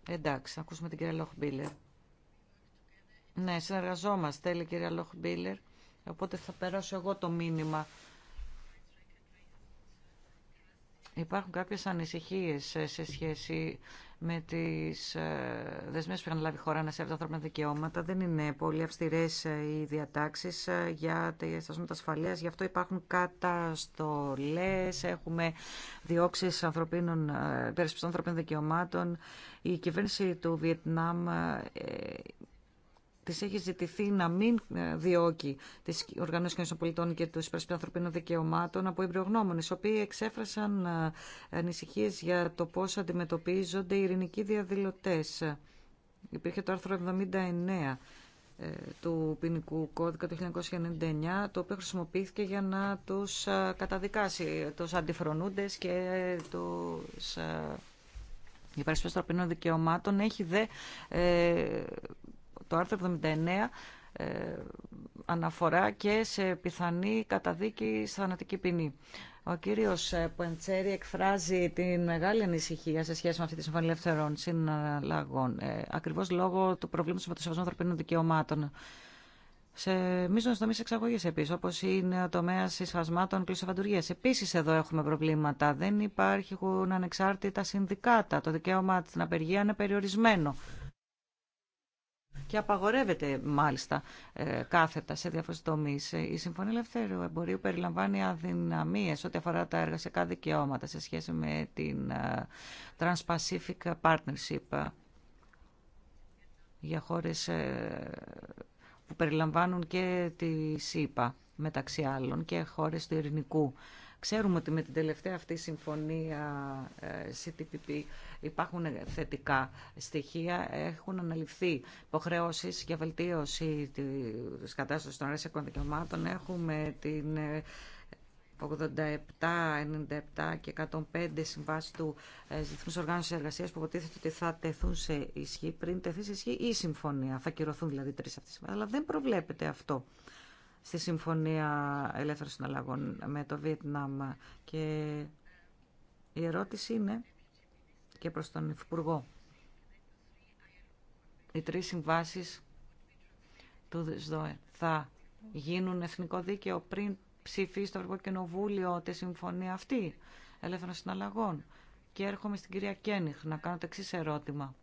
Εντάξει, ακούσουμε την κυρία Λοχμπίλερ. Ναι, συνεργαζόμαστε, λέει η κυρία Λοχμπίλερ. Οπότε θα περάσω εγώ το μήνυμα. Υπάρχουν κάποιες ανησυχίες ε, σε σχέση με τις ε, δεσμεύσει που είχαν λάβει η χώρα να σέβεται ανθρώπινα δικαιώματα. Δεν είναι πολύ αυστηρές ε, οι διατάξεις ε, για τα ασφαλεία. ασφαλείας. Γι' αυτό υπάρχουν καταστολέ, έχουμε διώξει ανθρωπίνων, ανθρωπίνων δικαιωμάτων. Η κυβέρνηση του Βιετνάμ της έχει ζητηθεί να μην ε, διώκει τις οργανώσεις κοινωνικών πολιτών και του υπερασπιστές ανθρωπίνων δικαιωμάτων από εμπειρογνώμονε, οι οποίοι εξέφρασαν ε, ανησυχίε για το πώς αντιμετωπίζονται οι ειρηνικοί διαδηλωτέ. Υπήρχε το άρθρο 79 ε, του ποινικού κώδικα του 1999, το οποίο χρησιμοποιήθηκε για να τους καταδικάσει τους αντιφρονούντες και τους υπερασπιστές ανθρωπίνων δικαιωμάτων. Έχει δε το άρθρο 79 ε, αναφορά και σε πιθανή καταδίκη στα θανατική ποινή. Ο κύριος ε, Πουεντσέρη εκφράζει την μεγάλη ανησυχία σε σχέση με αυτή τη Συμφωνία Ελευθερών Συναλλαγών, ε, ακριβώς λόγω του προβλήματος με το σεβασμό ανθρωπίνων δικαιωμάτων. Σε μείζονε τομεί εξαγωγή επίση, όπω είναι ο τομέα εισφασμάτων κλεισοφαντουργία. Επίση, εδώ έχουμε προβλήματα. Δεν υπάρχουν ανεξάρτητα συνδικάτα. Το δικαίωμα στην απεργία είναι περιορισμένο και απαγορεύεται μάλιστα ε, κάθετα σε διάφορε τομεί. Η Συμφωνία Ελευθέρου Εμπορίου περιλαμβάνει αδυναμίε ό,τι αφορά τα εργασιακά δικαιώματα σε σχέση με την ε, Trans-Pacific Partnership ε, για χώρες που περιλαμβάνουν και τη ΣΥΠΑ μεταξύ άλλων και χώρες του ειρηνικού Ξέρουμε ότι με την τελευταία αυτή συμφωνία ε, CTPP υπάρχουν θετικά στοιχεία. Έχουν αναλυφθεί υποχρεώσει για βελτίωση τη κατάσταση των αρέσεων δικαιωμάτων. Έχουμε την 87, ε, 97 και 105 συμβάσει του ε, Διεθνού Οργάνωση Εργασία που υποτίθεται ότι θα τεθούν σε ισχύ πριν τεθεί σε ισχύ η συμφωνία. Θα κυρωθούν δηλαδή τρει αυτέ. Αλλά δεν προβλέπεται αυτό στη Συμφωνία Ελεύθερων Συναλλαγών με το Βιετνάμ. Και η ερώτηση είναι και προς τον Υφυπουργό. Οι τρεις συμβάσεις του ΔΣΔΟΕ θα γίνουν εθνικό δίκαιο πριν ψηφίσει το Ευρωπαϊκό Κοινοβούλιο τη συμφωνία αυτή ελεύθερων συναλλαγών. Και έρχομαι στην κυρία Κένιχ να κάνω το εξή ερώτημα.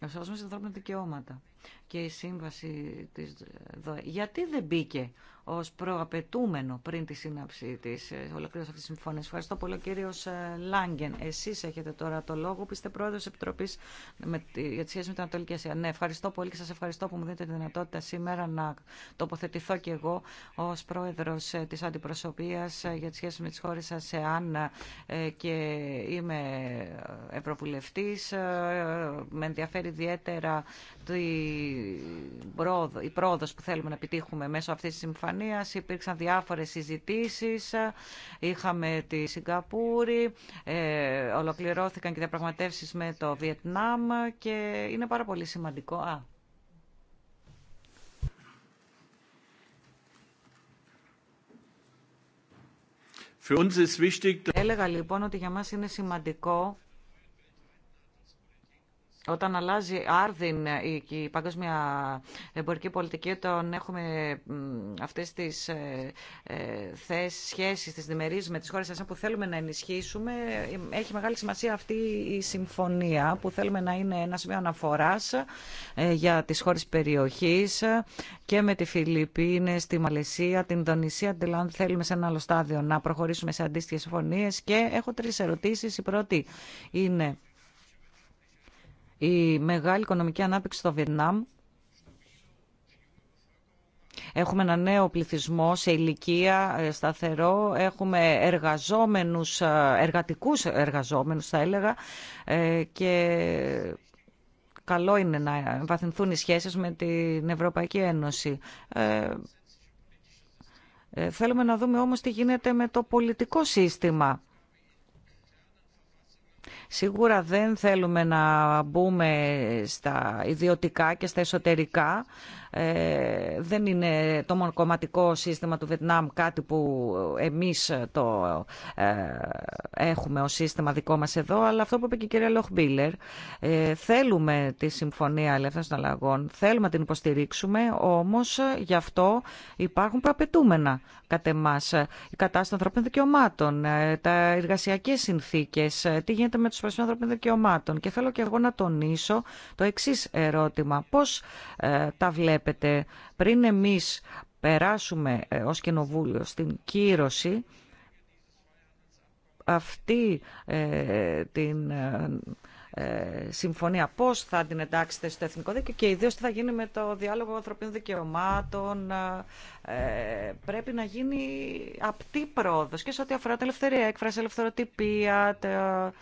Εσώσουμε σε ανθρώπινα δικαιώματα και η σύμβαση της ΔΟΕ. Γιατί δεν μπήκε ως προαπαιτούμενο πριν τη σύναψη της ε, ολοκλήρωσης αυτής της συμφωνίας. Ευχαριστώ πολύ κύριος ε, Λάγκεν. Εσείς έχετε τώρα το λόγο που είστε πρόεδρος Επιτροπής με, για τη σχέση με την Ανατολική Ασία. Ναι, ευχαριστώ πολύ και σας ευχαριστώ που μου δίνετε τη δυνατότητα σήμερα να τοποθετηθώ και εγώ ως πρόεδρος ε, της Αντιπροσωπείας για τη σχέση με τις χώρες ε, και είμαι ευρωβουλευτής. Με ενδιαφέρει ιδιαίτερα τη η πρόοδος που θέλουμε να επιτύχουμε μέσω αυτής της συμφωνίας. Υπήρξαν διάφορες συζητήσεις, είχαμε τη Σιγκαπούρη, ε, ολοκληρώθηκαν και διαπραγματεύσεις με το Βιετνάμ και είναι πάρα πολύ σημαντικό. Α, Έλεγα λοιπόν ότι για μας είναι σημαντικό όταν αλλάζει άρδιν ε, η παγκόσμια εμπορική πολιτική, όταν έχουμε αυτές τις ε, ε, θέσεις, σχέσεις, τις διμερείς με τις χώρες σας που θέλουμε να ενισχύσουμε, έχει μεγάλη σημασία αυτή η συμφωνία που θέλουμε να είναι ένα σημείο αναφοράς για τις χώρες περιοχής και με τη Φιλιππίνες, τη Μαλαισία, την Ινδονησία, την θέλουμε σε ένα άλλο στάδιο να προχωρήσουμε σε αντίστοιχες συμφωνίες και έχω τρεις ερωτήσεις. Η πρώτη είναι η μεγάλη οικονομική ανάπτυξη στο Βιετνάμ. Έχουμε ένα νέο πληθυσμό σε ηλικία ε, σταθερό, έχουμε εργαζόμενους, ε, εργατικούς εργαζόμενους θα έλεγα ε, και καλό είναι να βαθυνθούν οι σχέσεις με την Ευρωπαϊκή Ένωση. Θέλουμε να δούμε όμως τι γίνεται με το πολιτικό σύστημα Σίγουρα δεν θέλουμε να μπούμε στα ιδιωτικά και στα εσωτερικά ε, δεν είναι το μονοκομματικό σύστημα του Βιετνάμ κάτι που εμείς το ε, έχουμε ως σύστημα δικό μας εδώ, αλλά αυτό που είπε και η κυρία Λοχμπίλερ, ε, θέλουμε τη Συμφωνία Ελεύθερων αλλαγών θέλουμε να την υποστηρίξουμε, όμως γι' αυτό υπάρχουν προαπαιτούμενα κατά εμάς. Η κατάσταση των ανθρωπίνων δικαιωμάτων, τα εργασιακές συνθήκες, τι γίνεται με τους προσφέρους ανθρωπίνων δικαιωμάτων. Και θέλω και εγώ να τονίσω το εξής ερώτημα. Πώς τα βλέπουμε Βλέπετε πριν εμείς περάσουμε ε, ως κοινοβούλιο στην κύρωση αυτή ε, την ε, ε, συμφωνία, πώς θα την εντάξετε στο Εθνικό Δίκαιο και ιδίως τι θα γίνει με το διάλογο ανθρωπίνων δικαιωμάτων. πρέπει να γίνει απτή πρόοδος και σε ό,τι αφορά την ελευθερία έκφραση, ελευθεροτυπία, τα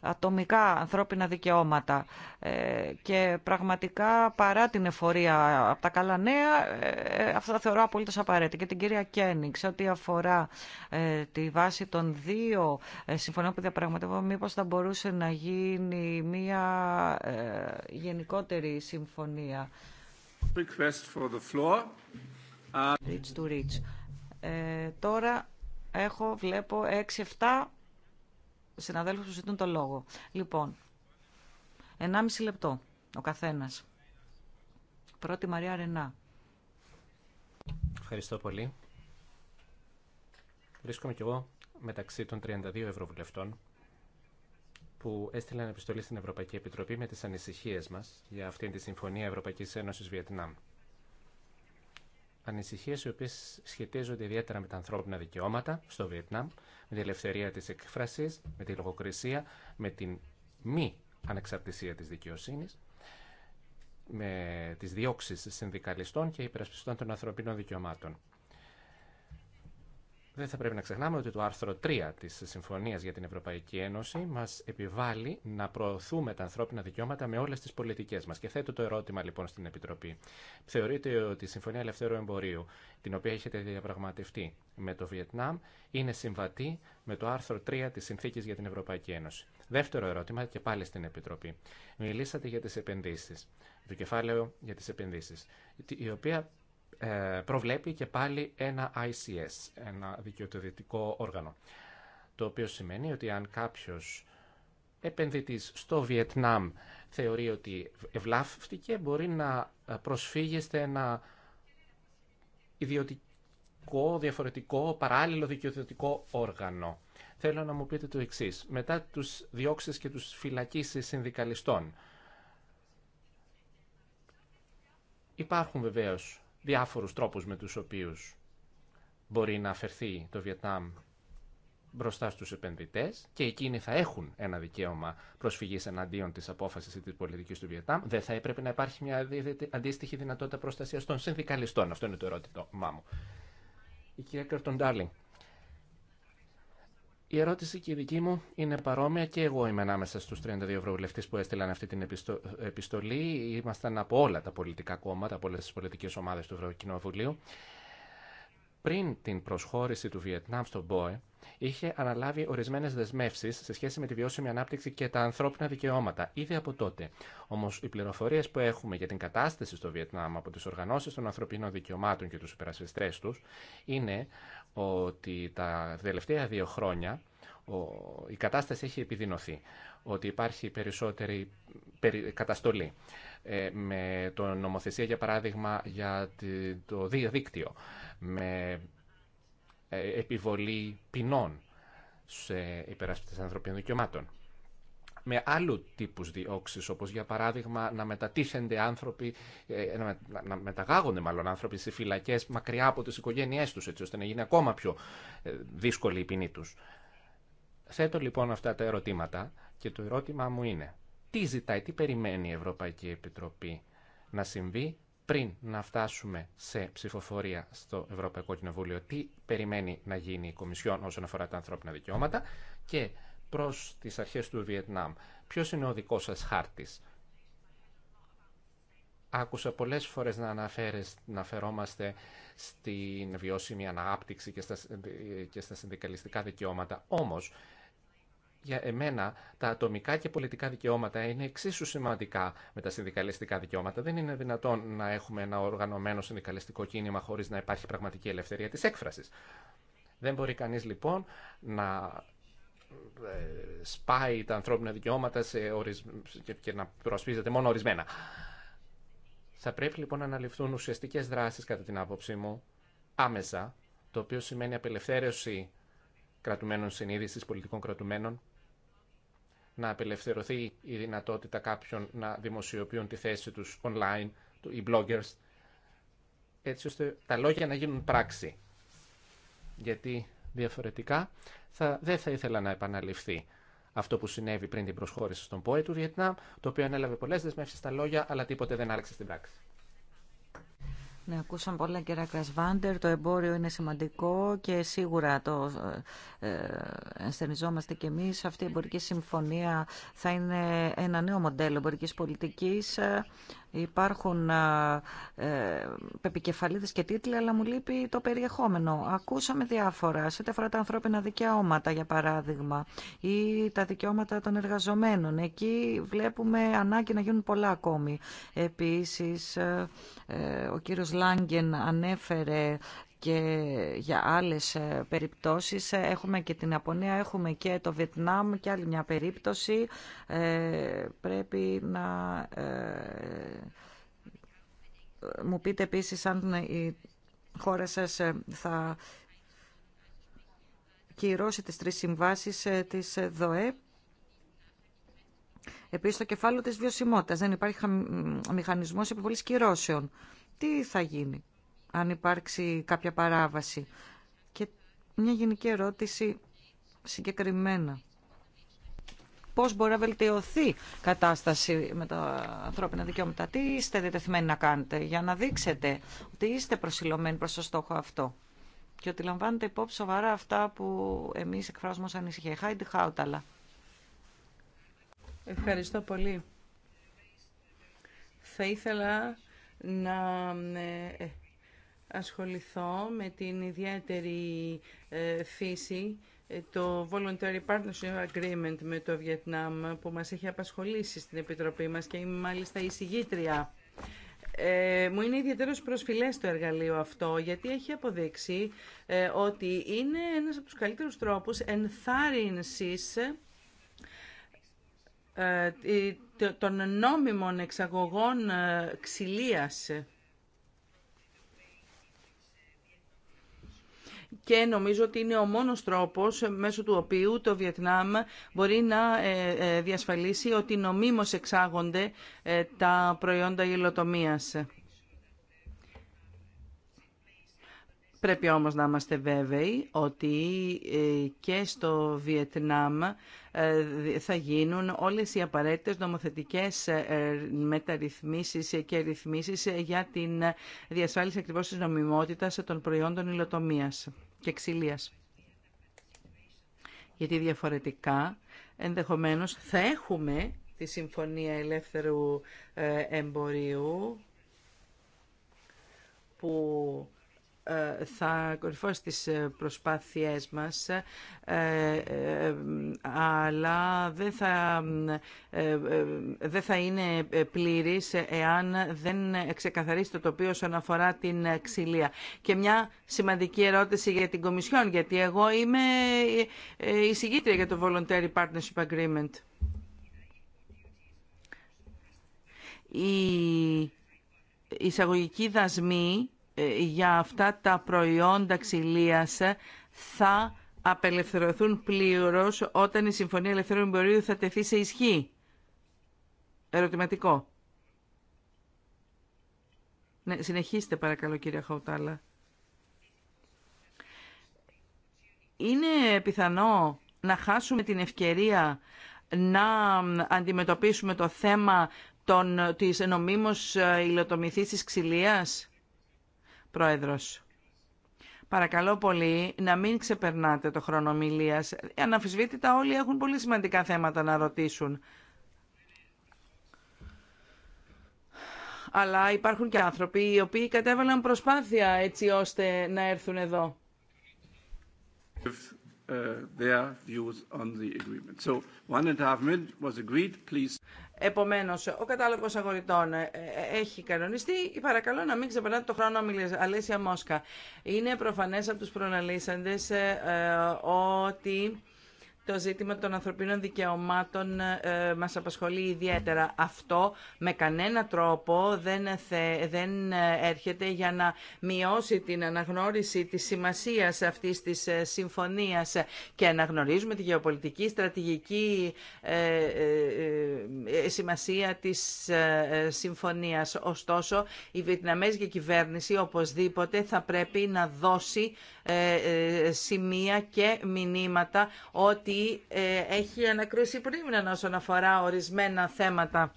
ατομικά ανθρώπινα δικαιώματα. Ε, και πραγματικά παρά την εφορία από τα καλά νέα, ε, ε, αυτά τα θεωρώ απολύτω απαραίτητα. Και την κυρία Κένιξ, ό,τι αφορά τη βάση των δύο συμφωνών που διαπραγματεύω, μήπως θα μπορούσε να γίνει μια γενικότερη συμφωνία. for the floor. Reach to reach. Ε, τώρα έχω, βλέπω, 6-7 συναδέλφους που ζητούν το λόγο. Λοιπόν, 1,5 λεπτό ο καθένας. Πρώτη Μαρία Ρενά. Ευχαριστώ πολύ. Βρίσκομαι κι εγώ μεταξύ των 32 ευρωβουλευτών που έστειλαν επιστολή στην Ευρωπαϊκή Επιτροπή με τις ανησυχίες μας για αυτήν τη Συμφωνία Ευρωπαϊκής Ένωσης Βιετνάμ ανησυχίες οι οποίες σχετίζονται ιδιαίτερα με τα ανθρώπινα δικαιώματα στο Βιετνάμ, με την ελευθερία της εκφράσης, με τη λογοκρισία, με την μη ανεξαρτησία της δικαιοσύνης, με τις διώξεις συνδικαλιστών και υπερασπιστών των ανθρωπίνων δικαιωμάτων. Δεν θα πρέπει να ξεχνάμε ότι το άρθρο 3 της Συμφωνίας για την Ευρωπαϊκή Ένωση μας επιβάλλει να προωθούμε τα ανθρώπινα δικαιώματα με όλες τις πολιτικές μας. Και θέτω το ερώτημα λοιπόν στην Επιτροπή. Θεωρείτε ότι η Συμφωνία Ελευθέρου Εμπορίου, την οποία έχετε διαπραγματευτεί με το Βιετνάμ, είναι συμβατή με το άρθρο 3 της Συνθήκης για την Ευρωπαϊκή Ένωση. Δεύτερο ερώτημα και πάλι στην Επιτροπή. Μιλήσατε για τις επενδύσεις, το κεφάλαιο για τις επενδύσεις, η οποία ε, προβλέπει και πάλι ένα ICS, ένα δικαιωτοδοτικό όργανο. Το οποίο σημαίνει ότι αν κάποιος επενδυτής στο Βιετνάμ θεωρεί ότι ευλάφθηκε, μπορεί να προσφύγει σε ένα ιδιωτικό, διαφορετικό, παράλληλο δικαιωτικό όργανο. Θέλω να μου πείτε το εξή. Μετά τους διώξεις και τους φυλακίσεις συνδικαλιστών, υπάρχουν βεβαίως διάφορους τρόπους με τους οποίους μπορεί να αφαιρθεί το Βιετνάμ μπροστά στους επενδυτές και εκείνοι θα έχουν ένα δικαίωμα προσφυγής εναντίον της απόφασης ή της πολιτικής του Βιετνάμ. Δεν θα έπρεπε να υπάρχει μια αντίστοιχη δυνατότητα προστασίας των συνδικαλιστών. Αυτό είναι το ερώτημά μου. Η κυρία Καρτον η ερώτηση και η δική μου είναι παρόμοια και εγώ είμαι ανάμεσα στους 32 ευρωβουλευτέ που έστειλαν αυτή την επιστολή. Ήμασταν από όλα τα πολιτικά κόμματα, από όλες τις πολιτικές ομάδες του Ευρωκοινοβουλίου. Πριν την προσχώρηση του Βιετνάμ στον ΠΟΕ, είχε αναλάβει ορισμένε δεσμεύσει σε σχέση με τη βιώσιμη ανάπτυξη και τα ανθρώπινα δικαιώματα ήδη από τότε. Όμω οι πληροφορίε που έχουμε για την κατάσταση στο Βιετνάμ από τι οργανώσει των ανθρωπίνων δικαιωμάτων και του υπερασπιστέ του είναι ότι τα τελευταία δύο χρόνια η κατάσταση έχει επιδεινωθεί, ότι υπάρχει περισσότερη καταστολή ε, με το νομοθεσία, για παράδειγμα, για το διαδίκτυο, με ε, επιβολή ποινών σε υπεράσπιτες ανθρωπίνων δικαιωμάτων. Με άλλου τύπους διώξεις, όπως για παράδειγμα να μετατίθενται άνθρωποι, ε, να μεταγάγονται μάλλον άνθρωποι σε φυλακές μακριά από τις οικογένειές τους, έτσι ώστε να γίνει ακόμα πιο ε, δύσκολη η ποινή τους. Θέτω λοιπόν αυτά τα ερωτήματα και το ερώτημά μου είναι τι ζητάει, τι περιμένει η Ευρωπαϊκή Επιτροπή να συμβεί πριν να φτάσουμε σε ψηφοφορία στο Ευρωπαϊκό Κοινοβούλιο τι περιμένει να γίνει η Κομισιόν όσον αφορά τα ανθρώπινα δικαιώματα και προς τις αρχές του Βιετνάμ. Ποιος είναι ο δικός σας χάρτης. Άκουσα πολλές φορές να, αναφέρεις, να αναφερόμαστε στην βιώσιμη ανάπτυξη και στα, και στα συνδικαλιστικά δικαιώματα. Όμως, για εμένα τα ατομικά και πολιτικά δικαιώματα είναι εξίσου σημαντικά με τα συνδικαλιστικά δικαιώματα. Δεν είναι δυνατόν να έχουμε ένα οργανωμένο συνδικαλιστικό κίνημα χωρί να υπάρχει πραγματική ελευθερία τη έκφραση. Δεν μπορεί κανεί λοιπόν να ε, σπάει τα ανθρώπινα δικαιώματα σε ορισ... και να προσπίζεται μόνο ορισμένα. Θα πρέπει λοιπόν να αναλυφθούν ουσιαστικέ δράσει κατά την άποψή μου άμεσα, το οποίο σημαίνει απελευθέρωση κρατουμένων συνείδησης, πολιτικών κρατουμένων, να απελευθερωθεί η δυνατότητα κάποιων να δημοσιοποιούν τη θέση τους online, οι bloggers, έτσι ώστε τα λόγια να γίνουν πράξη. Γιατί διαφορετικά θα, δεν θα ήθελα να επαναληφθεί αυτό που συνέβη πριν την προσχώρηση στον ΠΟΕ του Βιετνάμ, το οποίο ανέλαβε πολλές δεσμεύσεις στα λόγια, αλλά τίποτε δεν άλλαξε στην πράξη. Ναι, ακούσαμε πολλά κυρία Κασβάντερ. Το εμπόριο είναι σημαντικό και σίγουρα το ε, ε, ενστερνιζόμαστε κι εμείς. Αυτή η εμπορική συμφωνία θα είναι ένα νέο μοντέλο εμπορικής πολιτικής Υπάρχουν ε, επικεφαλίδες και τίτλοι, αλλά μου λείπει το περιεχόμενο. Ακούσαμε διάφορα, σε ό,τι αφορά τα ανθρώπινα δικαιώματα, για παράδειγμα, ή τα δικαιώματα των εργαζομένων. Εκεί βλέπουμε ανάγκη να γίνουν πολλά ακόμη. Επίσης, ε, ε, ο κύριος Λάγκεν ανέφερε και για άλλες ε, περιπτώσεις. Ε, έχουμε και την Ιαπωνία, έχουμε και το Βιετνάμ και άλλη μια περίπτωση. Ε, πρέπει να μου πείτε επίσης αν η χώρα σας θα κυρώσει τις τρεις συμβάσεις της ΔΟΕ. Επίσης, το κεφάλαιο της βιωσιμότητας. Δεν υπάρχει μηχανισμός επιβολής κυρώσεων. Τι θα γίνει αν υπάρξει κάποια παράβαση. Και μια γενική ερώτηση συγκεκριμένα. Πώς μπορεί να βελτιωθεί η κατάσταση με τα ανθρώπινα δικαιώματα. Τι είστε διτεθειμένοι να κάνετε για να δείξετε ότι είστε προσιλωμένοι προς το στόχο αυτό. Και ότι λαμβάνετε υπόψη σοβαρά αυτά που εμείς εκφράζουμε ως ανησυχία. Χάιντι Χάουταλα. Ευχαριστώ πολύ. Θα ήθελα να ε, ασχοληθώ με την ιδιαίτερη ε, φύση ε, το Voluntary Partnership Agreement με το Βιετνάμ που μας έχει απασχολήσει στην Επιτροπή μας και είμαι μάλιστα η συγγήτρια. Ε, μου είναι ιδιαίτερος προσφυλές το εργαλείο αυτό γιατί έχει αποδείξει ε, ότι είναι ένας από τους καλύτερους τρόπους ενθάρρυνσης ε, των νόμιμων εξαγωγών ξυλίας και νομίζω ότι είναι ο μόνος τρόπος μέσω του οποίου το Βιετνάμ μπορεί να ε, ε, διασφαλίσει ότι νομίμως εξάγονται ε, τα προϊόντα γελοτομίας. Πρέπει όμως να είμαστε βέβαιοι ότι ε, και στο Βιετνάμ ε, θα γίνουν όλες οι απαραίτητες νομοθετικές ε, μεταρρυθμίσεις και ρυθμίσεις για την διασφάλιση ακριβώς της νομιμότητας των προϊόντων υλοτομίας και ξυλίας. Γιατί διαφορετικά ενδεχομένως θα έχουμε τη Συμφωνία Ελεύθερου Εμπορίου που θα κορυφώσει τις ε, προσπάθειές μας, ε, ε, αλλά δεν θα, δεν θα είναι πλήρης εάν δεν ξεκαθαρίσει το τοπίο όσον αφορά την ξυλία. Και μια σημαντική ερώτηση για την Κομισιόν, γιατί εγώ είμαι η συγκήτρια για το Voluntary Partnership Agreement. Η εισαγωγική δασμή για αυτά τα προϊόντα ξυλίας θα απελευθερωθούν πλήρως όταν η Συμφωνία Ελευθερών Εμπορίου θα τεθεί σε ισχύ. Ερωτηματικό. Ναι, συνεχίστε παρακαλώ κύριε Χαουτάλα. Είναι πιθανό να χάσουμε την ευκαιρία να αντιμετωπίσουμε το θέμα των, της νομίμως ε, υλοτομηθής της ξυλίας. Πρόεδρος. Παρακαλώ πολύ να μην ξεπερνάτε το χρόνο μιλίας. Αναφυσβήτητα όλοι έχουν πολύ σημαντικά θέματα να ρωτήσουν. Αλλά υπάρχουν και άνθρωποι οι οποίοι κατέβαλαν προσπάθεια έτσι ώστε να έρθουν εδώ. Επομένω, ο κατάλογο αγορητών ε, ε, έχει κανονιστεί. Παρακαλώ να μην ξεπερνάτε το χρόνο Αλέσια Μόσκα. Είναι προφανέ από τους προναλύσαντε ε, ότι το ζήτημα των ανθρωπίνων δικαιωμάτων ε, μας απασχολεί ιδιαίτερα. Αυτό με κανένα τρόπο δεν, θε, δεν ε, έρχεται για να μειώσει την αναγνώριση της σημασίας αυτής της ε, συμφωνίας και αναγνωρίζουμε τη γεωπολιτική στρατηγική ε, σημασία της συμφωνίας. Ωστόσο, η Βιετναμέζικη κυβέρνηση οπωσδήποτε θα πρέπει να δώσει ε, ε, σημεία και μηνύματα ότι ε, έχει ανακρούσει πριν όσον αφορά ορισμένα θέματα.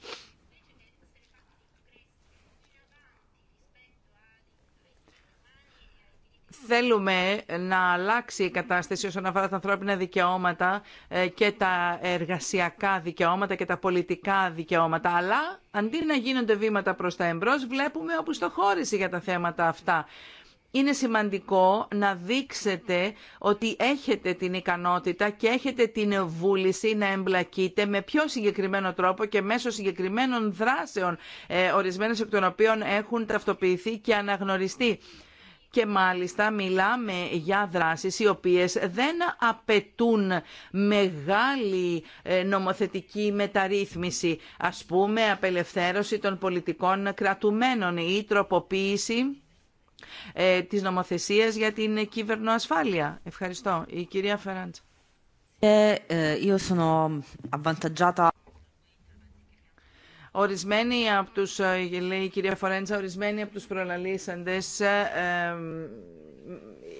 θέλουμε να αλλάξει η κατάσταση όσον αφορά τα ανθρώπινα δικαιώματα και τα εργασιακά δικαιώματα και τα πολιτικά δικαιώματα. Αλλά αντί να γίνονται βήματα προς τα εμπρός, βλέπουμε όπου στοχώρηση για τα θέματα αυτά είναι σημαντικό να δείξετε ότι έχετε την ικανότητα και έχετε την βούληση να εμπλακείτε με πιο συγκεκριμένο τρόπο και μέσω συγκεκριμένων δράσεων, ε, ορισμένες εκ των οποίων έχουν ταυτοποιηθεί και αναγνωριστεί. Και μάλιστα μιλάμε για δράσεις οι οποίες δεν απαιτούν μεγάλη ε, νομοθετική μεταρρύθμιση, ας πούμε απελευθέρωση των πολιτικών κρατουμένων ή τροποποίηση ε, της νομοθεσίας για την κυβερνοασφάλεια. Ευχαριστώ. Η κυρία Φεράντσα. Ε, ε, ορισμένοι από τους, ε, λέει η κυρία Φορέντσα, από τους προλαλήσαντες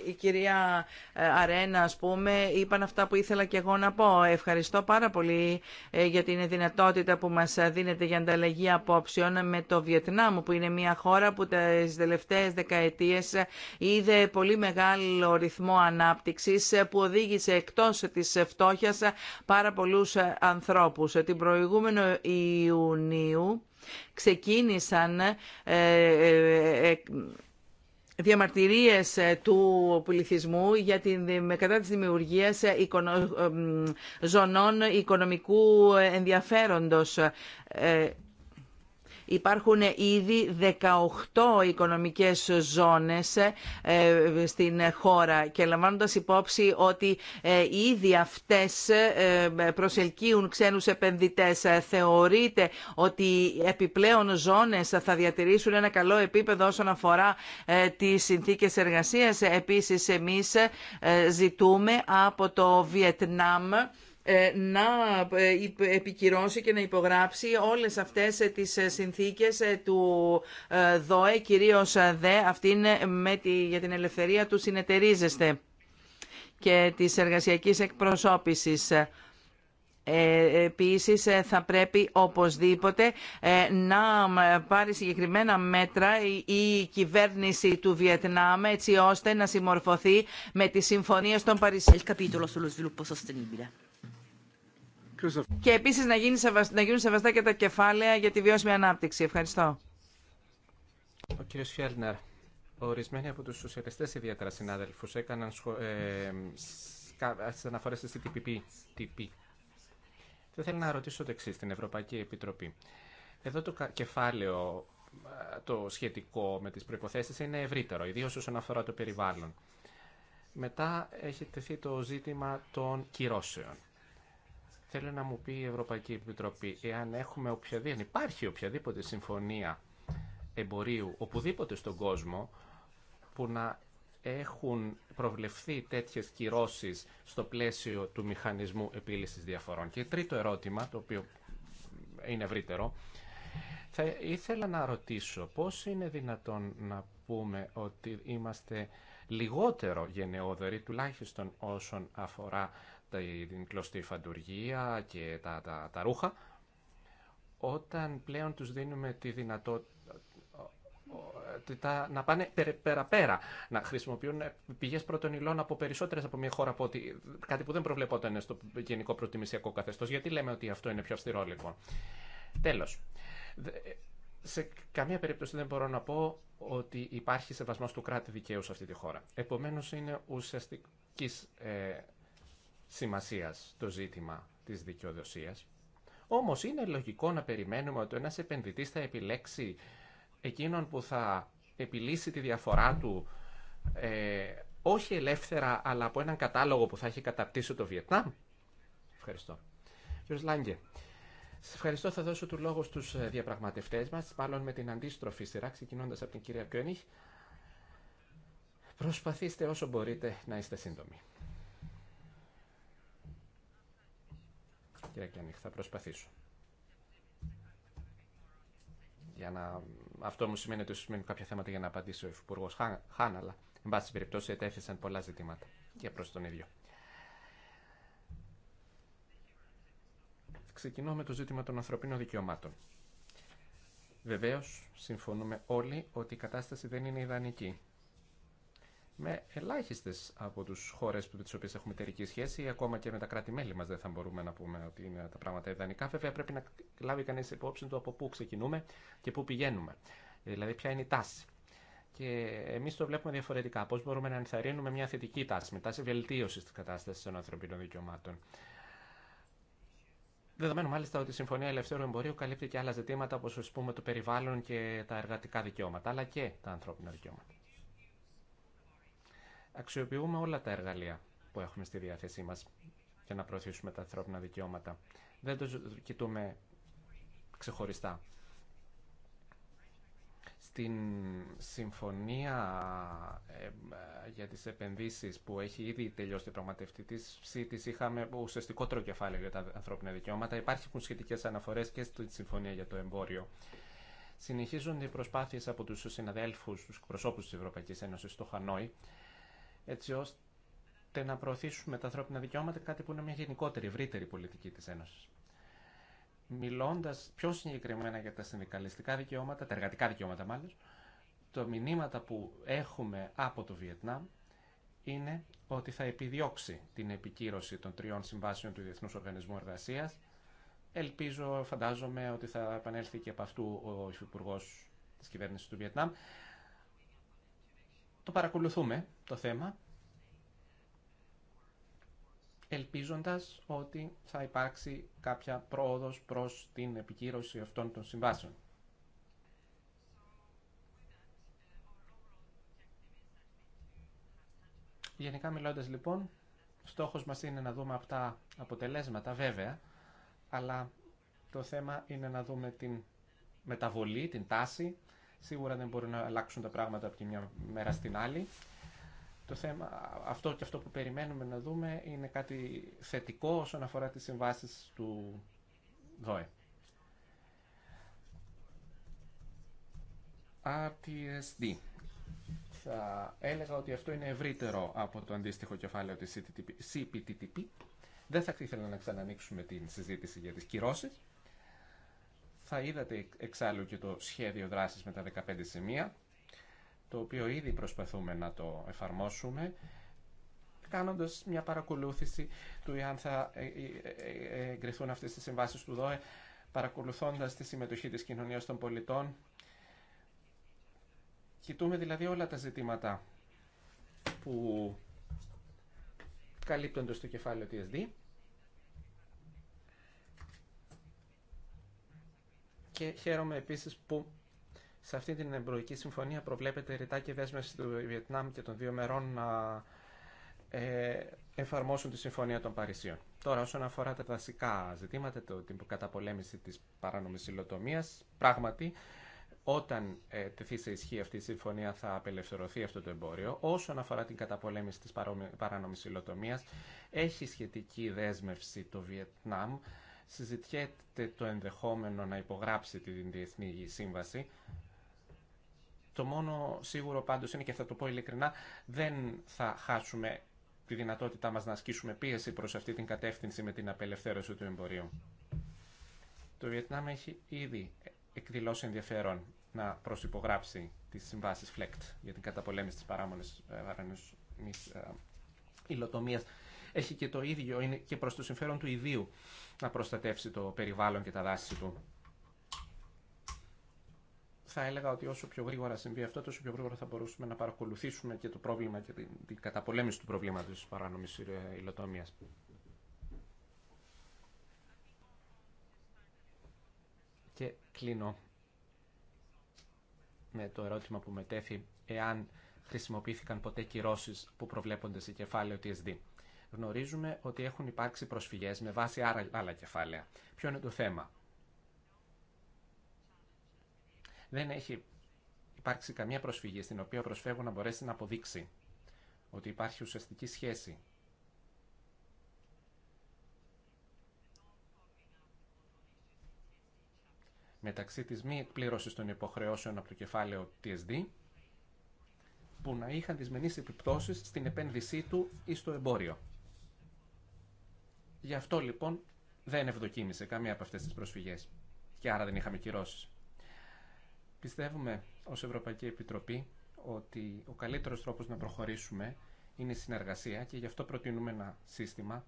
η κυρία ε, Αρένα, ας πούμε, είπαν αυτά που ήθελα και εγώ να πω. Ευχαριστώ πάρα πολύ ε, για την δυνατότητα που μας ε, δίνεται για ανταλλαγή απόψεων με το Βιετνάμ, που είναι μια χώρα που τις τελευταίες δεκαετίες είδε πολύ μεγάλο ρυθμό ανάπτυξης που οδήγησε εκτός της φτώχειας πάρα πολλούς ανθρώπους. Την προηγούμενο Ιουνίου ξεκίνησαν διαμαρτυρίες ε, του πληθυσμού για την, κατά της δημιουργίας ε, ε, ζωνών οικονομικού ενδιαφέροντος Υπάρχουν ήδη 18 οικονομικές ζώνες ε, στην χώρα και λαμβάνοντας υπόψη ότι ε, ήδη αυτές ε, προσελκύουν ξένους επενδυτές. Θεωρείτε ότι επιπλέον ζώνες θα διατηρήσουν ένα καλό επίπεδο όσον αφορά τις συνθήκες εργασίας. Επίσης, εμείς ζητούμε από το Βιετνάμ ε, να ε, επικυρώσει και να υπογράψει όλες αυτές ε, τις συνθήκες του ΔΟΕ, κυρίως δε αυτήν με τη, για την ελευθερία του συνεταιρίζεστε και της εργασιακής εκπροσώπησης. Επίσης θα πρέπει οπωσδήποτε να πάρει συγκεκριμένα μέτρα η κυβέρνηση του Βιετνάμ έτσι ώστε να συμμορφωθεί με τις συμφωνίες των Παρισίων. Και επίσης να, να γίνουν σεβαστά και τα κεφάλαια για τη βιώσιμη ανάπτυξη. Ευχαριστώ. Ο κύριο Φιέλνερ, ορισμένοι από τους σοσιαλιστές ιδιαίτερα συνάδελφους έκαναν σχο... Ε, αναφορές στη TPP. TP. Θα ήθελα να ρωτήσω το εξή στην Ευρωπαϊκή Επιτροπή. Εδώ το κεφάλαιο το σχετικό με τις προϋποθέσεις είναι ευρύτερο, ιδίως όσον αφορά το περιβάλλον. Μετά έχει τεθεί το ζήτημα των κυρώσεων. Θέλω να μου πει η Ευρωπαϊκή Επιτροπή, εάν έχουμε οποιαδήποτε, υπάρχει οποιαδήποτε συμφωνία εμπορίου οπουδήποτε στον κόσμο που να έχουν προβλεφθεί τέτοιες κυρώσεις στο πλαίσιο του μηχανισμού επίλυσης διαφορών. Και τρίτο ερώτημα, το οποίο είναι ευρύτερο, θα ήθελα να ρωτήσω πώς είναι δυνατόν να πούμε ότι είμαστε λιγότερο γενναιόδοροι, τουλάχιστον όσον αφορά την κλωστή φαντουργία και τα, τα, τα ρούχα, όταν πλέον τους δίνουμε τη δυνατότητα να πάνε πέρα-πέρα, να χρησιμοποιούν πηγές πρώτων από περισσότερες από μια χώρα, από ότι, κάτι που δεν προβλεπόταν στο γενικό προτιμησιακό καθεστώς. Γιατί λέμε ότι αυτό είναι πιο αυστηρό, λοιπόν. Τέλος. Σε καμία περίπτωση δεν μπορώ να πω ότι υπάρχει σεβασμός του κράτη δικαίου σε αυτή τη χώρα. Επομένως, είναι ουσιαστικής ε, σημασίας το ζήτημα της δικαιοδοσίας. Όμως είναι λογικό να περιμένουμε ότι ένας επενδυτής θα επιλέξει εκείνον που θα επιλύσει τη διαφορά του ε, όχι ελεύθερα, αλλά από έναν κατάλογο που θα έχει καταπτύσει το Βιετνάμ. Ευχαριστώ. Κύριος Λάγκε, σας ευχαριστώ. Θα δώσω του λόγο στους ε, διαπραγματευτές μας, μάλλον με την αντίστροφη σειρά, ξεκινώντα από την κυρία Κιόνιχ. Προσπαθήστε όσο μπορείτε να είστε σύντομοι. Κύριε Κιάννη, θα προσπαθήσω. Για να... Αυτό μου σημαίνει ότι σημαίνει κάποια θέματα για να απαντήσει ο Υφυπουργό Χάν, Χάν, αλλά εν πάση περιπτώσει ετέθησαν πολλά ζητήματα και προ τον ίδιο. Ξεκινώ με το ζήτημα των ανθρωπίνων δικαιωμάτων. Βεβαίω, συμφωνούμε όλοι ότι η κατάσταση δεν είναι ιδανική με ελάχιστε από τι χώρε με τι οποίε έχουμε εταιρική σχέση, ακόμα και με τα κράτη-μέλη μα δεν θα μπορούμε να πούμε ότι είναι τα πράγματα ιδανικά. Βέβαια, πρέπει να λάβει κανεί υπόψη του από πού ξεκινούμε και πού πηγαίνουμε. Δηλαδή, ποια είναι η τάση. Και εμεί το βλέπουμε διαφορετικά. Πώ μπορούμε να ενθαρρύνουμε μια θετική τάση, με τάση βελτίωση τη κατάσταση των ανθρωπίνων δικαιωμάτων. Δεδομένου μάλιστα ότι η Συμφωνία Ελευθέρου Εμπορίου καλύπτει και άλλα ζητήματα όπω το περιβάλλον και τα εργατικά δικαιώματα, αλλά και τα ανθρώπινα δικαιώματα αξιοποιούμε όλα τα εργαλεία που έχουμε στη διάθεσή μας για να προωθήσουμε τα ανθρώπινα δικαιώματα. Δεν το κοιτούμε ξεχωριστά. Στην συμφωνία ε, ε, για τις επενδύσεις που έχει ήδη τελειώσει η πραγματευτή της είχαμε ουσιαστικό κεφάλαιο για τα ανθρώπινα δικαιώματα. Υπάρχουν σχετικές αναφορές και στη συμφωνία για το εμπόριο. Συνεχίζονται οι προσπάθειες από τους συναδέλφους, τους προσώπους της Ευρωπαϊκής Ένωσης στο Χανόη, έτσι ώστε να προωθήσουμε τα ανθρώπινα δικαιώματα, κάτι που είναι μια γενικότερη, ευρύτερη πολιτική της Ένωσης. Μιλώντας πιο συγκεκριμένα για τα συνδικαλιστικά δικαιώματα, τα εργατικά δικαιώματα μάλλον, το μηνύματα που έχουμε από το Βιετνάμ είναι ότι θα επιδιώξει την επικύρωση των τριών συμβάσεων του Διεθνούς Οργανισμού Εργασίας. Ελπίζω, φαντάζομαι, ότι θα επανέλθει και από αυτού ο Υφυπουργό της Κυβέρνησης του Βιετνάμ το παρακολουθούμε το θέμα, ελπίζοντας ότι θα υπάρξει κάποια πρόοδος προς την επικύρωση αυτών των συμβάσεων. Γενικά μιλώντας λοιπόν, στόχος μας είναι να δούμε αυτά αποτελέσματα βέβαια, αλλά το θέμα είναι να δούμε την μεταβολή, την τάση, Σίγουρα δεν μπορούν να αλλάξουν τα πράγματα από τη μια μέρα στην άλλη. Το θέμα, αυτό και αυτό που περιμένουμε να δούμε είναι κάτι θετικό όσον αφορά τις συμβάσεις του ΔΟΕ. RTSD. Θα έλεγα ότι αυτό είναι ευρύτερο από το αντίστοιχο κεφάλαιο της CPTTP. Δεν θα ήθελα να ξανανοίξουμε την συζήτηση για τις κυρώσεις. Θα είδατε εξάλλου και το σχέδιο δράσης με τα 15 σημεία, το οποίο ήδη προσπαθούμε να το εφαρμόσουμε, κάνοντας μια παρακολούθηση του εάν θα ε, ε, ε, εγκριθούν αυτές τις συμβάσεις του ΔΟΕ, παρακολουθώντας τη συμμετοχή της κοινωνίας των πολιτών. Κοιτούμε δηλαδή όλα τα ζητήματα που καλύπτονται στο κεφάλαιο TSD και χαίρομαι επίσης που σε αυτή την εμπροϊκή συμφωνία προβλέπεται ρητά και δέσμευση του Βιετνάμ και των δύο μερών να ε, εφαρμόσουν τη Συμφωνία των Παρισίων. Τώρα, όσον αφορά τα βασικά ζητήματα, το, την καταπολέμηση της παράνομης πράγματι, όταν ε, τεθεί σε ισχύ αυτή η συμφωνία θα απελευθερωθεί αυτό το εμπόριο. Όσον αφορά την καταπολέμηση της παράνομης έχει σχετική δέσμευση το Βιετνάμ συζητιέται το ενδεχόμενο να υπογράψει την Διεθνή Σύμβαση. Το μόνο σίγουρο πάντως είναι, και θα το πω ειλικρινά, δεν θα χάσουμε τη δυνατότητά μας να ασκήσουμε πίεση προς αυτή την κατεύθυνση με την απελευθέρωση του εμπορίου. Το Βιετνάμ έχει ήδη εκδηλώσει ενδιαφέρον να προσυπογράψει τις συμβάσεις FLECT για την καταπολέμηση της παράμονης ε, ε, υλοτομίας έχει και το ίδιο, είναι και προς το συμφέρον του ιδίου να προστατεύσει το περιβάλλον και τα δάση του. Θα έλεγα ότι όσο πιο γρήγορα συμβεί αυτό, τόσο πιο γρήγορα θα μπορούσαμε να παρακολουθήσουμε και το πρόβλημα και την καταπολέμηση του προβλήματος της παράνομης ε, υλοτομίας. Και κλείνω με το ερώτημα που μετέθη εάν χρησιμοποιήθηκαν ποτέ κυρώσει που προβλέπονται σε κεφάλαιο TSD γνωρίζουμε ότι έχουν υπάρξει προσφυγές με βάση άλλα κεφάλαια. Ποιο είναι το θέμα. Δεν έχει υπάρξει καμία προσφυγή στην οποία ο να μπορέσει να αποδείξει ότι υπάρχει ουσιαστική σχέση μεταξύ της μη εκπλήρωσης των υποχρεώσεων από το κεφάλαιο TSD που να είχαν δυσμενείς επιπτώσεις στην επένδυσή του ή στο εμπόριο. Γι' αυτό λοιπόν δεν ευδοκίμησε καμία από αυτές τις προσφυγέ και άρα δεν είχαμε κυρώσει. Πιστεύουμε ως Ευρωπαϊκή Επιτροπή ότι ο καλύτερος τρόπος να προχωρήσουμε είναι η συνεργασία και γι' αυτό προτείνουμε ένα σύστημα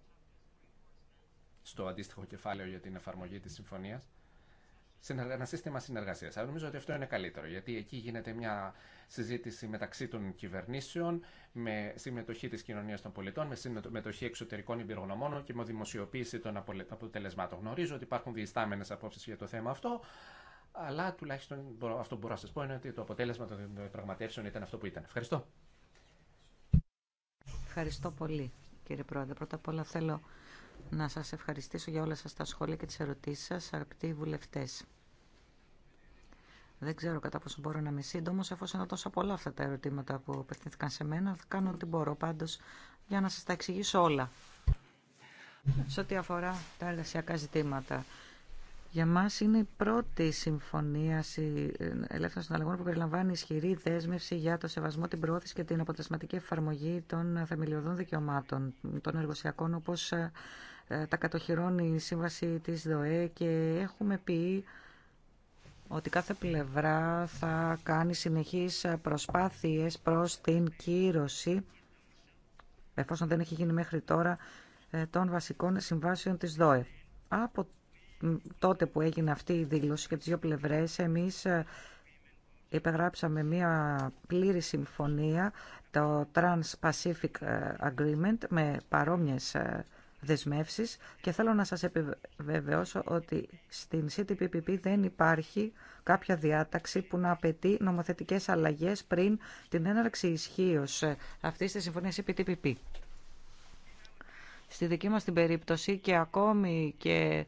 στο αντίστοιχο κεφάλαιο για την εφαρμογή της συμφωνίας ένα σύστημα συνεργασία. Αλλά νομίζω ότι αυτό είναι καλύτερο, γιατί εκεί γίνεται μια συζήτηση μεταξύ των κυβερνήσεων, με συμμετοχή τη κοινωνία των πολιτών, με συμμετοχή εξωτερικών εμπειρογνωμών και με δημοσιοποίηση των αποτελεσμάτων. Γνωρίζω ότι υπάρχουν διστάμενε απόψεις για το θέμα αυτό, αλλά τουλάχιστον αυτό που μπορώ να σα πω είναι ότι το αποτέλεσμα των πραγματεύσεων ήταν αυτό που ήταν. Ευχαριστώ. Ευχαριστώ πολύ κύριε Πρόεδρε. Πρώτα απ' όλα θέλω να σας ευχαριστήσω για όλα σας τα σχόλια και τις ερωτήσεις σας, αγαπητοί βουλευτές. Δεν ξέρω κατά πόσο μπορώ να είμαι σύντομο, εφόσον είναι τόσο πολλά αυτά τα ερωτήματα που απευθύνθηκαν σε μένα. Θα κάνω ό,τι μπορώ Πάντως, για να σας τα εξηγήσω όλα. Σε ό,τι αφορά τα εργασιακά ζητήματα, για μα είναι η πρώτη συμφωνία ελεύθερων συναλλαγών που περιλαμβάνει ισχυρή δέσμευση για το σεβασμό, την προώθηση και την αποτελεσματική εφαρμογή των θεμελιωδών δικαιωμάτων, των εργοσιακών όπω ε, ε, τα κατοχυρώνει η σύμβαση της ΔΟΕ και έχουμε πει ότι κάθε πλευρά θα κάνει συνεχείς προσπάθειες προς την κύρωση, εφόσον δεν έχει γίνει μέχρι τώρα, ε, των βασικών συμβάσεων της ΔΟΕ. Από τότε που έγινε αυτή η δήλωση και τις δύο πλευρές, εμείς ε, υπεγράψαμε μία πλήρη συμφωνία, το Trans-Pacific Agreement, με παρόμοιες δεσμεύσεις και θέλω να σας επιβεβαιώσω ότι στην CTPPP δεν υπάρχει κάποια διάταξη που να απαιτεί νομοθετικές αλλαγές πριν την έναρξη ισχύω αυτής της συμφωνίας CPTPP. Στη δική μας την περίπτωση και ακόμη και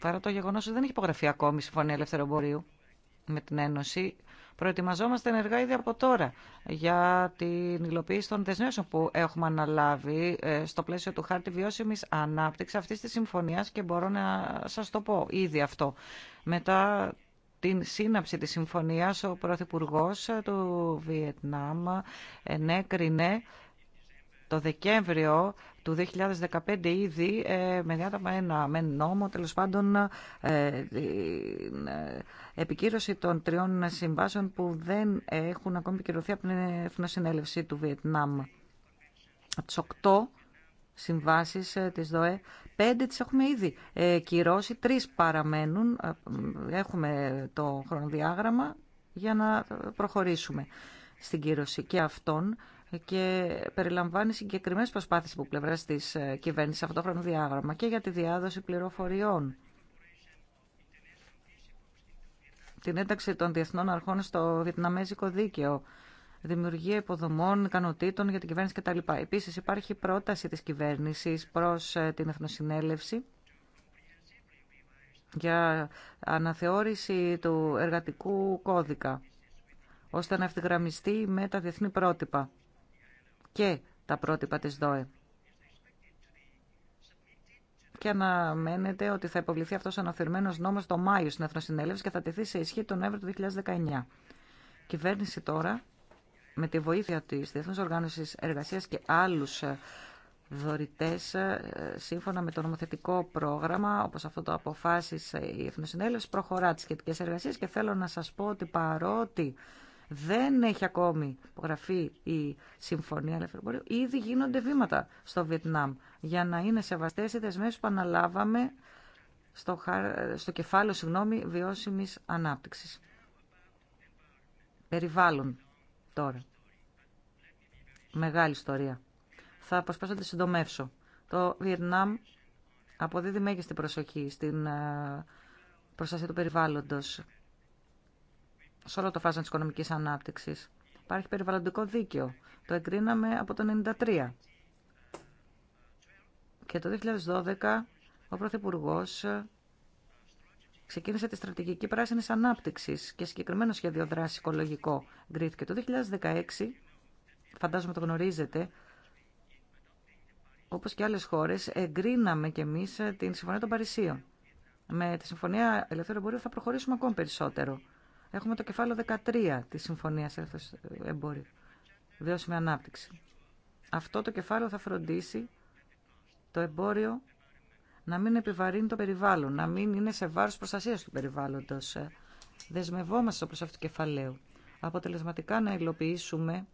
παρά το γεγονός ότι δεν έχει υπογραφεί ακόμη η Συμφωνία Ελευθερομπορίου με την Ένωση, Προετοιμαζόμαστε ενεργά ήδη από τώρα για την υλοποίηση των δεσμεύσεων που έχουμε αναλάβει ε, στο πλαίσιο του χάρτη βιώσιμης ανάπτυξης αυτής της συμφωνία και μπορώ να σας το πω ήδη αυτό. Μετά την σύναψη της συμφωνίας ο Πρωθυπουργό του Βιετνάμ ενέκρινε το Δεκέμβριο του 2015 ήδη ε, με διάταμα ένα με νόμο τέλος πάντων την ε, ε, επικύρωση των τριών συμβάσεων που δεν έχουν ακόμη επικυρωθεί από την Εθνοσυνέλευση του Βιετνάμ. Από τις οκτώ συμβάσεις της ΔΟΕ, πέντε τις έχουμε ήδη κυρώσει, τρεις παραμένουν, έχουμε το χρονοδιάγραμμα για να προχωρήσουμε στην κύρωση και αυτών και περιλαμβάνει συγκεκριμένες προσπάθειες από πλευρά της ε, κυβέρνησης σε αυτό το διάγραμμα και για τη διάδοση πληροφοριών. Την ένταξη των διεθνών αρχών στο βιετναμέζικο δίκαιο, δημιουργία υποδομών, ικανοτήτων για την κυβέρνηση κτλ. Επίσης υπάρχει πρόταση της κυβέρνησης προς ε, την Εθνοσυνέλευση για αναθεώρηση του εργατικού κώδικα, ώστε να ευθυγραμμιστεί με τα διεθνή πρότυπα και τα πρότυπα της ΔΟΕ. Και αναμένεται ότι θα υποβληθεί αυτός ο αναφερμένος νόμος το Μάιο στην Εθνοσυνέλευση και θα τεθεί σε ισχύ τον Νοέμβριο του 2019. Η κυβέρνηση τώρα, με τη βοήθεια της Διεθνούς Οργάνωσης Εργασίας και άλλους ε, δωρητές ε, σύμφωνα με το νομοθετικό πρόγραμμα, όπως αυτό το αποφάσισε η Εθνοσυνέλευση, προχωρά τις σχετικές εργασίες και θέλω να σας πω ότι παρότι δεν έχει ακόμη υπογραφεί η Συμφωνία Ελεύθερου ήδη γίνονται βήματα στο Βιετνάμ για να είναι σεβαστές οι δεσμεύσεις που αναλάβαμε στο, στο κεφάλαιο συγγνώμη, βιώσιμης ανάπτυξης. Περιβάλλον τώρα. Μεγάλη ιστορία. Θα προσπαθήσω να τη συντομεύσω. Το Βιετνάμ αποδίδει μέγιστη προσοχή στην ε, προστασία του περιβάλλοντος σε όλο το φάσμα τη οικονομικής ανάπτυξης. Υπάρχει περιβαλλοντικό δίκαιο. Το εγκρίναμε από το 1993. Και το 2012 ο Πρωθυπουργό ξεκίνησε τη στρατηγική πράσινη ανάπτυξη και συγκεκριμένο σχέδιο δράση οικολογικό γκρίθηκε. Το 2016, φαντάζομαι το γνωρίζετε, όπως και άλλες χώρες, εγκρίναμε κι εμείς την Συμφωνία των Παρισίων. Με τη Συμφωνία Ελευθερών Εμπορίου θα προχωρήσουμε ακόμη περισσότερο. Έχουμε το κεφάλαιο 13 της Συμφωνίας Εμπορίου. Βιώσιμη ανάπτυξη. Αυτό το κεφάλαιο θα φροντίσει το εμπόριο να μην επιβαρύνει το περιβάλλον, να μην είναι σε βάρος προστασίας του περιβάλλοντος. Δεσμευόμαστε στο προς το Αποτελεσματικά να υλοποιήσουμε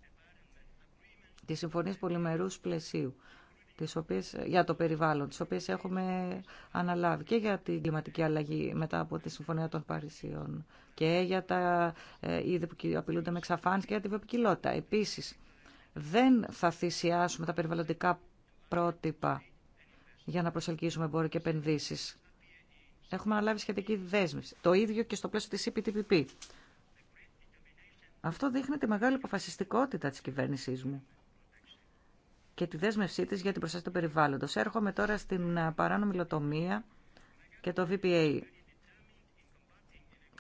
τις συμφωνίες πολυμερούς πλαισίου τις οποίες, για το περιβάλλον, τις οποίες έχουμε αναλάβει και για την κλιματική αλλαγή μετά από τη Συμφωνία των Παρισιών και για τα ε, είδη που απειλούνται με εξαφάνιση και για τη βιοπικιλότητα. Επίσης, δεν θα θυσιάσουμε τα περιβαλλοντικά πρότυπα για να προσελκύσουμε εμπόρου και επενδύσει. Έχουμε αναλάβει σχετική δέσμευση. Το ίδιο και στο πλαίσιο της CPTPP. Αυτό δείχνει τη μεγάλη αποφασιστικότητα της κυβέρνησής μου και τη δέσμευσή της για την προστασία του περιβάλλοντος. Έρχομαι τώρα στην ε, παράνομη λοτομία και το VPA.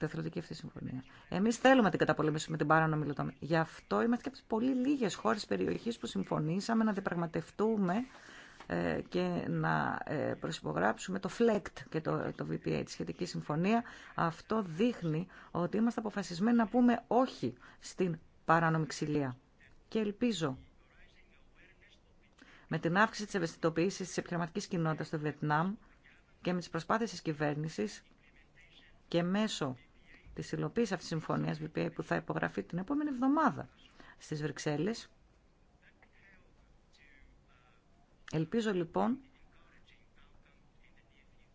Τεθρωτική αυτή συμφωνία. Εμεί θέλουμε να την καταπολεμήσουμε την παράνομη λοτομία. Γι' αυτό είμαστε και από τι πολύ λίγε χώρε περιοχή που συμφωνήσαμε να διαπραγματευτούμε ε, και να ε, προσυπογράψουμε το FLECT και το, το VPA, τη σχετική συμφωνία. Αυτό δείχνει ότι είμαστε αποφασισμένοι να πούμε όχι στην παράνομη ξυλία. Και ελπίζω με την αύξηση τη ευαισθητοποίηση τη επιχειρηματική κοινότητα στο Βιετνάμ και με τι προσπάθειε τη κυβέρνηση και μέσω τη υλοποίηση αυτή τη συμφωνία VPA που θα υπογραφεί την επόμενη εβδομάδα στι Βρυξέλλε. Ελπίζω λοιπόν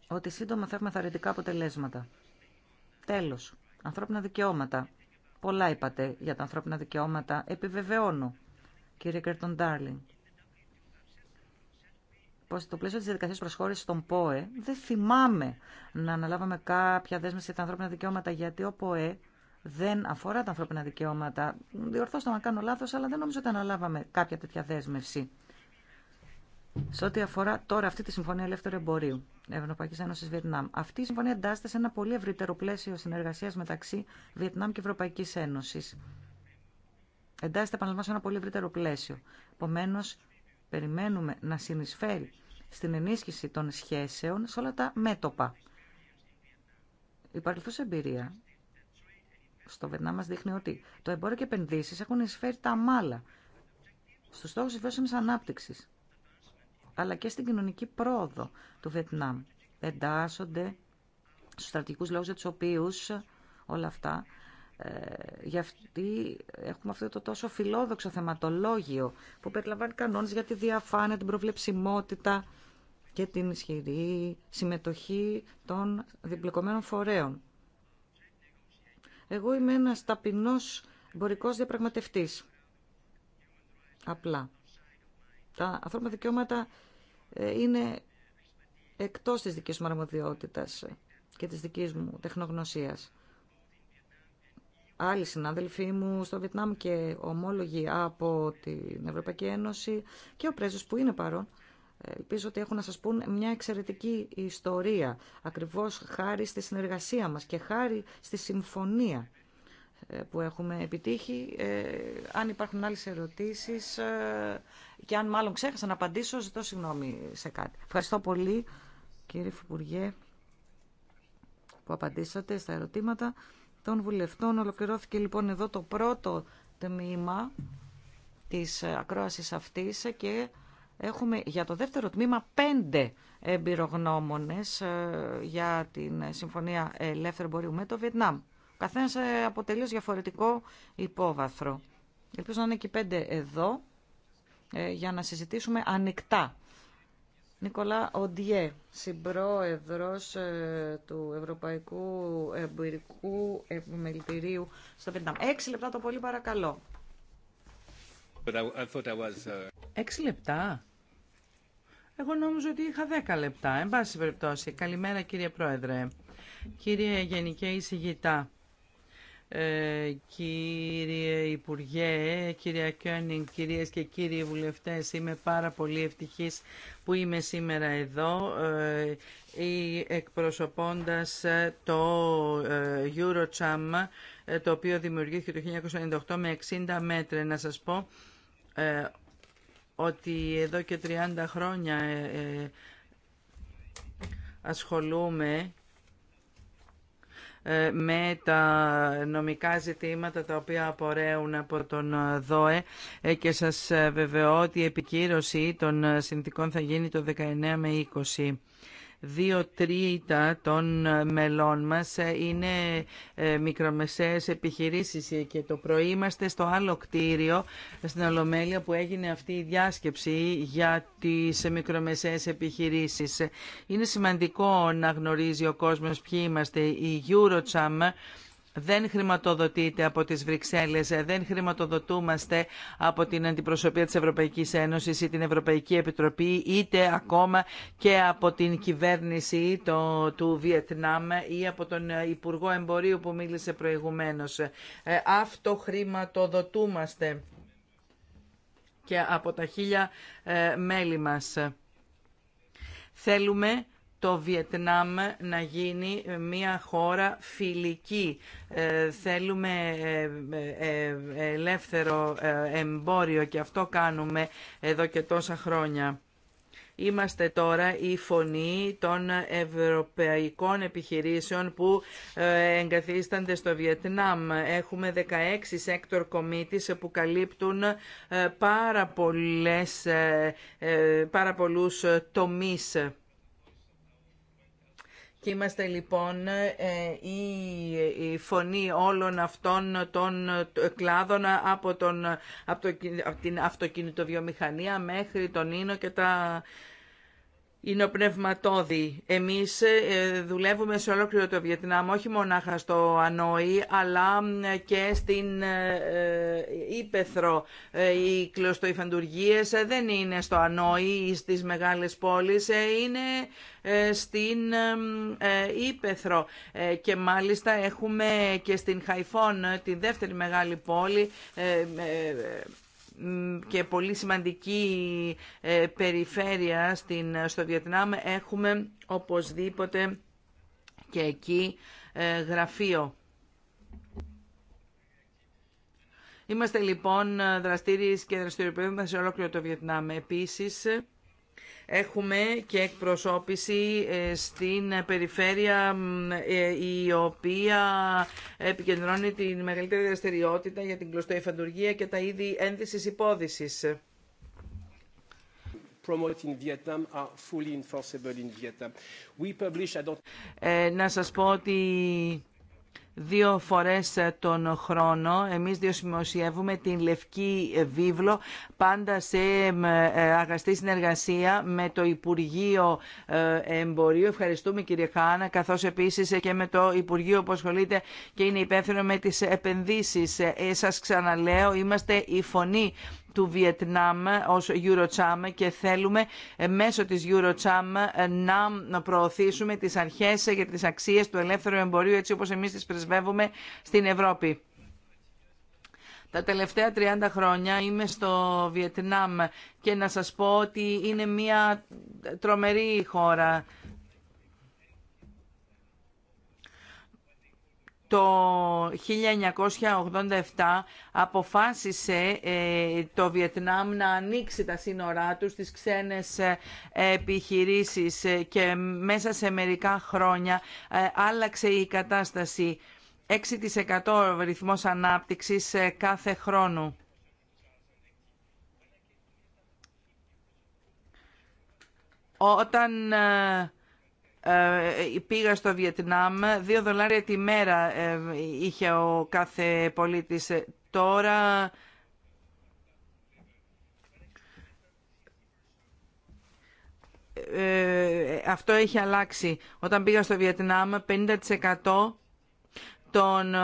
ότι σύντομα θα έχουμε θαρρυντικά αποτελέσματα. Τέλος, ανθρώπινα δικαιώματα. Πολλά είπατε για τα ανθρώπινα δικαιώματα. Επιβεβαιώνω, κύριε Κέρτον Ντάρλινγκ πως στο πλαίσιο της διαδικασίας προσχώρησης των ΠΟΕ δεν θυμάμαι να αναλάβαμε κάποια δέσμευση για τα ανθρώπινα δικαιώματα γιατί ο ΠΟΕ δεν αφορά τα ανθρώπινα δικαιώματα. Διορθώστε να κάνω λάθος, αλλά δεν νομίζω ότι αναλάβαμε κάποια τέτοια δέσμευση. Σε ό,τι αφορά τώρα αυτή τη Συμφωνία Ελεύθερου Εμπορίου Ευρωπαϊκή Ένωση Βιετνάμ, αυτή η συμφωνία εντάσσεται σε ένα πολύ ευρύτερο πλαίσιο συνεργασία μεταξύ Βιετνάμ και Ευρωπαϊκή Ένωση. Εντάσσεται, επαναλαμβάνω, σε ένα πολύ ευρύτερο πλαίσιο. Επομένω, περιμένουμε να συνεισφέρει στην ενίσχυση των σχέσεων σε όλα τα μέτωπα. Η παρελθούσα εμπειρία στο Βιετνάμ μας δείχνει ότι το εμπόριο και επενδύσεις έχουν εισφέρει τα μάλα στους στόχους της βιώσιμης ανάπτυξης, αλλά και στην κοινωνική πρόοδο του Βετνάμ. Εντάσσονται στους στρατηγικούς λόγους για τους οποίους όλα αυτά ε, γιατί έχουμε αυτό το τόσο φιλόδοξο θεματολόγιο που περιλαμβάνει κανόνες για τη διαφάνεια, την προβλεψιμότητα και την ισχυρή συμμετοχή των διπλεκομένων φορέων. Εγώ είμαι ένας ταπεινός εμπορικός διαπραγματευτής. Απλά. Τα ανθρώπινα δικαιώματα ε, είναι εκτός της δικής μου αρμοδιότητας και της δικής μου τεχνογνωσίας άλλοι συνάδελφοί μου στο Βιετνάμ και ομόλογοι από την Ευρωπαϊκή Ένωση και ο πρέσβης που είναι παρόν. Ε, ελπίζω ότι έχουν να σας πούν μια εξαιρετική ιστορία, ακριβώς χάρη στη συνεργασία μας και χάρη στη συμφωνία ε, που έχουμε επιτύχει. Ε, αν υπάρχουν άλλες ερωτήσεις ε, και αν μάλλον ξέχασα να απαντήσω, ζητώ συγγνώμη σε κάτι. Ευχαριστώ πολύ κύριε Φυπουργέ που απαντήσατε στα ερωτήματα των βουλευτών. Ολοκληρώθηκε λοιπόν εδώ το πρώτο τμήμα της ακρόασης αυτής και έχουμε για το δεύτερο τμήμα πέντε εμπειρογνώμονες ε, για την Συμφωνία Ελεύθερου Μπορείου με το Βιετνάμ. Καθένας ε, από τελείως διαφορετικό υπόβαθρο. Ελπίζω να είναι και πέντε εδώ ε, για να συζητήσουμε ανοιχτά Νικολά Οντιέ, συμπρόεδρος ε, του Ευρωπαϊκού Εμπειρικού Επιμελητηρίου στο Βιετνάμ. Έξι λεπτά το πολύ παρακαλώ. Uh, Έξι λεπτά. Εγώ νόμιζα ότι είχα δέκα λεπτά. Εν πάση περιπτώσει. Καλημέρα κύριε Πρόεδρε. Κύριε Γενικέ Εισηγητά. Ε, κύριε Υπουργέ, κύριε Κιόνινγκ, κυρίες και κύριοι βουλευτές, είμαι πάρα πολύ ευτυχής που είμαι σήμερα εδώ ε, εκπροσωπώντας ε, το ε, Eurocham, ε, το οποίο δημιουργήθηκε το 1998 με 60 μέτρα. Να σας πω ε, ότι εδώ και 30 χρόνια ασχολούμαι ε, με τα νομικά ζητήματα τα οποία απορρέουν από τον ΔΟΕ ε, και σας ε, βεβαιώ ότι η επικύρωση των συνθήκων θα γίνει το 19 με 20. Δύο τρίτα των ε, μελών μας ε, είναι ε, μικρομεσαίες επιχειρήσεις και το πρωί είμαστε στο άλλο κτίριο στην Ολομέλεια που έγινε αυτή η διάσκεψη για τις μικρομεσαίες επιχειρήσεις. Είναι σημαντικό να γνωρίζει ο κόσμος ποιοι είμαστε. Η Eurocham δεν χρηματοδοτείται από τις Βρυξέλλες, δεν χρηματοδοτούμαστε από την Αντιπροσωπεία της Ευρωπαϊκής Ένωσης ή την Ευρωπαϊκή Επιτροπή, είτε ακόμα και από την κυβέρνηση το, του Βιετνάμ ή από τον Υπουργό Εμπορίου που μίλησε προηγουμένως. Ε, Αυτό χρηματοδοτούμαστε. και από τα χίλια ε, μέλη μας. Θέλουμε το Βιετνάμ να γίνει μια χώρα φιλική. Ε, θέλουμε ε, ε, ελεύθερο εμπόριο και αυτό κάνουμε εδώ και τόσα χρόνια. Είμαστε τώρα η φωνή των ευρωπαϊκών επιχειρήσεων που εγκαθίστανται στο Βιετνάμ. Έχουμε 16 sector committees που καλύπτουν πάρα, πολλές, πάρα πολλούς τομείς. Είμαστε λοιπόν ε, η φωνή όλων αυτών των ε, κλάδων από, τον, από την αυτοκινητοβιομηχανία μέχρι τον Ίνο και τα είναι ο πνευματόδη. Εμείς ε, δουλεύουμε σε ολόκληρο το Βιετνάμ, όχι μονάχα στο Ανόη, αλλά και στην ε, ε, Ήπεθρο. Οι κλωστοϊφαντουργίες δεν είναι στο Ανόη ή στις μεγάλες πόλεις, είναι στην Ήπεθρο. Και μάλιστα έχουμε και στην Χαϊφόν, τη δεύτερη μεγάλη πόλη, και πολύ σημαντική ε, περιφέρεια στην, στο Βιετνάμ έχουμε οπωσδήποτε και εκεί ε, γραφείο. Είμαστε λοιπόν ε, δραστήριοι και δραστηριοποιούμε σε ολόκληρο το Βιετνάμ. Επίσης, Έχουμε και εκπροσώπηση ε, στην περιφέρεια ε, η οποία επικεντρώνει την μεγαλύτερη δραστηριότητα για την κλωστοϊφαντουργία και τα είδη ένδυσης υπόδησης. Ε, να σας πω ότι δύο φορές ε, τον χρόνο. Εμείς δημοσιεύουμε την Λευκή Βίβλο πάντα σε ε, αγαστή συνεργασία με το Υπουργείο ε, Εμπορίου. Ευχαριστούμε κύριε Χάνα, καθώς επίσης και με το Υπουργείο που ασχολείται και είναι υπεύθυνο με τις επενδύσεις. Σας ξαναλέω, είμαστε η φωνή του Βιετνάμ ως Eurocham και θέλουμε ε, μέσω της Eurocham ε, να προωθήσουμε τις αρχές για τις αξίες του ελεύθερου εμπορίου έτσι όπως εμείς τις πρεσβεύουμε στην Ευρώπη. Τα τελευταία 30 χρόνια είμαι στο Βιετνάμ και να σας πω ότι είναι μια τρομερή χώρα. το 1987 αποφάσισε ε, το Βιετνάμ να ανοίξει τα σύνορά του στις ξένες ε, επιχειρήσεις ε, και μέσα σε μερικά χρόνια άλλαξε η κατάσταση. 6% ο ρυθμός ανάπτυξης κάθε χρόνο. Όταν ε, πήγα στο Βιετνάμ, δύο δολάρια τη μέρα ε, είχε ο κάθε πολίτης. Ε, τώρα αυτό έχει αλλάξει. Όταν πήγα στο Βιετνάμ, 50% των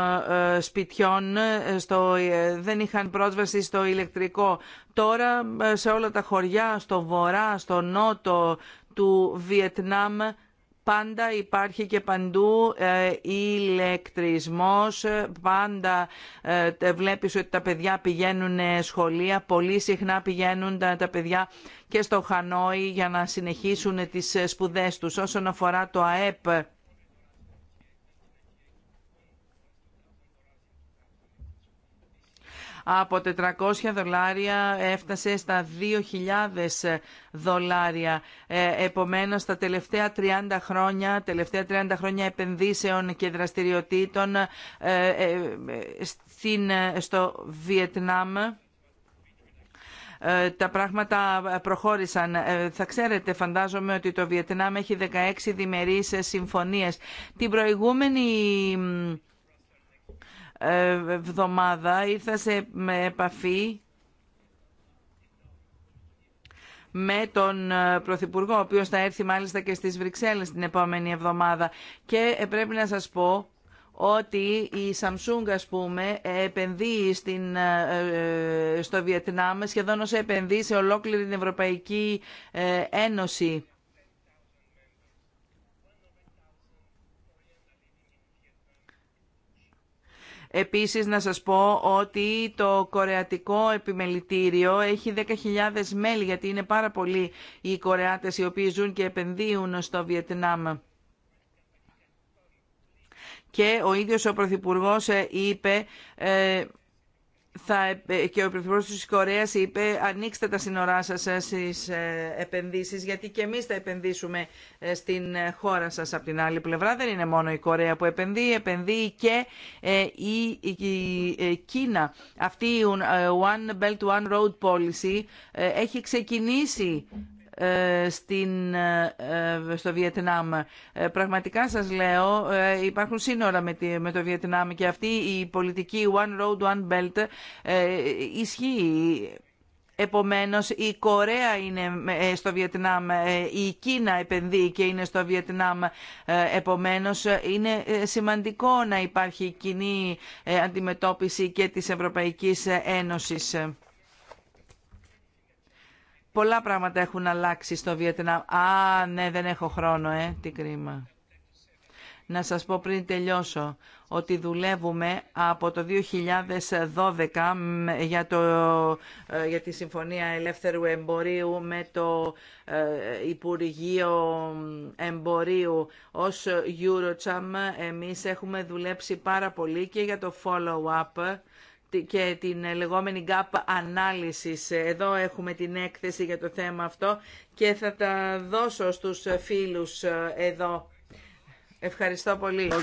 σπιτιών στο, δεν είχαν πρόσβαση στο ηλεκτρικό. Τώρα σε όλα τα χωριά, στο βορρά, στο νότο του Βιετνάμ, Πάντα υπάρχει και παντού ε, ηλεκτρισμός, πάντα ε, βλέπεις ότι τα παιδιά πηγαίνουν ε, σχολεία, πολύ συχνά πηγαίνουν τα παιδιά και στο Χανόι για να συνεχίσουν τις σπουδές τους. Όσον αφορά το ΑΕΠ, από 400 δολάρια έφτασε στα 2.000 δολάρια. Ε, επομένως, τα τελευταία 30 χρόνια, τελευταία 30 χρόνια επενδύσεων και δραστηριοτήτων ε, ε, στην, στο Βιετνάμ τα πράγματα προχώρησαν. Θα ξέρετε, φαντάζομαι, ότι το Βιετνάμ έχει 16 διμερείς συμφωνίες. Την προηγούμενη εβδομάδα ήρθα σε επαφή με τον ε, Πρωθυπουργό, ο οποίος θα έρθει μάλιστα και στις Βρυξέλλες την επόμενη εβδομάδα. Και ε, πρέπει να σας πω ότι η Samsung, ας πούμε, επενδύει στην, ε, στο Βιετνάμ σχεδόν όσο επενδύει σε ολόκληρη την Ευρωπαϊκή Ένωση. Επίσης να σας πω ότι το Κορεατικό Επιμελητήριο έχει 10.000 μέλη γιατί είναι πάρα πολλοί οι Κορεάτες οι οποίοι ζουν και επενδύουν στο Βιετνάμ. Και ο ίδιος ο Πρωθυπουργός ε, είπε ε, ε, και ο Πρωθυπουργός της Κορέας είπε ανοίξτε τα σύνορά σας ε, στις ε, επενδύσεις γιατί και εμείς θα επενδύσουμε στην χώρα σας. Από την άλλη πλευρά δεν είναι μόνο η Κορέα που επενδύει, επενδύει και η Κίνα. Αυτή η One Belt One Road Policy έχει ξεκινήσει ε, στην, ε, στο Βιετνάμ. Ε, πραγματικά σας λέω, υπάρχουν σύνορα με, με το Βιετνάμ και αυτή η πολιτική One Road, One Belt ισχύει. Επομένως η Κορέα είναι στο Βιετνάμ, η Κίνα επενδύει και είναι στο Βιετνάμ. Επομένως είναι σημαντικό να υπάρχει κοινή αντιμετώπιση και της Ευρωπαϊκής Ένωσης. Πολλά πράγματα έχουν αλλάξει στο Βιετνάμ. Α, ναι, δεν έχω χρόνο, ε, τι κρίμα. Να σας πω πριν τελειώσω ότι δουλεύουμε από το 2012 για, το, ε, για τη Συμφωνία Ελεύθερου Εμπορίου με το ε, Υπουργείο Εμπορίου ως Eurocham. Εμείς έχουμε δουλέψει πάρα πολύ και για το follow-up και την λεγόμενη gap ανάλυσης. Εδώ έχουμε την έκθεση για το θέμα αυτό και θα τα δώσω στους φίλους ε, εδώ. Ευχαριστώ πολύ. Uh,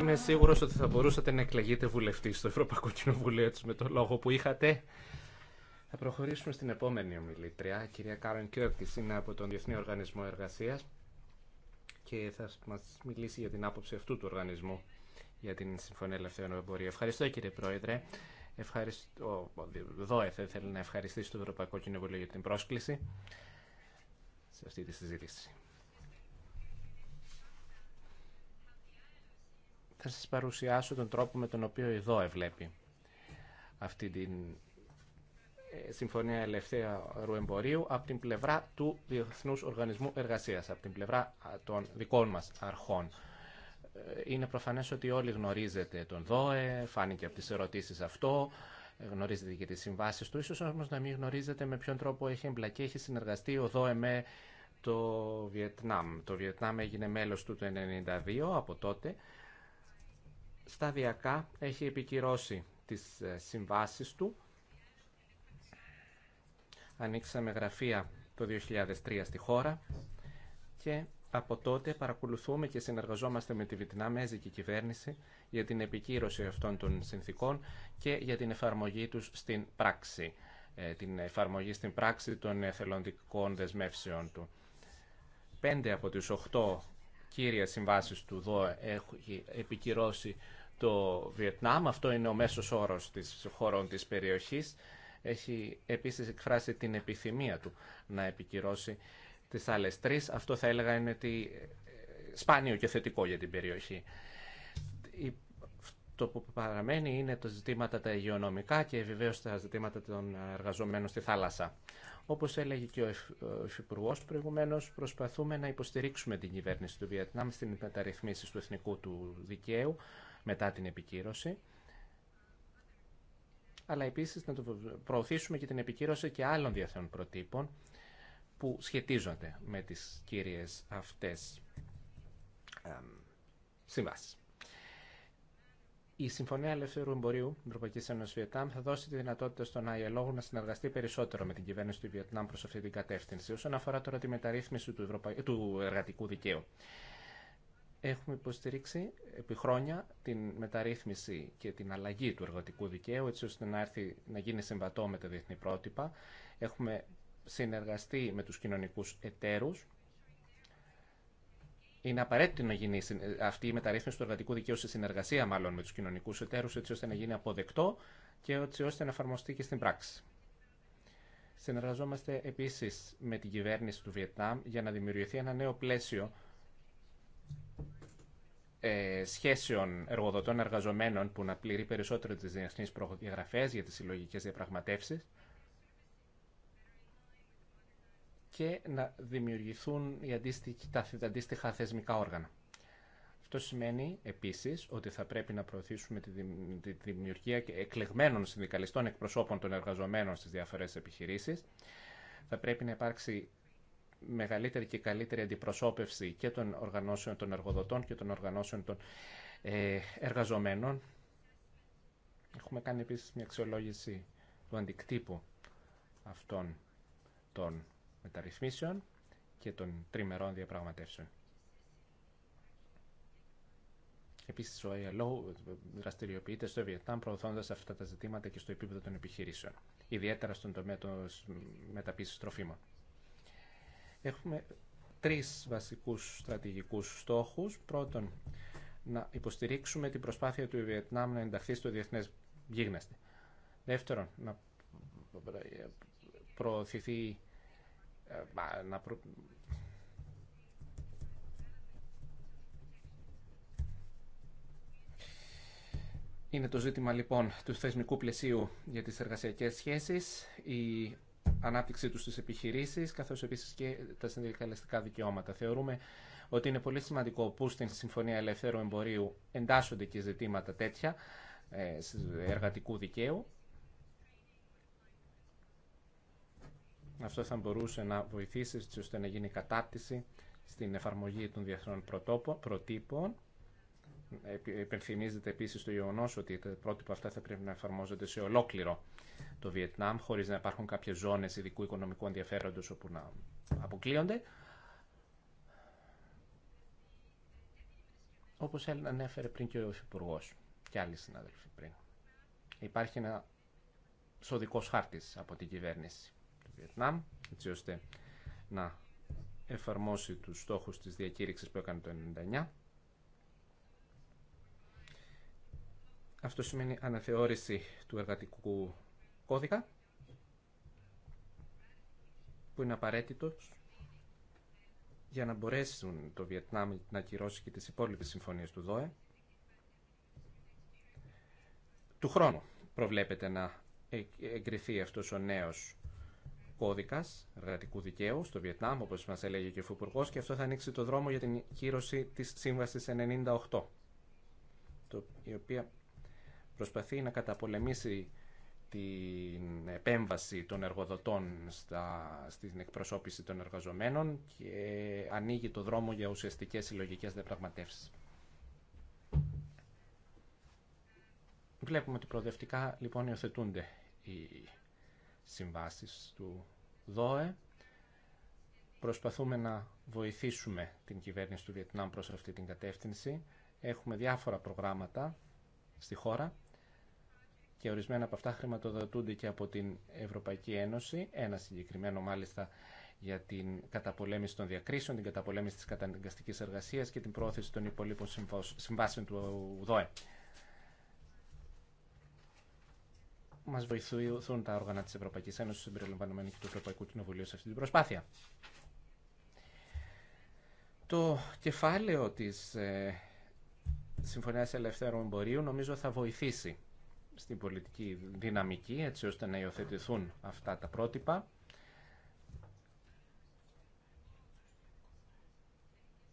Είμαι σίγουρος ότι θα μπορούσατε να εκλεγείτε βουλευτή στο Ευρωπαϊκό Κοινοβούλιο με το λόγο που είχατε. Θα προχωρήσουμε στην επόμενη ομιλήτρια, η κυρία Κάρον Κιόρτης, είναι από τον Διεθνή Οργανισμό Εργασίας και θα μα μιλήσει για την άποψη αυτού του οργανισμού για την Συμφωνία Ελευθερών Εμπορίου. Ευχαριστώ κύριε Πρόεδρε. Ευχαριστώ, ΔΟΕ θα να ευχαριστήσω το Ευρωπαϊκό Κοινοβούλιο για την πρόσκληση σε αυτή τη συζήτηση. Θα σας παρουσιάσω τον τρόπο με τον οποίο η ΔΟΕ βλέπει αυτή την ε, Συμφωνία Ελευθέρου Εμπορίου από την πλευρά του διεθνού Οργανισμού εργασία, από την πλευρά των δικών μα αρχών. Ε, είναι προφανέ ότι όλοι γνωρίζετε τον ΔΟΕ, φάνηκε από τι ερωτήσει αυτό, ε, γνωρίζετε και τι συμβάσει του, ίσως όμω να μην γνωρίζετε με ποιον τρόπο έχει εμπλακεί, έχει συνεργαστεί ο ΔΟΕ με το Βιετνάμ. Το Βιετνάμ έγινε μέλο του το 1992 από τότε. Σταδιακά έχει επικυρώσει τις συμβάσεις του Ανοίξαμε γραφεία το 2003 στη χώρα και από τότε παρακολουθούμε και συνεργαζόμαστε με τη Βιτνάμεζικη κυβέρνηση για την επικύρωση αυτών των συνθήκων και για την εφαρμογή τους στην πράξη, ε, την εφαρμογή στην πράξη των εθελοντικών δεσμεύσεων του. Πέντε από τις οχτώ κύρια συμβάσεις του ΔΟΕ έχουν επικυρώσει το Βιετνάμ. Αυτό είναι ο μέσος όρος της χωρών της περιοχής έχει επίσης εκφράσει την επιθυμία του να επικυρώσει τις άλλες τρεις. Αυτό θα έλεγα είναι ότι ε, σπάνιο και θετικό για την περιοχή. Το που παραμένει είναι τα ζητήματα τα υγειονομικά και βεβαίω τα ζητήματα των εργαζομένων στη θάλασσα. Όπω έλεγε και ο Υφυπουργό προηγουμένω, προσπαθούμε να υποστηρίξουμε την κυβέρνηση του Βιετνάμ στην μεταρρυθμίση του εθνικού του δικαίου μετά την επικύρωση αλλά επίσης να προωθήσουμε και την επικύρωση και άλλων διεθνών προτύπων που σχετίζονται με τις κύριες αυτές συμβάσεις. Η Συμφωνία Ελευθερού Εμπορίου Ευρωπαϊκή Ένωση Βιετνάμ θα δώσει τη δυνατότητα στον ILO να συνεργαστεί περισσότερο με την κυβέρνηση του Βιετνάμ προ αυτή την κατεύθυνση, όσον αφορά τώρα τη μεταρρύθμιση του, του εργατικού δικαίου έχουμε υποστηρίξει επί χρόνια την μεταρρύθμιση και την αλλαγή του εργατικού δικαίου έτσι ώστε να, έρθει, να γίνει συμβατό με τα διεθνή πρότυπα. Έχουμε συνεργαστεί με τους κοινωνικούς εταίρους. Είναι απαραίτητο να γίνει αυτή η μεταρρύθμιση του εργατικού δικαίου σε συνεργασία μάλλον με τους κοινωνικούς εταίρους έτσι ώστε να γίνει αποδεκτό και έτσι ώστε να εφαρμοστεί και στην πράξη. Συνεργαζόμαστε επίσης με την κυβέρνηση του Βιετνάμ για να δημιουργηθεί ένα νέο πλαίσιο ε, σχέσεων εργοδοτών εργαζομένων που να πληρεί περισσότερο τις διεθνείς προδιαγραφές για τις συλλογικές διαπραγματεύσεις και να δημιουργηθούν οι τα αντίστοιχα θεσμικά όργανα. Αυτό σημαίνει επίσης ότι θα πρέπει να προωθήσουμε τη δημιουργία εκλεγμένων συνδικαλιστών εκπροσώπων των εργαζομένων στις διάφορες επιχειρήσεις. Θα πρέπει να υπάρξει μεγαλύτερη και καλύτερη αντιπροσώπευση και των οργανώσεων των εργοδοτών και των οργανώσεων των ε, εργαζομένων. Έχουμε κάνει επίσης μια αξιολόγηση του αντικτύπου αυτών των μεταρρυθμίσεων και των τριμερών διαπραγματεύσεων. Επίσης, ο ILO δραστηριοποιείται στο Βιετνάμ προωθώντας αυτά τα ζητήματα και στο επίπεδο των επιχειρήσεων, ιδιαίτερα στον τομέα των μεταπίσης τροφίμων. Έχουμε τρεις βασικούς στρατηγικούς στόχους. Πρώτον, να υποστηρίξουμε την προσπάθεια του Βιετνάμ να ενταχθεί στο διεθνές γίγνεσθε. Δεύτερον, να προωθηθεί ε, να προ... Είναι το ζήτημα λοιπόν του θεσμικού πλαισίου για τις εργασιακές σχέσεις. Η ανάπτυξή του στι επιχειρήσει, καθώς επίση και τα συνδικαλιστικά δικαιώματα. Θεωρούμε ότι είναι πολύ σημαντικό που στην Συμφωνία Ελευθέρου Εμπορίου εντάσσονται και ζητήματα τέτοια ε, εργατικού δικαίου. Αυτό θα μπορούσε να βοηθήσει έτσι ώστε να γίνει κατάπτυση στην εφαρμογή των διεθνών προτύπων. Ε, υπενθυμίζεται επίση το γεγονό ότι τα πρότυπα αυτά θα πρέπει να εφαρμόζονται σε ολόκληρο το Βιετνάμ, χωρί να υπάρχουν κάποιε ζώνε ειδικού οικονομικού ενδιαφέροντο όπου να αποκλείονται. Όπω ανέφερε πριν και ο Υφυπουργό και άλλοι συνάδελφοι πριν. Υπάρχει ένα σοδικό χάρτη από την κυβέρνηση του Βιετνάμ, έτσι ώστε να εφαρμόσει τους στόχους της διακήρυξη που έκανε το 1999. Αυτό σημαίνει αναθεώρηση του εργατικού κώδικα που είναι απαραίτητο για να μπορέσουν το Βιετνάμ να ακυρώσει και τις υπόλοιπες συμφωνίες του ΔΟΕ. Του χρόνου προβλέπεται να εγκριθεί αυτός ο νέος κώδικας εργατικού δικαίου στο Βιετνάμ, όπως μας έλεγε και ο Φουπουργό, και αυτό θα ανοίξει το δρόμο για την κύρωση της Σύμβασης 98, η οποία προσπαθεί να καταπολεμήσει την επέμβαση των εργοδοτών στα, στην εκπροσώπηση των εργαζομένων και ανοίγει το δρόμο για ουσιαστικές συλλογικές διαπραγματεύσεις. Βλέπουμε ότι προοδευτικά λοιπόν υιοθετούνται οι συμβάσεις του ΔΟΕ. Προσπαθούμε να βοηθήσουμε την κυβέρνηση του Βιετνάμ προς αυτή την κατεύθυνση. Έχουμε διάφορα προγράμματα στη χώρα και ορισμένα από αυτά χρηματοδοτούνται και από την Ευρωπαϊκή Ένωση. Ένα συγκεκριμένο μάλιστα για την καταπολέμηση των διακρίσεων, την καταπολέμηση της καταναγκαστικής εργασίας και την πρόθεση των υπολείπων συμβάσεων του ΔΟΕ. Μας βοηθούν τα όργανα της Ευρωπαϊκής Ένωσης, συμπεριλαμβανομένου και του Ευρωπαϊκού Κοινοβουλίου σε αυτή την προσπάθεια. Το κεφάλαιο της ε, Συμφωνίας Ελευθέρων Εμπορίου νομίζω θα βοηθήσει στην πολιτική δυναμική έτσι ώστε να υιοθετηθούν αυτά τα πρότυπα.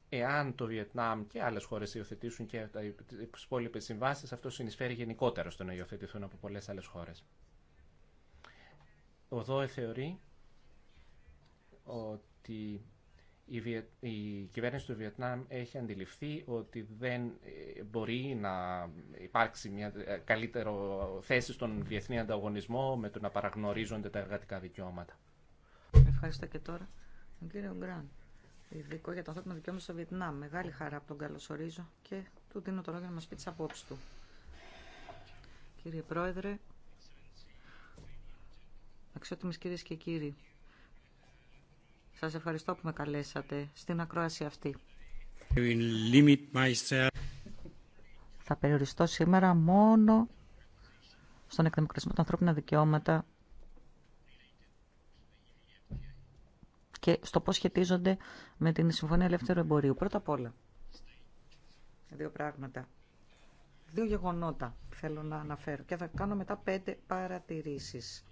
Εάν το Βιετνάμ και άλλε χώρε υιοθετήσουν και τι υπόλοιπε συμβάσει, αυτό συνεισφέρει γενικότερα στο να υιοθετηθούν από πολλέ άλλε χώρε. Ο ΔΟΕ θεωρεί ότι η κυβέρνηση του Βιετνάμ έχει αντιληφθεί ότι δεν ε, μπορεί να υπάρξει μια ε, καλύτερη θέση στον διεθνή ανταγωνισμό με το να παραγνωρίζονται τα εργατικά δικαιώματα. Ευχαριστώ και τώρα τον κύριο Γκραν, ειδικό για τα ανθρώπινα δικαιώματα στο Βιετνάμ. Μεγάλη χαρά που τον καλωσορίζω και του δίνω το λόγο να μα πει τι απόψει του. Κύριε Πρόεδρε, αξιότιμε κύριε και κύριοι, σας ευχαριστώ που με καλέσατε στην ακρόαση αυτή. Θα περιοριστώ σήμερα μόνο στον εκδημοκρατισμό των ανθρώπινων δικαιώματα και στο πώς σχετίζονται με την Συμφωνία Ελεύθερου Εμπορίου. Πρώτα απ' όλα, δύο πράγματα, δύο γεγονότα θέλω να αναφέρω και θα κάνω μετά πέντε παρατηρήσεις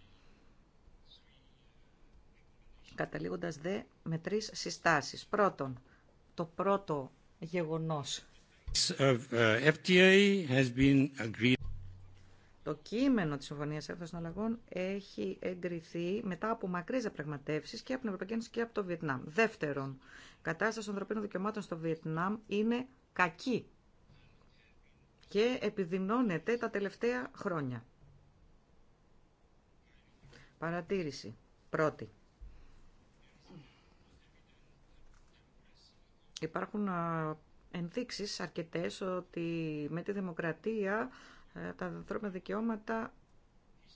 καταλήγοντας δε με τρεις συστάσεις. Πρώτον, το πρώτο γεγονός. Uh, το κείμενο της Συμφωνίας Εύθος των Αλλαγών έχει εγκριθεί μετά από μακρύς διαπραγματεύσεις και από την Ευρωπαϊκή Ένωση και από το Βιετνάμ. Δεύτερον, η κατάσταση των ανθρωπίνων δικαιωμάτων στο Βιετνάμ είναι κακή και επιδεινώνεται τα τελευταία χρόνια. Παρατήρηση. Πρώτη. Υπάρχουν ενδείξεις αρκετές ότι με τη δημοκρατία ε, τα ανθρώπινα δικαιώματα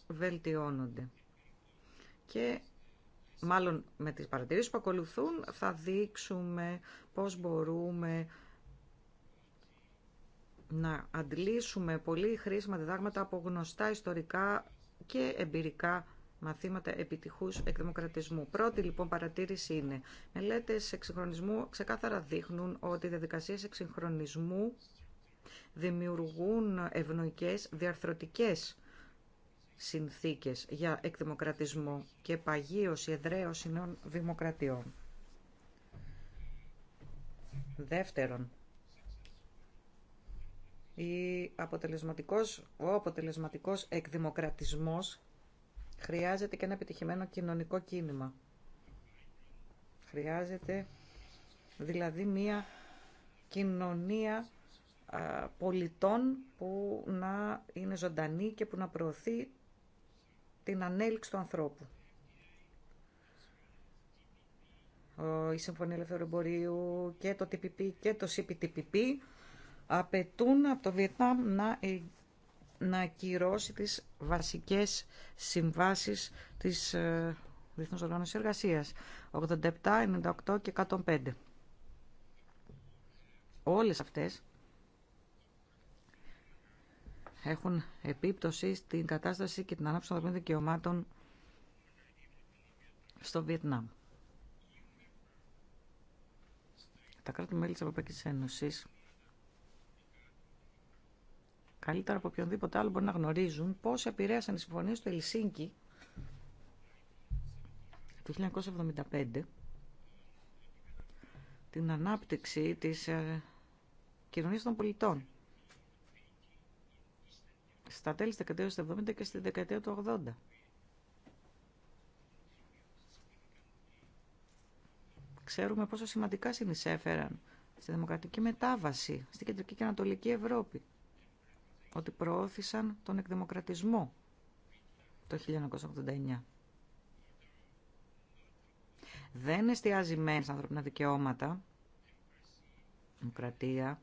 βελτιώνονται. Και μάλλον με τις παρατηρήσεις που ακολουθούν θα δείξουμε πώς μπορούμε να αντλήσουμε πολύ χρήσιμα διδάγματα από γνωστά ιστορικά και εμπειρικά μαθήματα επιτυχούς εκδημοκρατισμού. Πρώτη λοιπόν παρατήρηση είναι, μελέτες εξυγχρονισμού ξεκάθαρα δείχνουν ότι οι διαδικασίε εξυγχρονισμού δημιουργούν ευνοϊκές διαρθρωτικές συνθήκες για εκδημοκρατισμό και παγίωση εδραίωση νέων δημοκρατιών. Δεύτερον, η αποτελεσματικός, ο αποτελεσματικός εκδημοκρατισμός Χρειάζεται και ένα επιτυχημένο κοινωνικό κίνημα. Χρειάζεται δηλαδή μία κοινωνία πολιτών που να είναι ζωντανή και που να προωθεί την ανέλυξη του ανθρώπου. Η Συμφωνία Ελευθερομπορίου και το TPP και το CPTPP απαιτούν από το Βιετνάμ να να ακυρώσει τις βασικές συμβάσεις της ε, Διεθνούς Οργάνωσης Εργασίας 87, 98 και 105. Όλες αυτές έχουν επίπτωση στην κατάσταση και την ανάπτυξη των δικαιωμάτων στο Βιετνάμ. Τα κράτη-μέλη της Ευρωπαϊκής Ένωσης καλύτερα από οποιονδήποτε άλλο μπορεί να γνωρίζουν πώ επηρέασαν οι συμφωνίες του Ελσίνκη του 1975 την ανάπτυξη της ε, κοινωνίας των πολιτών στα τέλη της δεκαετίας του 70 και στη δεκαετία του 80. Ξέρουμε πόσο σημαντικά συνεισέφεραν στη δημοκρατική μετάβαση στην κεντρική και ανατολική Ευρώπη ότι προώθησαν τον εκδημοκρατισμό το 1989. Δεν εστιάζει μεν στα ανθρωπινά δικαιώματα, δημοκρατία,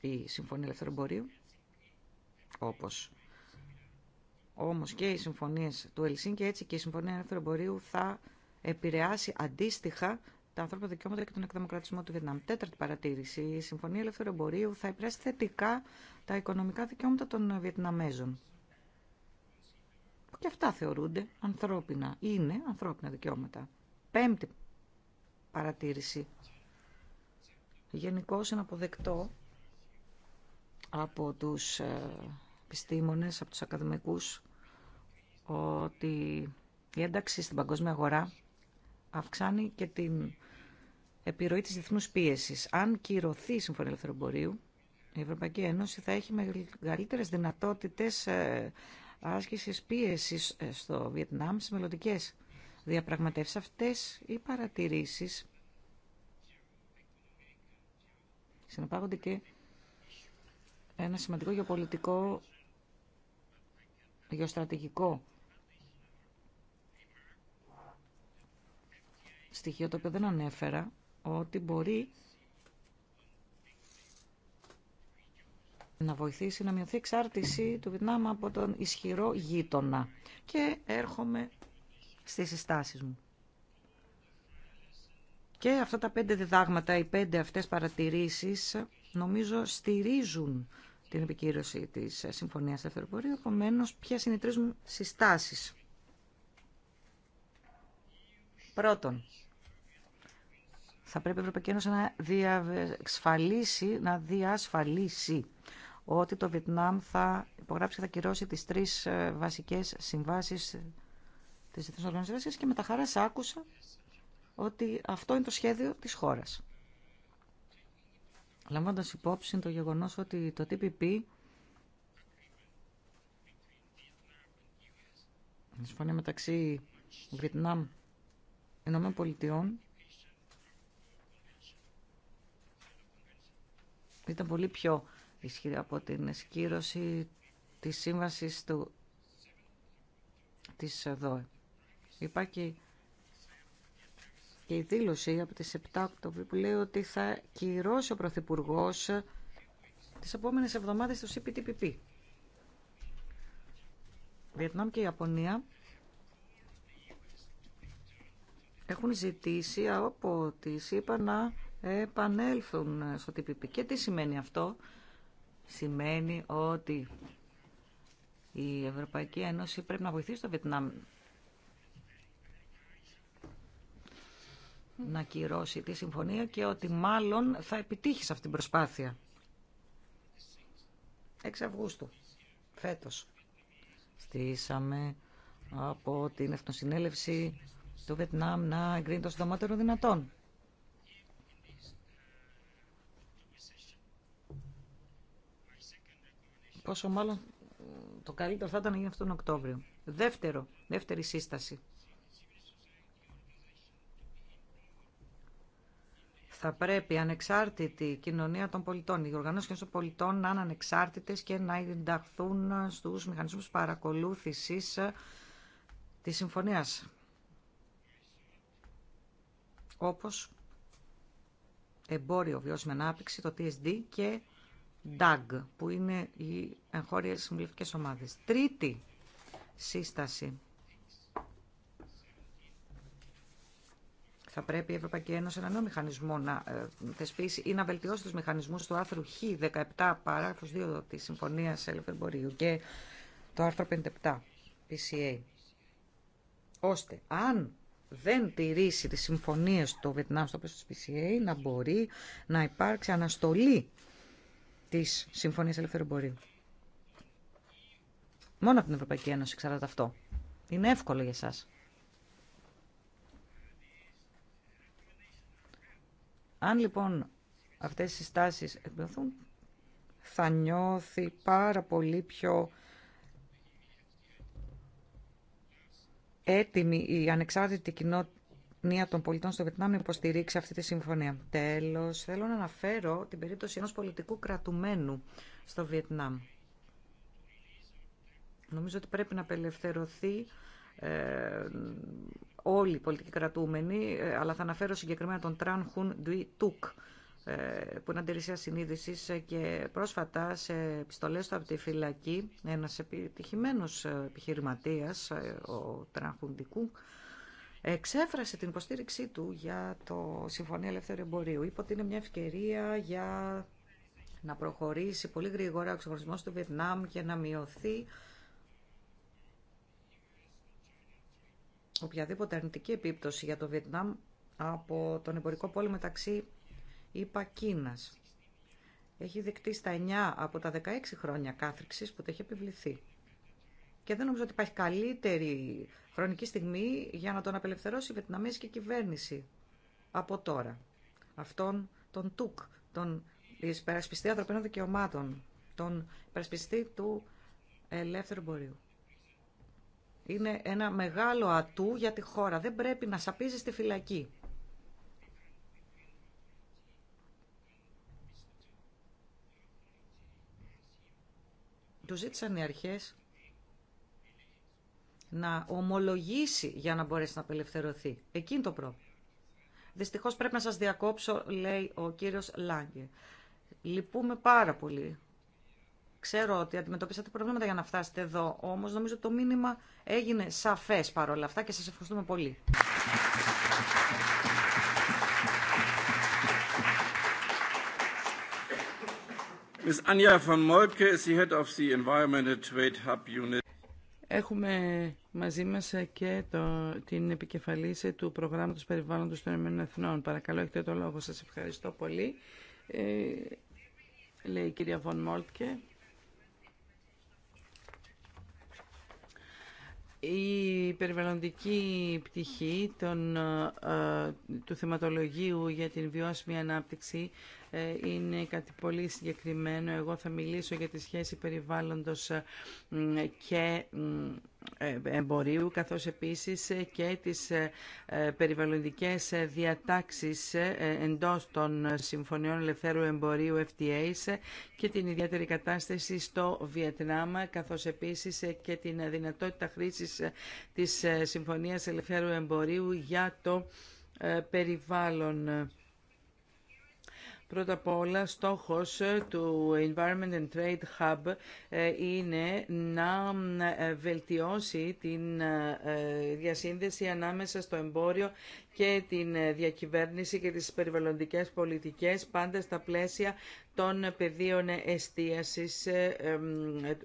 η Συμφωνία Ελεύθερου Εμπορίου, όπως όμως και οι συμφωνίες του Ελσίν και έτσι και η Συμφωνία Ελεύθερου θα επηρεάσει αντίστοιχα τα ανθρώπινα δικαιώματα και τον εκδημοκρατισμό του Βιετνάμ. Τέταρτη παρατήρηση. Η Συμφωνία Ελεύθερου Εμπορίου θα επηρεάσει θετικά τα οικονομικά δικαιώματα των Βιετναμέζων. και αυτά θεωρούνται ανθρώπινα. Είναι ανθρώπινα δικαιώματα. Πέμπτη παρατήρηση. Γενικώ είναι αποδεκτό από τους ε, επιστήμονες, από τους ακαδημικούς, ότι η ένταξη στην παγκόσμια αγορά αυξάνει και την επιρροή της διεθνού πίεση. Αν κυρωθεί η Συμφωνία η Ευρωπαϊκή Ένωση θα έχει μεγαλύτερε δυνατότητες ε, άσκησης πίεσης ε, στο Βιετνάμ σε μελλοντικέ διαπραγματεύσεις. Αυτές οι παρατηρήσεις συνεπάγονται και ένα σημαντικό γεωπολιτικό, γεωστρατηγικό στοιχείο το οποίο δεν ανέφερα ότι μπορεί να βοηθήσει να μειωθεί η εξάρτηση του Βιετνάμ από τον ισχυρό γείτονα. Και έρχομαι στις συστάσεις μου. Και αυτά τα πέντε διδάγματα, οι πέντε αυτές παρατηρήσεις, νομίζω στηρίζουν την επικύρωση της Συμφωνίας Δευτεροπορίου, επομένω ποιε είναι οι τρεις μου συστάσεις. Πρώτον, θα πρέπει η Ευρωπαϊκή Ένωση να διασφαλίσει, να διασφαλίσει ότι το Βιετνάμ θα υπογράψει και θα κυρώσει τις τρεις ε, βασικές συμβάσεις της Διεθνής Οργανωσίας και με τα χαράς άκουσα ότι αυτό είναι το σχέδιο της χώρας. Λαμβάνοντας υπόψη το γεγονός ότι το TPP συμφωνία μεταξύ Βιετνάμ Ηνωμένων Πολιτειών ήταν πολύ πιο ισχυρή από την σκύρωση της σύμβασης του, της ΔΟΕ. Υπάρχει και η δήλωση από τις 7 Οκτωβρίου που λέει ότι θα κυρώσει ο Πρωθυπουργό τις επόμενες εβδομάδες του CPTPP. Βιετνάμ και η Ιαπωνία έχουν ζητήσει από τη είπα να επανέλθουν στο TPP. Και τι σημαίνει αυτό. Σημαίνει ότι η Ευρωπαϊκή Ένωση πρέπει να βοηθήσει το Βιετνάμ να κυρώσει τη συμφωνία και ότι μάλλον θα επιτύχει σε αυτή την προσπάθεια. 6 Αυγούστου φέτος στήσαμε από την Εθνοσυνέλευση του Βιετνάμ να εγκρίνει το συντομότερο δυνατόν Πόσο μάλλον το καλύτερο θα ήταν να γίνει αυτόν τον Οκτώβριο. Δεύτερο, δεύτερη σύσταση. θα πρέπει ανεξάρτητη κοινωνία των πολιτών, οι οργανώσεις των πολιτών να είναι ανεξάρτητε και να ενταχθούν στους μηχανισμού παρακολούθησης τη συμφωνίας. Όπως εμπόριο βιώσιμη ανάπτυξη, το TSD και DAG, που είναι οι εγχώριες συμβουλευτικές ομάδες. Τρίτη σύσταση. Θα πρέπει η Ευρωπαϊκή Ένωση ένα νέο μηχανισμό να ε, θεσπίσει ή να βελτιώσει τους μηχανισμούς του άρθρου Χ 17 παράγραφος 2 της Συμφωνίας Ελευθερμπορίου και το άρθρο 57 PCA. Ώστε αν δεν τηρήσει τις συμφωνίες του Βιετνάμ στο πλαίσιο της PCA να μπορεί να υπάρξει αναστολή Τη Συμφωνία Ελεύθερου Μόνο από την Ευρωπαϊκή Ένωση ξέρετε αυτό. Είναι εύκολο για εσά. Αν λοιπόν αυτέ οι συστάσεις εκπληρωθούν, θα νιώθει πάρα πολύ πιο έτοιμη η ανεξάρτητη κοινότητα κοινωνία των πολιτών στο Βιετνάμ να υποστηρίξει αυτή τη συμφωνία. Τέλος, θέλω να αναφέρω την περίπτωση ενό πολιτικού κρατουμένου στο Βιετνάμ. Νομίζω ότι πρέπει να απελευθερωθεί ε, όλοι οι πολιτικοί κρατούμενοι, ε, αλλά θα αναφέρω συγκεκριμένα τον Τραν Χουν Ντουι Τουκ, ε, που είναι αντιρρησία συνείδηση και πρόσφατα σε επιστολέ του από τη φυλακή ένα επιτυχημένο ε, επιχειρηματία, ο Τραν Χουν Ντουι εξέφρασε την υποστήριξή του για το Συμφωνία Ελεύθερου Εμπορίου. Είπε ότι είναι μια ευκαιρία για να προχωρήσει πολύ γρήγορα ο ξεχωρισμός του Βιετνάμ και να μειωθεί οποιαδήποτε αρνητική επίπτωση για το Βιετνάμ από τον εμπορικό πόλεμο μεταξύ ΙΠΑ Κίνας. Έχει δεκτεί στα 9 από τα 16 χρόνια κάθριξης που το έχει επιβληθεί. Και δεν νομίζω ότι υπάρχει καλύτερη χρονική στιγμή για να τον απελευθερώσει η Βετναμέζικη κυβέρνηση από τώρα. Αυτόν τον Τουκ, τον υπερασπιστή ανθρωπίνων δικαιωμάτων, τον υπερασπιστή του ελεύθερου εμπορίου. Είναι ένα μεγάλο ατού για τη χώρα. Δεν πρέπει να σαπίζει στη φυλακή. Του ζήτησαν οι αρχές να ομολογήσει για να μπορέσει να απελευθερωθεί. είναι το πρόβλημα. Δυστυχώς πρέπει να σας διακόψω, λέει ο κύριος Λάγκε. Λυπούμε πάρα πολύ. Ξέρω ότι αντιμετωπίσατε προβλήματα για να φτάσετε εδώ, όμως νομίζω το μήνυμα έγινε σαφές παρόλα αυτά και σας ευχαριστούμε πολύ. Ms. Anja von Molke, Trade Hub Unit. Έχουμε μαζί μας και το, την επικεφαλή του Προγράμματος Περιβάλλοντος των Ηνωμένων Εθνών. Παρακαλώ, έχετε το λόγο. Σας ευχαριστώ πολύ. Ε, λέει η κυρία Βον Μόλτκε. Η περιβαλλοντική πτυχή των, ε, του θεματολογίου για την βιώσιμη ανάπτυξη ε, είναι κάτι πολύ συγκεκριμένο. Εγώ θα μιλήσω για τη σχέση περιβάλλοντος ε, και ε, εμπορίου, καθώς επίσης και τις περιβαλλοντικές διατάξεις εντός των Συμφωνιών Ελευθέρου Εμπορίου FTAs και την ιδιαίτερη κατάσταση στο Βιετνάμα, καθώς επίσης και την δυνατότητα χρήσης της Συμφωνίας Ελευθέρου Εμπορίου για το περιβάλλον. Πρώτα απ' όλα, στόχος ε, του Environment and Trade Hub ε, είναι να ε, βελτιώσει την διασύνδεση ανάμεσα στο εμπόριο και την διακυβέρνηση και τις περιβαλλοντικές πολιτικές, πάντα στα πλαίσια των πεδίων εστίασης, ε,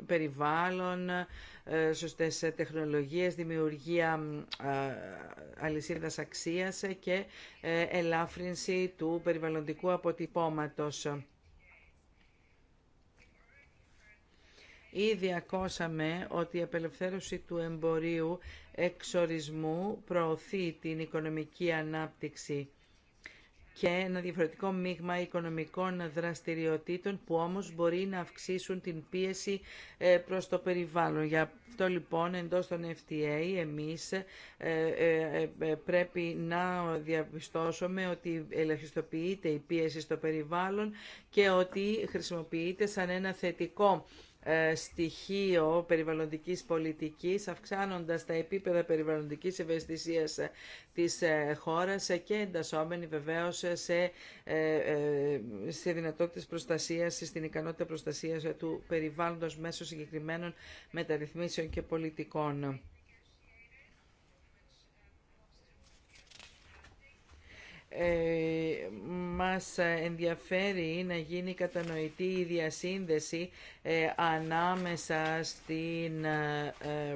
περιβάλλον, ε, σωστές τεχνολογίες, δημιουργία αλυσίδας αξίας και ε, ελάφρυνση του περιβαλλοντικού αποτυπώματος. Ήδη ακούσαμε ότι η απελευθέρωση του εμπορίου εξορισμού προωθεί την οικονομική ανάπτυξη και ένα διαφορετικό μείγμα οικονομικών δραστηριοτήτων που όμως μπορεί να αυξήσουν την πίεση ε, προς το περιβάλλον. Για αυτό λοιπόν εντός των FTA εμείς ε, ε, πρέπει να διαπιστώσουμε ότι ελαχιστοποιείται η πίεση στο περιβάλλον και ότι χρησιμοποιείται σαν ένα θετικό ε, στοιχείο περιβαλλοντικής πολιτικής, αυξάνοντας τα επίπεδα περιβαλλοντικής ευαισθησίας ε, της ε, χώρας και εντασσόμενη βεβαίως σε, σε δυνατότητες προστασίας, στην ικανότητα προστασίας του περιβάλλοντος μέσω συγκεκριμένων μεταρρυθμίσεων και πολιτικών. Ε, μας ενδιαφέρει να γίνει κατανοητή η διασύνδεση ε, ανάμεσα στην ε,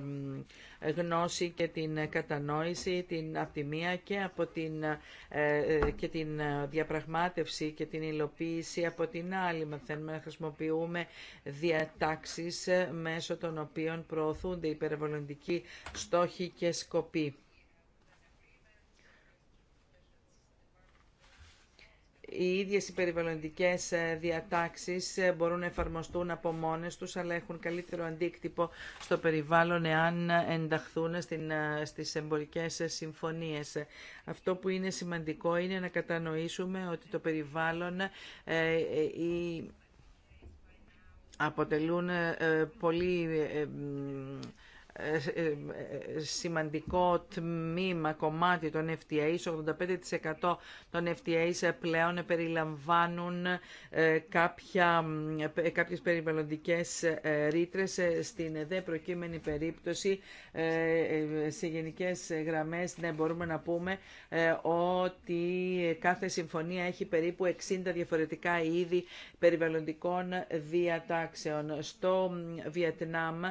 γνώση και την κατανόηση την από και από την, και την διαπραγμάτευση και την υλοποίηση από την άλλη. Μαθαίνουμε να χρησιμοποιούμε διατάξεις μέσω των οποίων προωθούνται υπερβολοντικοί στόχοι και σκοποί. οι ίδιες οι περιβαλλοντικές ε, διατάξεις ε, μπορούν να εφαρμοστούν από μόνες τους, αλλά έχουν καλύτερο αντίκτυπο στο περιβάλλον εάν ενταχθούν ε, στις εμπορικές συμφωνίες. Αυτό που είναι σημαντικό είναι να κατανοήσουμε ότι το περιβάλλον αποτελούν πολύ σημαντικό τμήμα, κομμάτι των FTAs, 85% των FTAs πλέον περιλαμβάνουν ε, κάποια, ε, κάποιες περιβαλλοντικές ε, ρήτρες. Στην δε προκείμενη περίπτωση, σε γενικές γραμμές, ναι, μπορούμε να πούμε ότι κάθε συμφωνία έχει περίπου 60 διαφορετικά είδη περιβαλλοντικών διατάξεων. Στο Βιετνάμ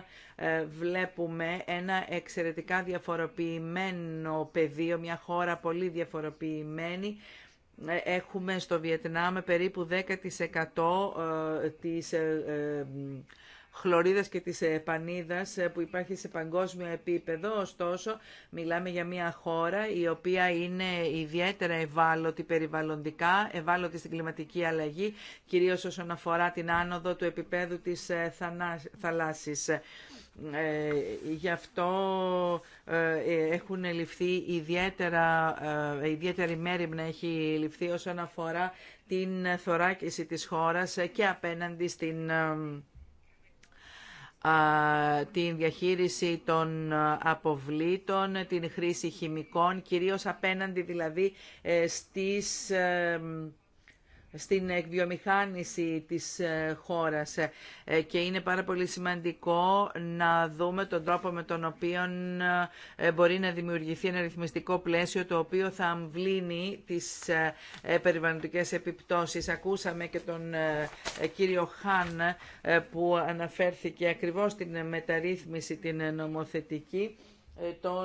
βλέπουμε έχουμε ένα εξαιρετικά διαφοροποιημένο πεδίο, μια χώρα πολύ διαφοροποιημένη. Ε, έχουμε στο Βιετνάμ περίπου 10% ε, της ε, χλωρίδας και της επανίδας που υπάρχει σε παγκόσμιο επίπεδο. Ωστόσο, μιλάμε για μια χώρα η οποία είναι ιδιαίτερα ευάλωτη περιβαλλοντικά, ευάλωτη στην κλιματική αλλαγή, κυρίως όσον αφορά την άνοδο του επίπεδου της θαλάσσης. Ε, γι' αυτό ε, έχουν ληφθεί ιδιαίτερα, ε, ιδιαίτερη να έχει ληφθεί όσον αφορά την θωράκιση της χώρας και απέναντι στην την διαχείριση των αποβλήτων, την χρήση χημικών, κυρίως απέναντι δηλαδή στις στην εκβιομηχάνηση της ε, χώρας ε, και είναι πάρα πολύ σημαντικό να δούμε τον τρόπο με τον οποίο ε, μπορεί να δημιουργηθεί ένα ρυθμιστικό πλαίσιο το οποίο θα αμβλύνει τις περιβαλλοντικές επιπτώσεις. Ακούσαμε και τον κύριο Χάν που αναφέρθηκε ακριβώς στην μεταρρύθμιση την νομοθετική ε, το,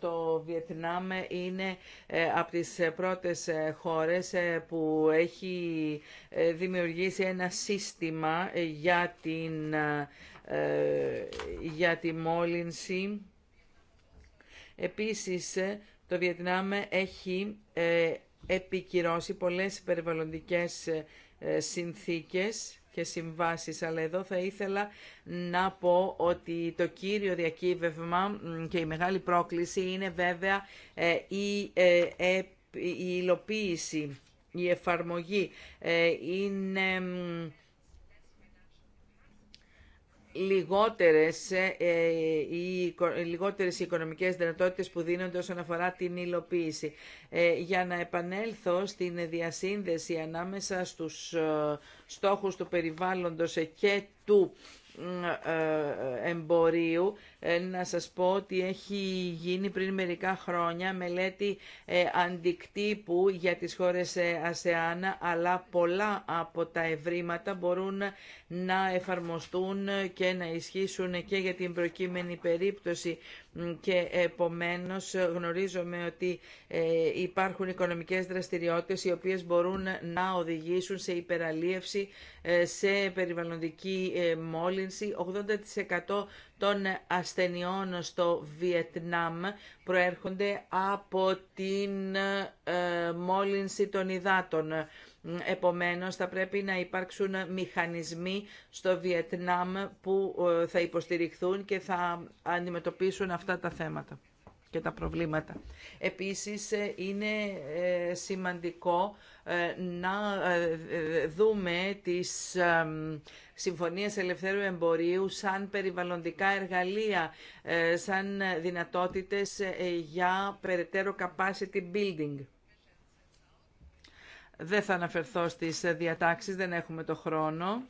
το Βιετνάμ είναι ε, από τις ε, πρώτες χώρες που έχει δημιουργήσει ένα σύστημα για, την, για τη μόλυνση. Επίσης, το Βιετνάμ έχει επικυρώσει πολλές περιβαλλοντικές συνθήκες και συμβάσεις, αλλά εδώ θα ήθελα να πω ότι το κύριο διακύβευμα και η μεγάλη πρόκληση είναι βέβαια ε, η, ε, η υλοποίηση, η εφαρμογή. Ε, είναι ε, ε, λιγότερες οι λιγότερες οικονομικές δυνατότητες που δίνονται όσον αφορά την υλοποίηση. Ε, για να επανέλθω στην διασύνδεση ανάμεσα στους στόχους του περιβάλλοντος και του ε, ε, εμπορίου ε, να σας πω ότι έχει γίνει πριν μερικά χρόνια μελέτη αντικτύπου για τις χώρες Ασεάνα αλλά πολλά από τα ευρήματα μπορούν να εφαρμοστούν και να ισχύσουν και για την προκείμενη περίπτωση και επομένως γνωρίζομαι ότι ε, υπάρχουν οικονομικές δραστηριότητες οι οποίες μπορούν να οδηγήσουν σε υπεραλίευση, ε, σε περιβαλλοντική ε, μόλυνση. 80% των ασθενειών στο Βιετνάμ προέρχονται από την μόλυνση των υδάτων. Επομένως θα πρέπει να υπάρξουν μηχανισμοί στο Βιετνάμ που ε, θα υποστηριχθούν και θα αντιμετωπίσουν αυτά τα θέματα και τα προβλήματα. Επίσης ε, είναι ε, σημαντικό να δούμε τις συμφωνίες ελευθέρου εμπορίου σαν περιβαλλοντικά εργαλεία, σαν δυνατότητες για περαιτέρω capacity building. Δεν θα αναφερθώ στις διατάξεις, δεν έχουμε το χρόνο.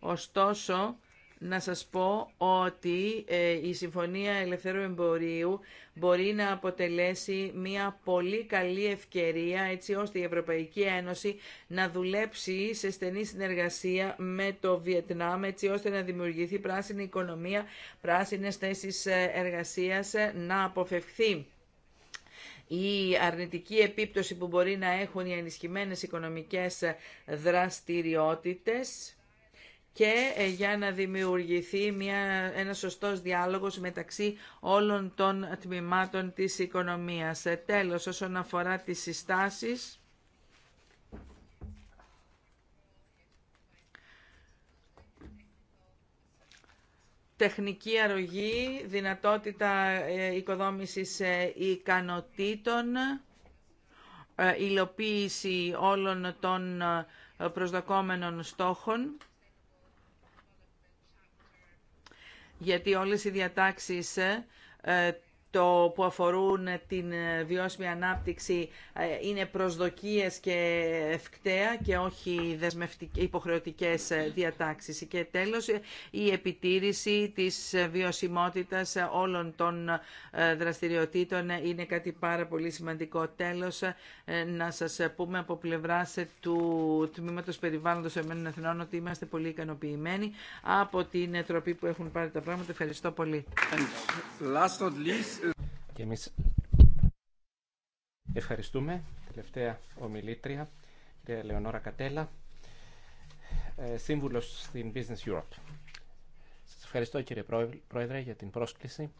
Ωστόσο, να σας πω ότι ε, η Συμφωνία Ελευθερού Εμπορίου μπορεί να αποτελέσει μια πολύ καλή ευκαιρία έτσι ώστε η Ευρωπαϊκή Ένωση να δουλέψει σε στενή συνεργασία με το Βιετνάμ έτσι ώστε να δημιουργηθεί πράσινη οικονομία, πράσινες θέσεις ε, εργασίας, ε, να αποφευχθεί η αρνητική επίπτωση που μπορεί να έχουν οι ενισχυμένες οικονομικές δραστηριότητες και ε, για να δημιουργηθεί μια, ένα σωστός διάλογος μεταξύ όλων των τμήματων της οικονομίας. Ε, τέλος, όσον αφορά τις συστάσεις, τεχνική αρρωγή, δυνατότητα ε, οικοδόμησης ε, ικανοτήτων, ε, υλοποίηση όλων των προσδοκόμενων στόχων, γιατί όλες οι διατάξεις το που αφορούν την ε, βιώσιμη ανάπτυξη ε, είναι προσδοκίες και ευκταία και όχι υποχρεωτικές ε, διατάξεις. Και τέλος, η επιτήρηση της βιωσιμότητας όλων των δραστηριοτήτων είναι κάτι πάρα πολύ σημαντικό. Τέλος, να σας πούμε από πλευρά του Τμήματος Περιβάλλοντος Εμένων Εθνών ότι είμαστε πολύ ικανοποιημένοι από την τροπή που έχουν πάρει τα πράγματα. Ευχαριστώ πολύ. Και εμείς ευχαριστούμε. Τελευταία ομιλήτρια, κυρία Λεωνόρα Κατέλα, ε, σύμβουλος στην Business Europe. Σας ευχαριστώ κύριε Πρόεδρε για την πρόσκληση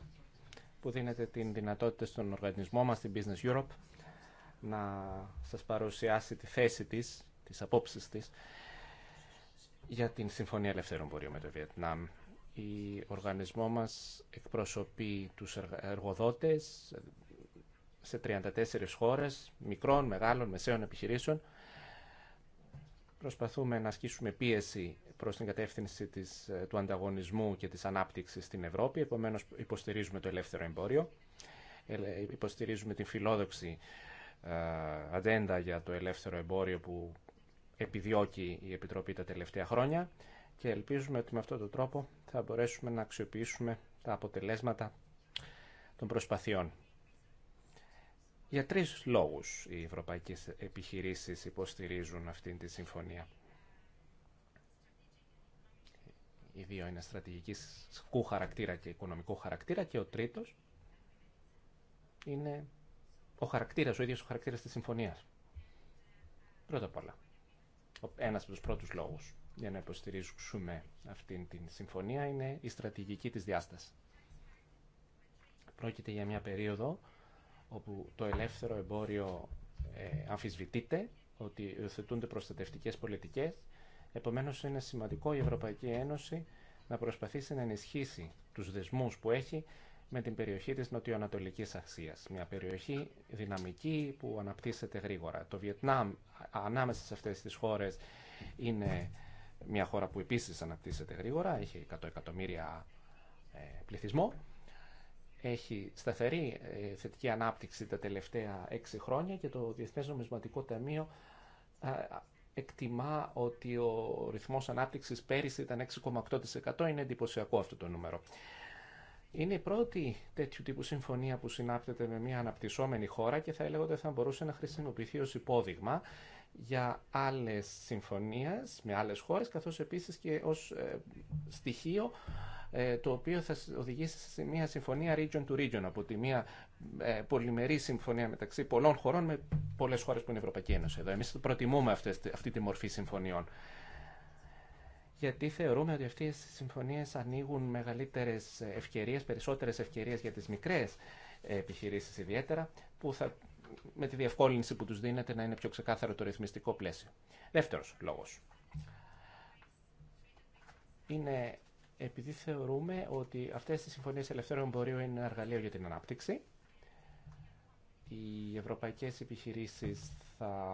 που δίνετε την δυνατότητα στον οργανισμό μας, την Business Europe, να σας παρουσιάσει τη θέση της, τις απόψεις της, για την Συμφωνία Ελευθέρων Πορείων με το Βιετνάμ. Η οργανισμό μας εκπροσωπεί τους εργοδότες σε 34 χώρες, μικρών, μεγάλων, μεσαίων επιχειρήσεων. Προσπαθούμε να ασκήσουμε πίεση προς την κατεύθυνση της, του ανταγωνισμού και της ανάπτυξης στην Ευρώπη, επομένως υποστηρίζουμε το ελεύθερο εμπόριο, ε, υποστηρίζουμε την φιλόδοξη ε, ατζέντα για το ελεύθερο εμπόριο που επιδιώκει η Επιτροπή τα τελευταία χρόνια και ελπίζουμε ότι με αυτόν τον τρόπο θα μπορέσουμε να αξιοποιήσουμε τα αποτελέσματα των προσπαθειών. Για τρεις λόγους οι ευρωπαϊκές επιχειρήσεις υποστηρίζουν αυτήν τη συμφωνία. Οι δύο είναι κου χαρακτήρα και οικονομικού χαρακτήρα και ο τρίτος είναι ο χαρακτήρας, ο ίδιος ο χαρακτήρας της συμφωνίας. Πρώτα απ' όλα, ένας από τους πρώτους λόγους για να υποστηρίζουμε αυτήν την συμφωνία είναι η στρατηγική της διάσταση. Πρόκειται για μια περίοδο όπου το ελεύθερο εμπόριο ε, αμφισβητείται, ότι υιοθετούνται προστατευτικές πολιτικές. Επομένως, είναι σημαντικό η Ευρωπαϊκή Ένωση να προσπαθήσει να ενισχύσει τους δεσμούς που έχει με την περιοχή της νοτιοανατολικής αξίας. Μια περιοχή δυναμική που αναπτύσσεται γρήγορα. Το Βιετνάμ ανάμεσα σε αυτές τις χώρες είναι μια χώρα που επίσης αναπτύσσεται γρήγορα, έχει 100 εκατομμύρια ε, πληθυσμό, έχει σταθερή ε, θετική ανάπτυξη τα τελευταία 6 χρόνια και το Διεθνές Νομισματικό Ταμείο ε, εκτιμά ότι ο ρυθμός ανάπτυξης πέρυσι ήταν 6,8%. Είναι εντυπωσιακό αυτό το νούμερο. Είναι η πρώτη τέτοιου τύπου συμφωνία που συνάπτεται με μια αναπτυσσόμενη χώρα και θα έλεγα ότι θα μπορούσε να χρησιμοποιηθεί ως υπόδειγμα για άλλες συμφωνίες με άλλες χώρες, καθώς επίσης και ως ε, στοιχείο ε, το οποίο θα οδηγήσει σε μια συμφωνία region to region, από τη μια ε, πολυμερή συμφωνία μεταξύ πολλών χωρών με πολλές χώρες που είναι Ευρωπαϊκή Ένωση. Εδώ εμείς προτιμούμε αυτές, αυτή τη μορφή συμφωνιών. Γιατί θεωρούμε ότι αυτές οι συμφωνίες ανοίγουν μεγαλύτερες ευκαιρίες, περισσότερες ευκαιρίες για τις μικρές επιχειρήσεις ιδιαίτερα, που θα με τη διευκόλυνση που τους δίνεται να είναι πιο ξεκάθαρο το ρυθμιστικό πλαίσιο. Δεύτερος λόγος. Είναι επειδή θεωρούμε ότι αυτές οι συμφωνίες ελευθέρων εμπορίου είναι ένα εργαλείο για την ανάπτυξη. Οι ευρωπαϊκές επιχειρήσεις θα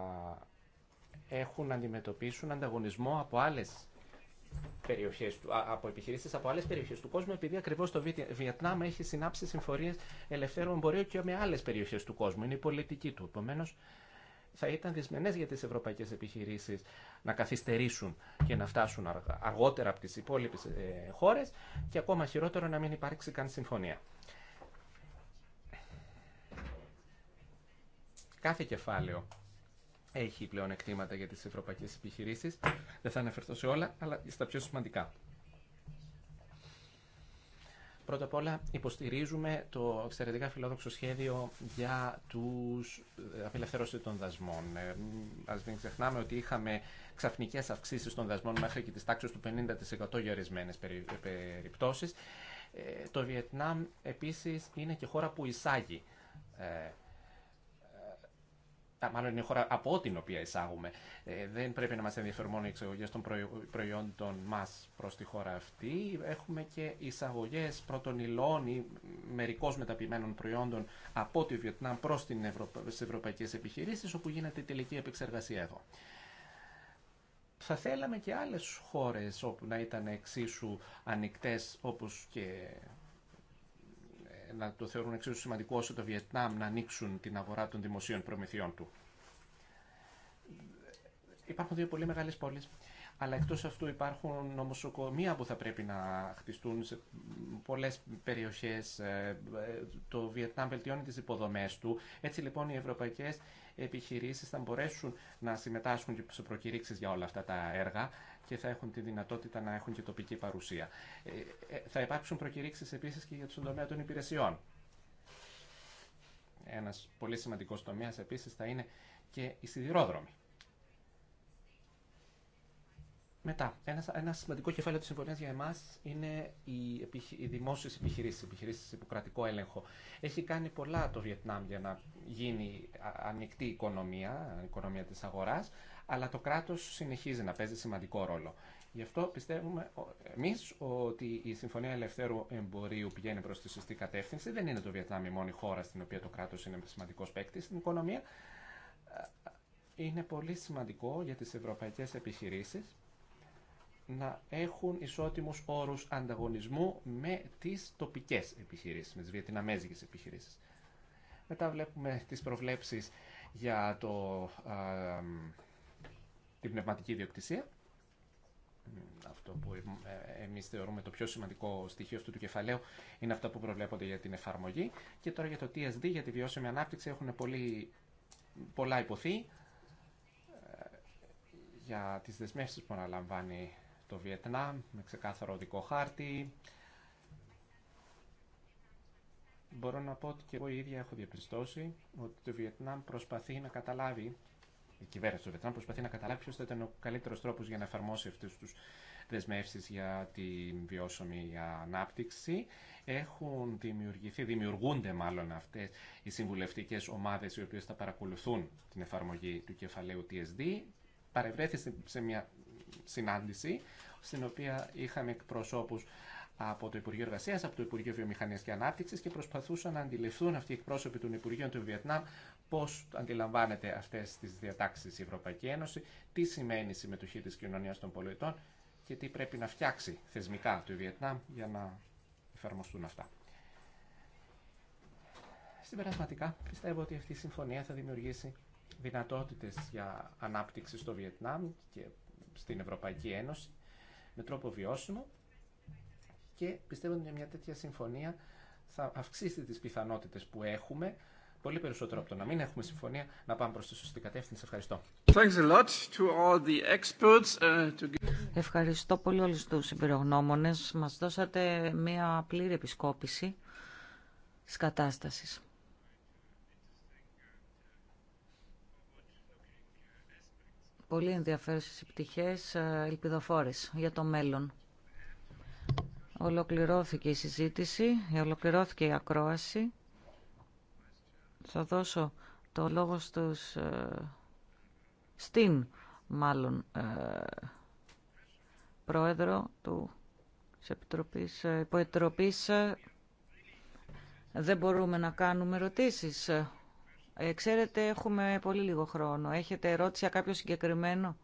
έχουν να αντιμετωπίσουν ανταγωνισμό από άλλες περιοχές, από επιχειρήσεις από άλλες περιοχές του κόσμου, επειδή ακριβώς το Βιετνάμ έχει συνάψει συμφορίες ελευθερων εμπορίου και με άλλες περιοχές του κόσμου. Είναι η πολιτική του. Επομένω, θα ήταν δυσμενές για τις ευρωπαϊκές επιχειρήσεις να καθυστερήσουν και να φτάσουν αργότερα από τις υπόλοιπες ε, χώρες και ακόμα χειρότερο να μην υπάρξει καν συμφωνία. Κάθε κεφάλαιο έχει πλέον εκτήματα για τις ευρωπαϊκές επιχειρήσεις. Δεν θα αναφερθώ σε όλα, αλλά στα πιο σημαντικά. Πρώτα απ' όλα υποστηρίζουμε το εξαιρετικά φιλόδοξο σχέδιο για τους ε, απελευθέρωση των δασμών. Ε, ας μην ξεχνάμε ότι είχαμε ξαφνικές αυξήσεις των δασμών μέχρι και τις τάξεις του 50% για ορισμένε περι, ε, περιπτώσεις. το Βιετνάμ επίσης είναι και χώρα που εισάγει μάλλον είναι η χώρα από την οποία εισάγουμε. Ε, δεν πρέπει να μας ενδιαφέρουν μόνο οι εξαγωγές των προϊόντων μας προς τη χώρα αυτή. Έχουμε και εισαγωγές πρώτων υλών ή μερικώς μεταποιημένων προϊόντων από τη Βιετνάμ προς την Ευρω... τις ευρωπαϊκές επιχειρήσεις, όπου γίνεται η τελική επεξεργασία εδώ. Θα θέλαμε και άλλες χώρες όπου να ήταν εξίσου ανοιχτέ όπως και να το θεωρούν εξίσου σημαντικό όσο το Βιετνάμ να ανοίξουν την αγορά των δημοσίων προμηθειών του. Υπάρχουν δύο πολύ μεγάλες πόλει. αλλά εκτός αυτού υπάρχουν νομοσοκομεία που θα πρέπει να χτιστούν σε πολλέ περιοχές. Ε, το Βιετνάμ βελτιώνει τις υποδομές του. Έτσι λοιπόν οι ευρωπαϊκές επιχειρήσεις θα μπορέσουν να συμμετάσχουν και σε προκηρύξει για όλα αυτά τα έργα και θα έχουν τη δυνατότητα να έχουν και τοπική παρουσία. Ε, ε, θα υπάρξουν προκηρύξεις επίσης και για τον τομέα των υπηρεσιών. Ένας πολύ σημαντικός τομέας επίσης θα είναι και οι σιδηρόδρομοι. Μετά, ένα, ένα σημαντικό κεφάλαιο τη συμφωνία για εμά είναι οι, οι δημόσιε επιχειρήσει, οι επιχειρήσει υποκρατικό έλεγχο. Έχει κάνει πολλά το Βιετνάμ για να γίνει ανοιχτή οικονομία, οικονομία τη αγορά, αλλά το κράτος συνεχίζει να παίζει σημαντικό ρόλο. Γι' αυτό πιστεύουμε εμείς ότι η Συμφωνία Ελευθέρου Εμπορίου πηγαίνει προς τη σωστή κατεύθυνση. Δεν είναι το Βιετνάμ η μόνη χώρα στην οποία το κράτος είναι σημαντικό παίκτη στην οικονομία. Ε, είναι πολύ σημαντικό για τι ευρωπαϊκέ επιχειρήσει να έχουν ισότιμους όρους ανταγωνισμού με τις τοπικές επιχειρήσεις, με τις βιετιναμέζικες επιχειρήσεις. Μετά βλέπουμε τις προβλέψεις για το ε, η πνευματική ιδιοκτησία. Αυτό που ε, εμεί θεωρούμε το πιο σημαντικό στοιχείο αυτού του κεφαλαίου είναι αυτά που προβλέπονται για την εφαρμογή. Και τώρα για το TSD, για τη βιώσιμη ανάπτυξη, έχουν πολύ, πολλά υποθεί ε, για τις δεσμεύσει που αναλαμβάνει το Βιετνάμ με ξεκάθαρο οδικό χάρτη. Μπορώ να πω ότι και εγώ η ίδια έχω διαπιστώσει ότι το Βιετνάμ προσπαθεί να καταλάβει η κυβέρνηση του Βιετνάμ προσπαθεί να καταλάβει ποιο θα ήταν ο καλύτερο τρόπο για να εφαρμόσει αυτέ του δεσμεύσει για την βιώσιμη ανάπτυξη. Έχουν δημιουργηθεί, δημιουργούνται μάλλον αυτέ οι συμβουλευτικέ ομάδε οι οποίε θα παρακολουθούν την εφαρμογή του κεφαλαίου TSD. Παρευρέθη σε μια συνάντηση στην οποία είχαν εκπροσώπους από το Υπουργείο Εργασία, από το Υπουργείο Βιομηχανία και Ανάπτυξη και προσπαθούσαν να αντιληφθούν αυτοί οι εκπρόσωποι των Υπουργείων του Βιετνάμ πώς αντιλαμβάνεται αυτές τις διατάξεις η Ευρωπαϊκή Ένωση, τι σημαίνει η συμμετοχή της κοινωνίας των πολιτών και τι πρέπει να φτιάξει θεσμικά το Βιετνάμ για να εφαρμοστούν αυτά. Συμπερασματικά, πιστεύω ότι αυτή η συμφωνία θα δημιουργήσει δυνατότητες για ανάπτυξη στο Βιετνάμ και στην Ευρωπαϊκή Ένωση με τρόπο βιώσιμο και πιστεύω ότι μια τέτοια συμφωνία θα αυξήσει τις πιθανότητες που έχουμε πολύ περισσότερο από το να μην έχουμε συμφωνία, να πάμε προς τη σωστή κατεύθυνση. Ευχαριστώ. Ευχαριστώ πολύ όλους τους εμπειρογνώμονες. Μας δώσατε μία πλήρη επισκόπηση της κατάστασης. Πολύ ενδιαφέρουσες επιτυχίες, ε, ελπιδοφόρες για το μέλλον. Ολοκληρώθηκε η συζήτηση, ολοκληρώθηκε η ακρόαση. Θα δώσω το λόγο στους, ε, στην μάλλον ε, πρόεδρο του Επιτροπής, ε, υποετροπής. Δεν μπορούμε να κάνουμε ερωτήσεις. Ξέρετε, έχουμε πολύ λίγο χρόνο. Έχετε ερώτηση για κάποιο συγκεκριμένο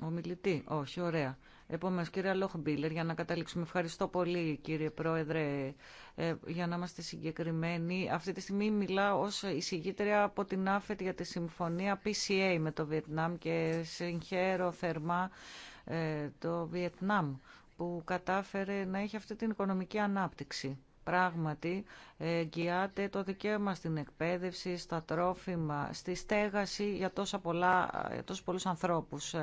ομιλητή. Όχι, ωραία. Επόμενο, κύριε Λόχμπίλερ, για να καταλήξουμε. Ευχαριστώ πολύ, κύριε Πρόεδρε, ε, για να είμαστε συγκεκριμένοι. Αυτή τη στιγμή μιλάω ως εισηγήτρια από την ΑΦΕΤ για τη συμφωνία PCA ε με το Βιετνάμ και συγχαίρω θερμά ε, το Βιετνάμ που κατάφερε να έχει αυτή την οικονομική ανάπτυξη. Πράγματι, εγγυάται το δικαίωμα στην εκπαίδευση, στα τρόφιμα, στη στέγαση για, τόσα πολλά, για τόσους πολλούς ανθρώπους.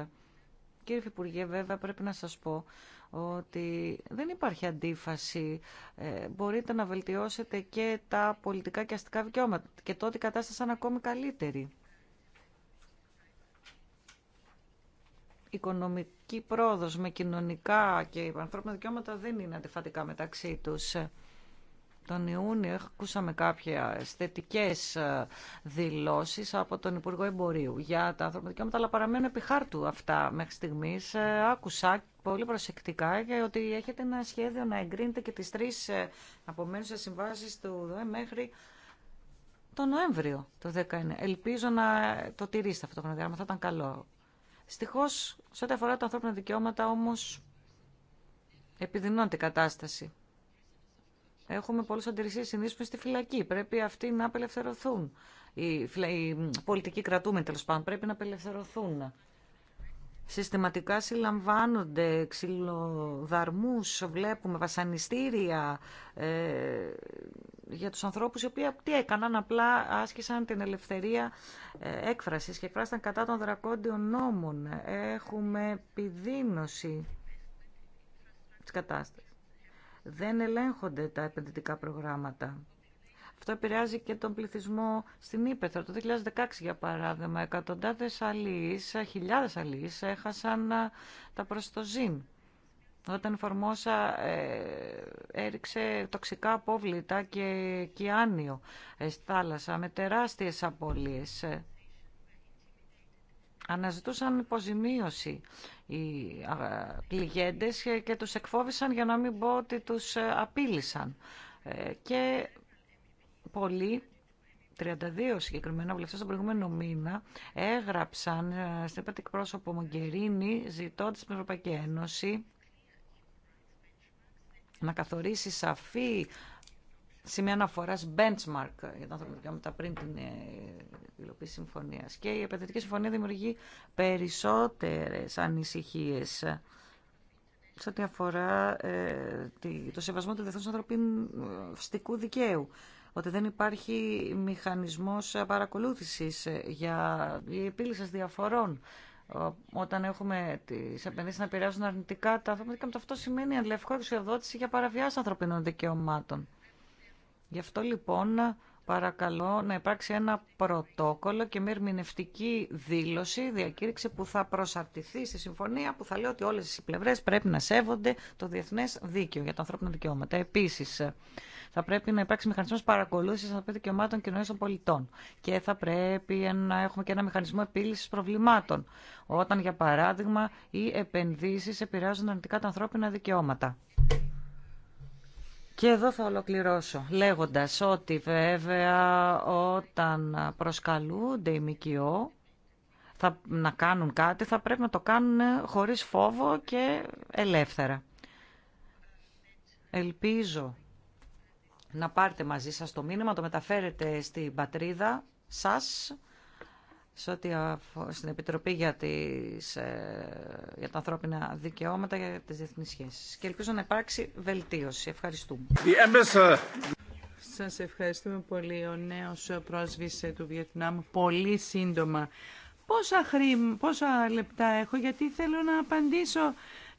Κύριε Υφυπουργέ, βέβαια πρέπει να σας πω ότι δεν υπάρχει αντίφαση. Ε, μπορείτε να βελτιώσετε και τα πολιτικά και αστικά δικαιώματα και τότε η κατάσταση είναι ακόμη καλύτερη. Οικονομική πρόοδος με κοινωνικά και ανθρώπινα δικαιώματα δεν είναι αντιφατικά μεταξύ τους. Τον Ιούνιο ακούσαμε κάποιε θετικέ ε, δηλώσει από τον Υπουργό Εμπορίου για τα ανθρώπινα δικαιώματα, αλλά παραμένουν επί χάρτου αυτά μέχρι στιγμή, ε, Άκουσα πολύ προσεκτικά ότι έχετε ένα σχέδιο να εγκρίνετε και τις τρεις ε, απομένουσες συμβάσει του ΔΟΕ μέχρι τον Νοέμβριο το 2019. Ελπίζω να το τηρήσετε αυτό το χρονοδιάγραμμα, θα ήταν καλό. Στοιχώ, σε ό,τι αφορά τα ανθρώπινα δικαιώματα, όμω επιδεινώνεται η κατάσταση. Έχουμε πολλέ αντιρρησίε συνήθω στη φυλακή. Πρέπει αυτοί να απελευθερωθούν. Οι, πολιτικοί κρατούμενοι τέλο πάντων πρέπει να απελευθερωθούν. Συστηματικά συλλαμβάνονται ξυλοδαρμού, βλέπουμε βασανιστήρια ε, για τους ανθρώπους οι οποίοι τι έκαναν, απλά άσκησαν την ελευθερία ε, έκφρασης και εκφράστηκαν κατά των δρακόντιων νόμων. Έχουμε επιδείνωση τη κατάσταση δεν ελέγχονται τα επενδυτικά προγράμματα. Αυτό επηρεάζει και τον πληθυσμό στην Ήπεθρο. Το 2016, για παράδειγμα, εκατοντάδες αλείς, χιλιάδες αλείς έχασαν τα προστοζήν. Όταν η Φορμόσα ε, έριξε τοξικά απόβλητα και κιάνιο ε, στη θάλασσα με τεράστιες απώλειες. Ε αναζητούσαν υποζημίωση οι πληγέντες και τους εκφόβησαν για να μην πω ότι τους ε, απείλησαν. Ε, και πολλοί 32 συγκεκριμένα βουλευτές τον προηγούμενο μήνα έγραψαν ε, στην επέτη εκπρόσωπο Μογκερίνη ζητώντας την Ευρωπαϊκή Ένωση να καθορίσει σαφή σημεία αναφορά benchmark για τα ανθρώπινα δικαιώματα πριν την ε, υλοποίηση συμφωνία. Και η επενδυτική συμφωνία δημιουργεί περισσότερε ανησυχίε σε ό,τι αφορά ε, το σεβασμό του διεθνού ανθρωπίνου δικαίου. Ότι δεν υπάρχει μηχανισμός παρακολούθησης ε, για η επίλυση διαφορών όταν έχουμε τι επενδύσει να επηρεάζουν αρνητικά τα ανθρώπινα δικαιώματα. Αυτό σημαίνει αλληλευκό εξοδότηση για παραβιάσει ανθρωπίνων δικαιωμάτων. Γι' αυτό λοιπόν παρακαλώ να υπάρξει ένα πρωτόκολλο και μια ερμηνευτική δήλωση, διακήρυξη που θα προσαρτηθεί στη συμφωνία που θα λέει ότι όλες οι πλευρές πρέπει να σέβονται το διεθνές δίκαιο για τα ανθρώπινα δικαιώματα. Επίσης, θα πρέπει να υπάρξει μηχανισμός παρακολούθησης των δικαιωμάτων κοινωνίας των πολιτών και θα πρέπει να έχουμε και ένα μηχανισμό επίλυσης προβλημάτων όταν, για παράδειγμα, οι επενδύσεις επηρεάζουν αρνητικά τα ανθρώπινα δικαιώματα. Και εδώ θα ολοκληρώσω λέγοντας ότι βέβαια όταν προσκαλούνται οι ΜΚΟ θα, να κάνουν κάτι θα πρέπει να το κάνουν χωρίς φόβο και ελεύθερα. Ελπίζω να πάρετε μαζί σας το μήνυμα, το μεταφέρετε στην πατρίδα σας σε ό,τι στην Επιτροπή για, τις, ε, για τα ανθρώπινα δικαιώματα και τις διεθνείς σχέσεις. Και ελπίζω να υπάρξει βελτίωση. Ευχαριστούμε. Σας ευχαριστούμε πολύ. Ο νέος πρόσβησε του Βιετνάμ πολύ σύντομα. Πόσα, χρή, πόσα λεπτά έχω γιατί θέλω να απαντήσω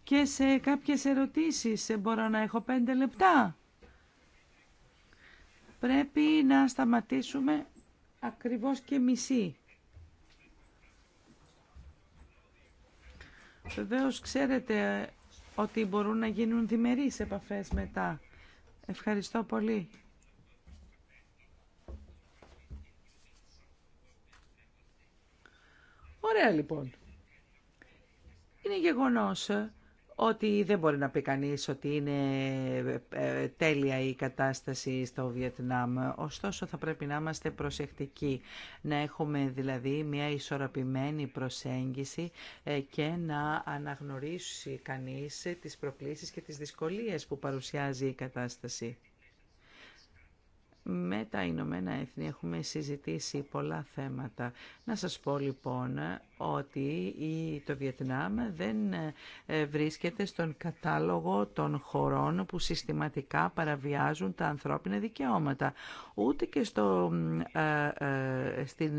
και σε κάποιες ερωτήσεις. Μπορώ να έχω πέντε λεπτά. Πρέπει να σταματήσουμε ακριβώς και μισή. Βεβαίως ξέρετε ότι μπορούν να γίνουν διμερείς επαφές μετά. Ευχαριστώ πολύ. Ωραία λοιπόν. Είναι γεγονός ότι δεν μπορεί να πει κανείς ότι είναι ε, τέλεια η κατάσταση στο Βιετνάμ. Ωστόσο θα πρέπει να είμαστε προσεκτικοί, να έχουμε δηλαδή μια ισορροπημένη προσέγγιση ε, και να αναγνωρίσει κανείς τις προκλήσεις και τις δυσκολίες που παρουσιάζει η κατάσταση με τα Ηνωμένα Έθνη έχουμε συζητήσει πολλά θέματα. Να σας πω λοιπόν ότι το Βιετνάμ δεν ε, βρίσκεται στον κατάλογο των χωρών που συστηματικά παραβιάζουν τα ανθρώπινα δικαιώματα. Ούτε και στο, ε, ε, στην,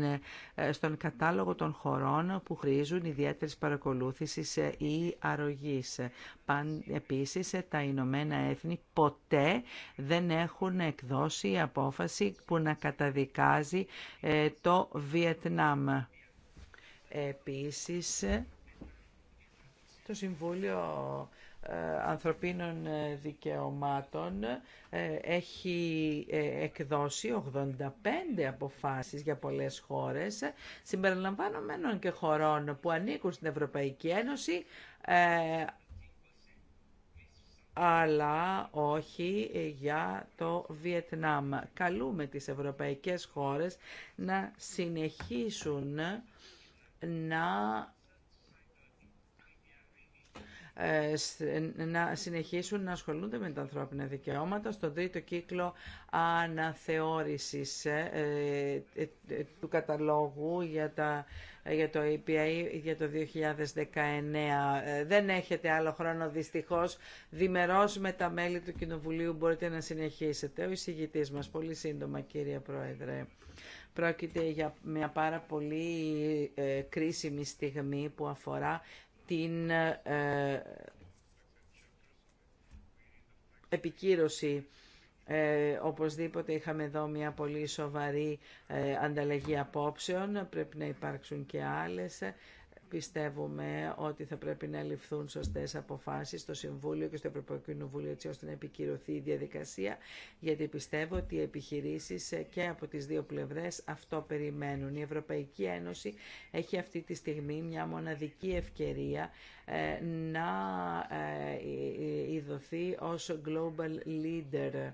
στον κατάλογο των χωρών που χρήζουν ιδιαίτερης παρακολούθησης ή αρρωγής. επίσης, τα Ηνωμένα Έθνη ποτέ δεν έχουν εκδώσει από που να καταδικάζει ε, το Βιετνάμ. Επίσης, το Συμβούλιο ε, Ανθρωπίνων Δικαιωμάτων ε, έχει εκδώσει 85 αποφάσεις για πολλές χώρες, συμπεριλαμβανομένων και χωρών που ανήκουν στην Ευρωπαϊκή Ένωση, αλλά όχι για το Βιετνάμ. Καλούμε τις ευρωπαϊκές χώρες να συνεχίσουν να ε, να συνεχίσουν να ασχολούνται με τα ανθρώπινα δικαιώματα στον τρίτο κύκλο αναθεώρησης ε, ε, του καταλόγου για, τα, το API για το 2019. Δεν έχετε άλλο χρόνο δυστυχώς. Δημερός με τα μέλη του Κοινοβουλίου μπορείτε να συνεχίσετε. Ο εισηγητής μας, πολύ σύντομα κύριε Πρόεδρε. Πρόκειται για μια πάρα πολύ κρίσιμη στιγμή που αφορά την ε, επικύρωση. Ε, οπωσδήποτε είχαμε εδώ μια πολύ σοβαρή ε, ανταλλαγή απόψεων, πρέπει να υπάρξουν και άλλες. Πιστεύουμε ότι θα πρέπει να ληφθούν σωστές αποφάσεις στο Συμβούλιο και στο Ευρωπαϊκό Κοινοβούλιο έτσι ώστε να επικυρωθεί η διαδικασία, γιατί πιστεύω ότι οι επιχειρήσει και από τις δύο πλευρές αυτό περιμένουν. Η Ευρωπαϊκή Ένωση έχει αυτή τη στιγμή μια μοναδική ευκαιρία ε, να ειδωθεί ως global leader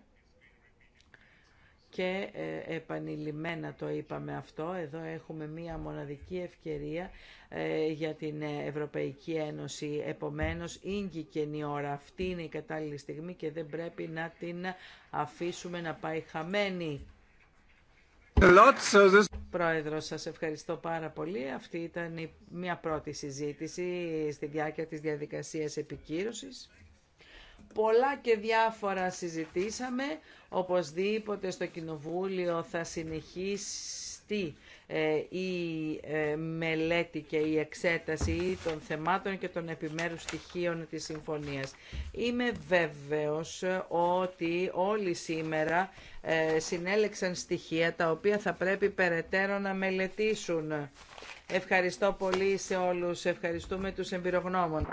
και ε, επανειλημμένα το είπαμε αυτό. Εδώ έχουμε μία μοναδική ευκαιρία ε, για την ε, Ευρωπαϊκή Ένωση. Επομένως, ίγκη και η ώρα. Αυτή είναι η κατάλληλη στιγμή και δεν πρέπει να την αφήσουμε να πάει χαμένη. Πρόεδρο, σας ευχαριστώ πάρα πολύ. Αυτή ήταν μια πρώτη συζήτηση στη διάρκεια της διαδικασίας επικύρωσης πολλά και διάφορα συζητήσαμε. Οπωσδήποτε στο Κοινοβούλιο θα συνεχίσει η ε, μελέτη και η εξέταση των θεμάτων και των επιμέρους στοιχείων της συμφωνίας. Είμαι βέβαιος ότι όλοι σήμερα ε, συνέλεξαν στοιχεία τα οποία θα πρέπει περαιτέρω να μελετήσουν. Ευχαριστώ πολύ σε όλους. Ευχαριστούμε τους εμπειρογνώμων.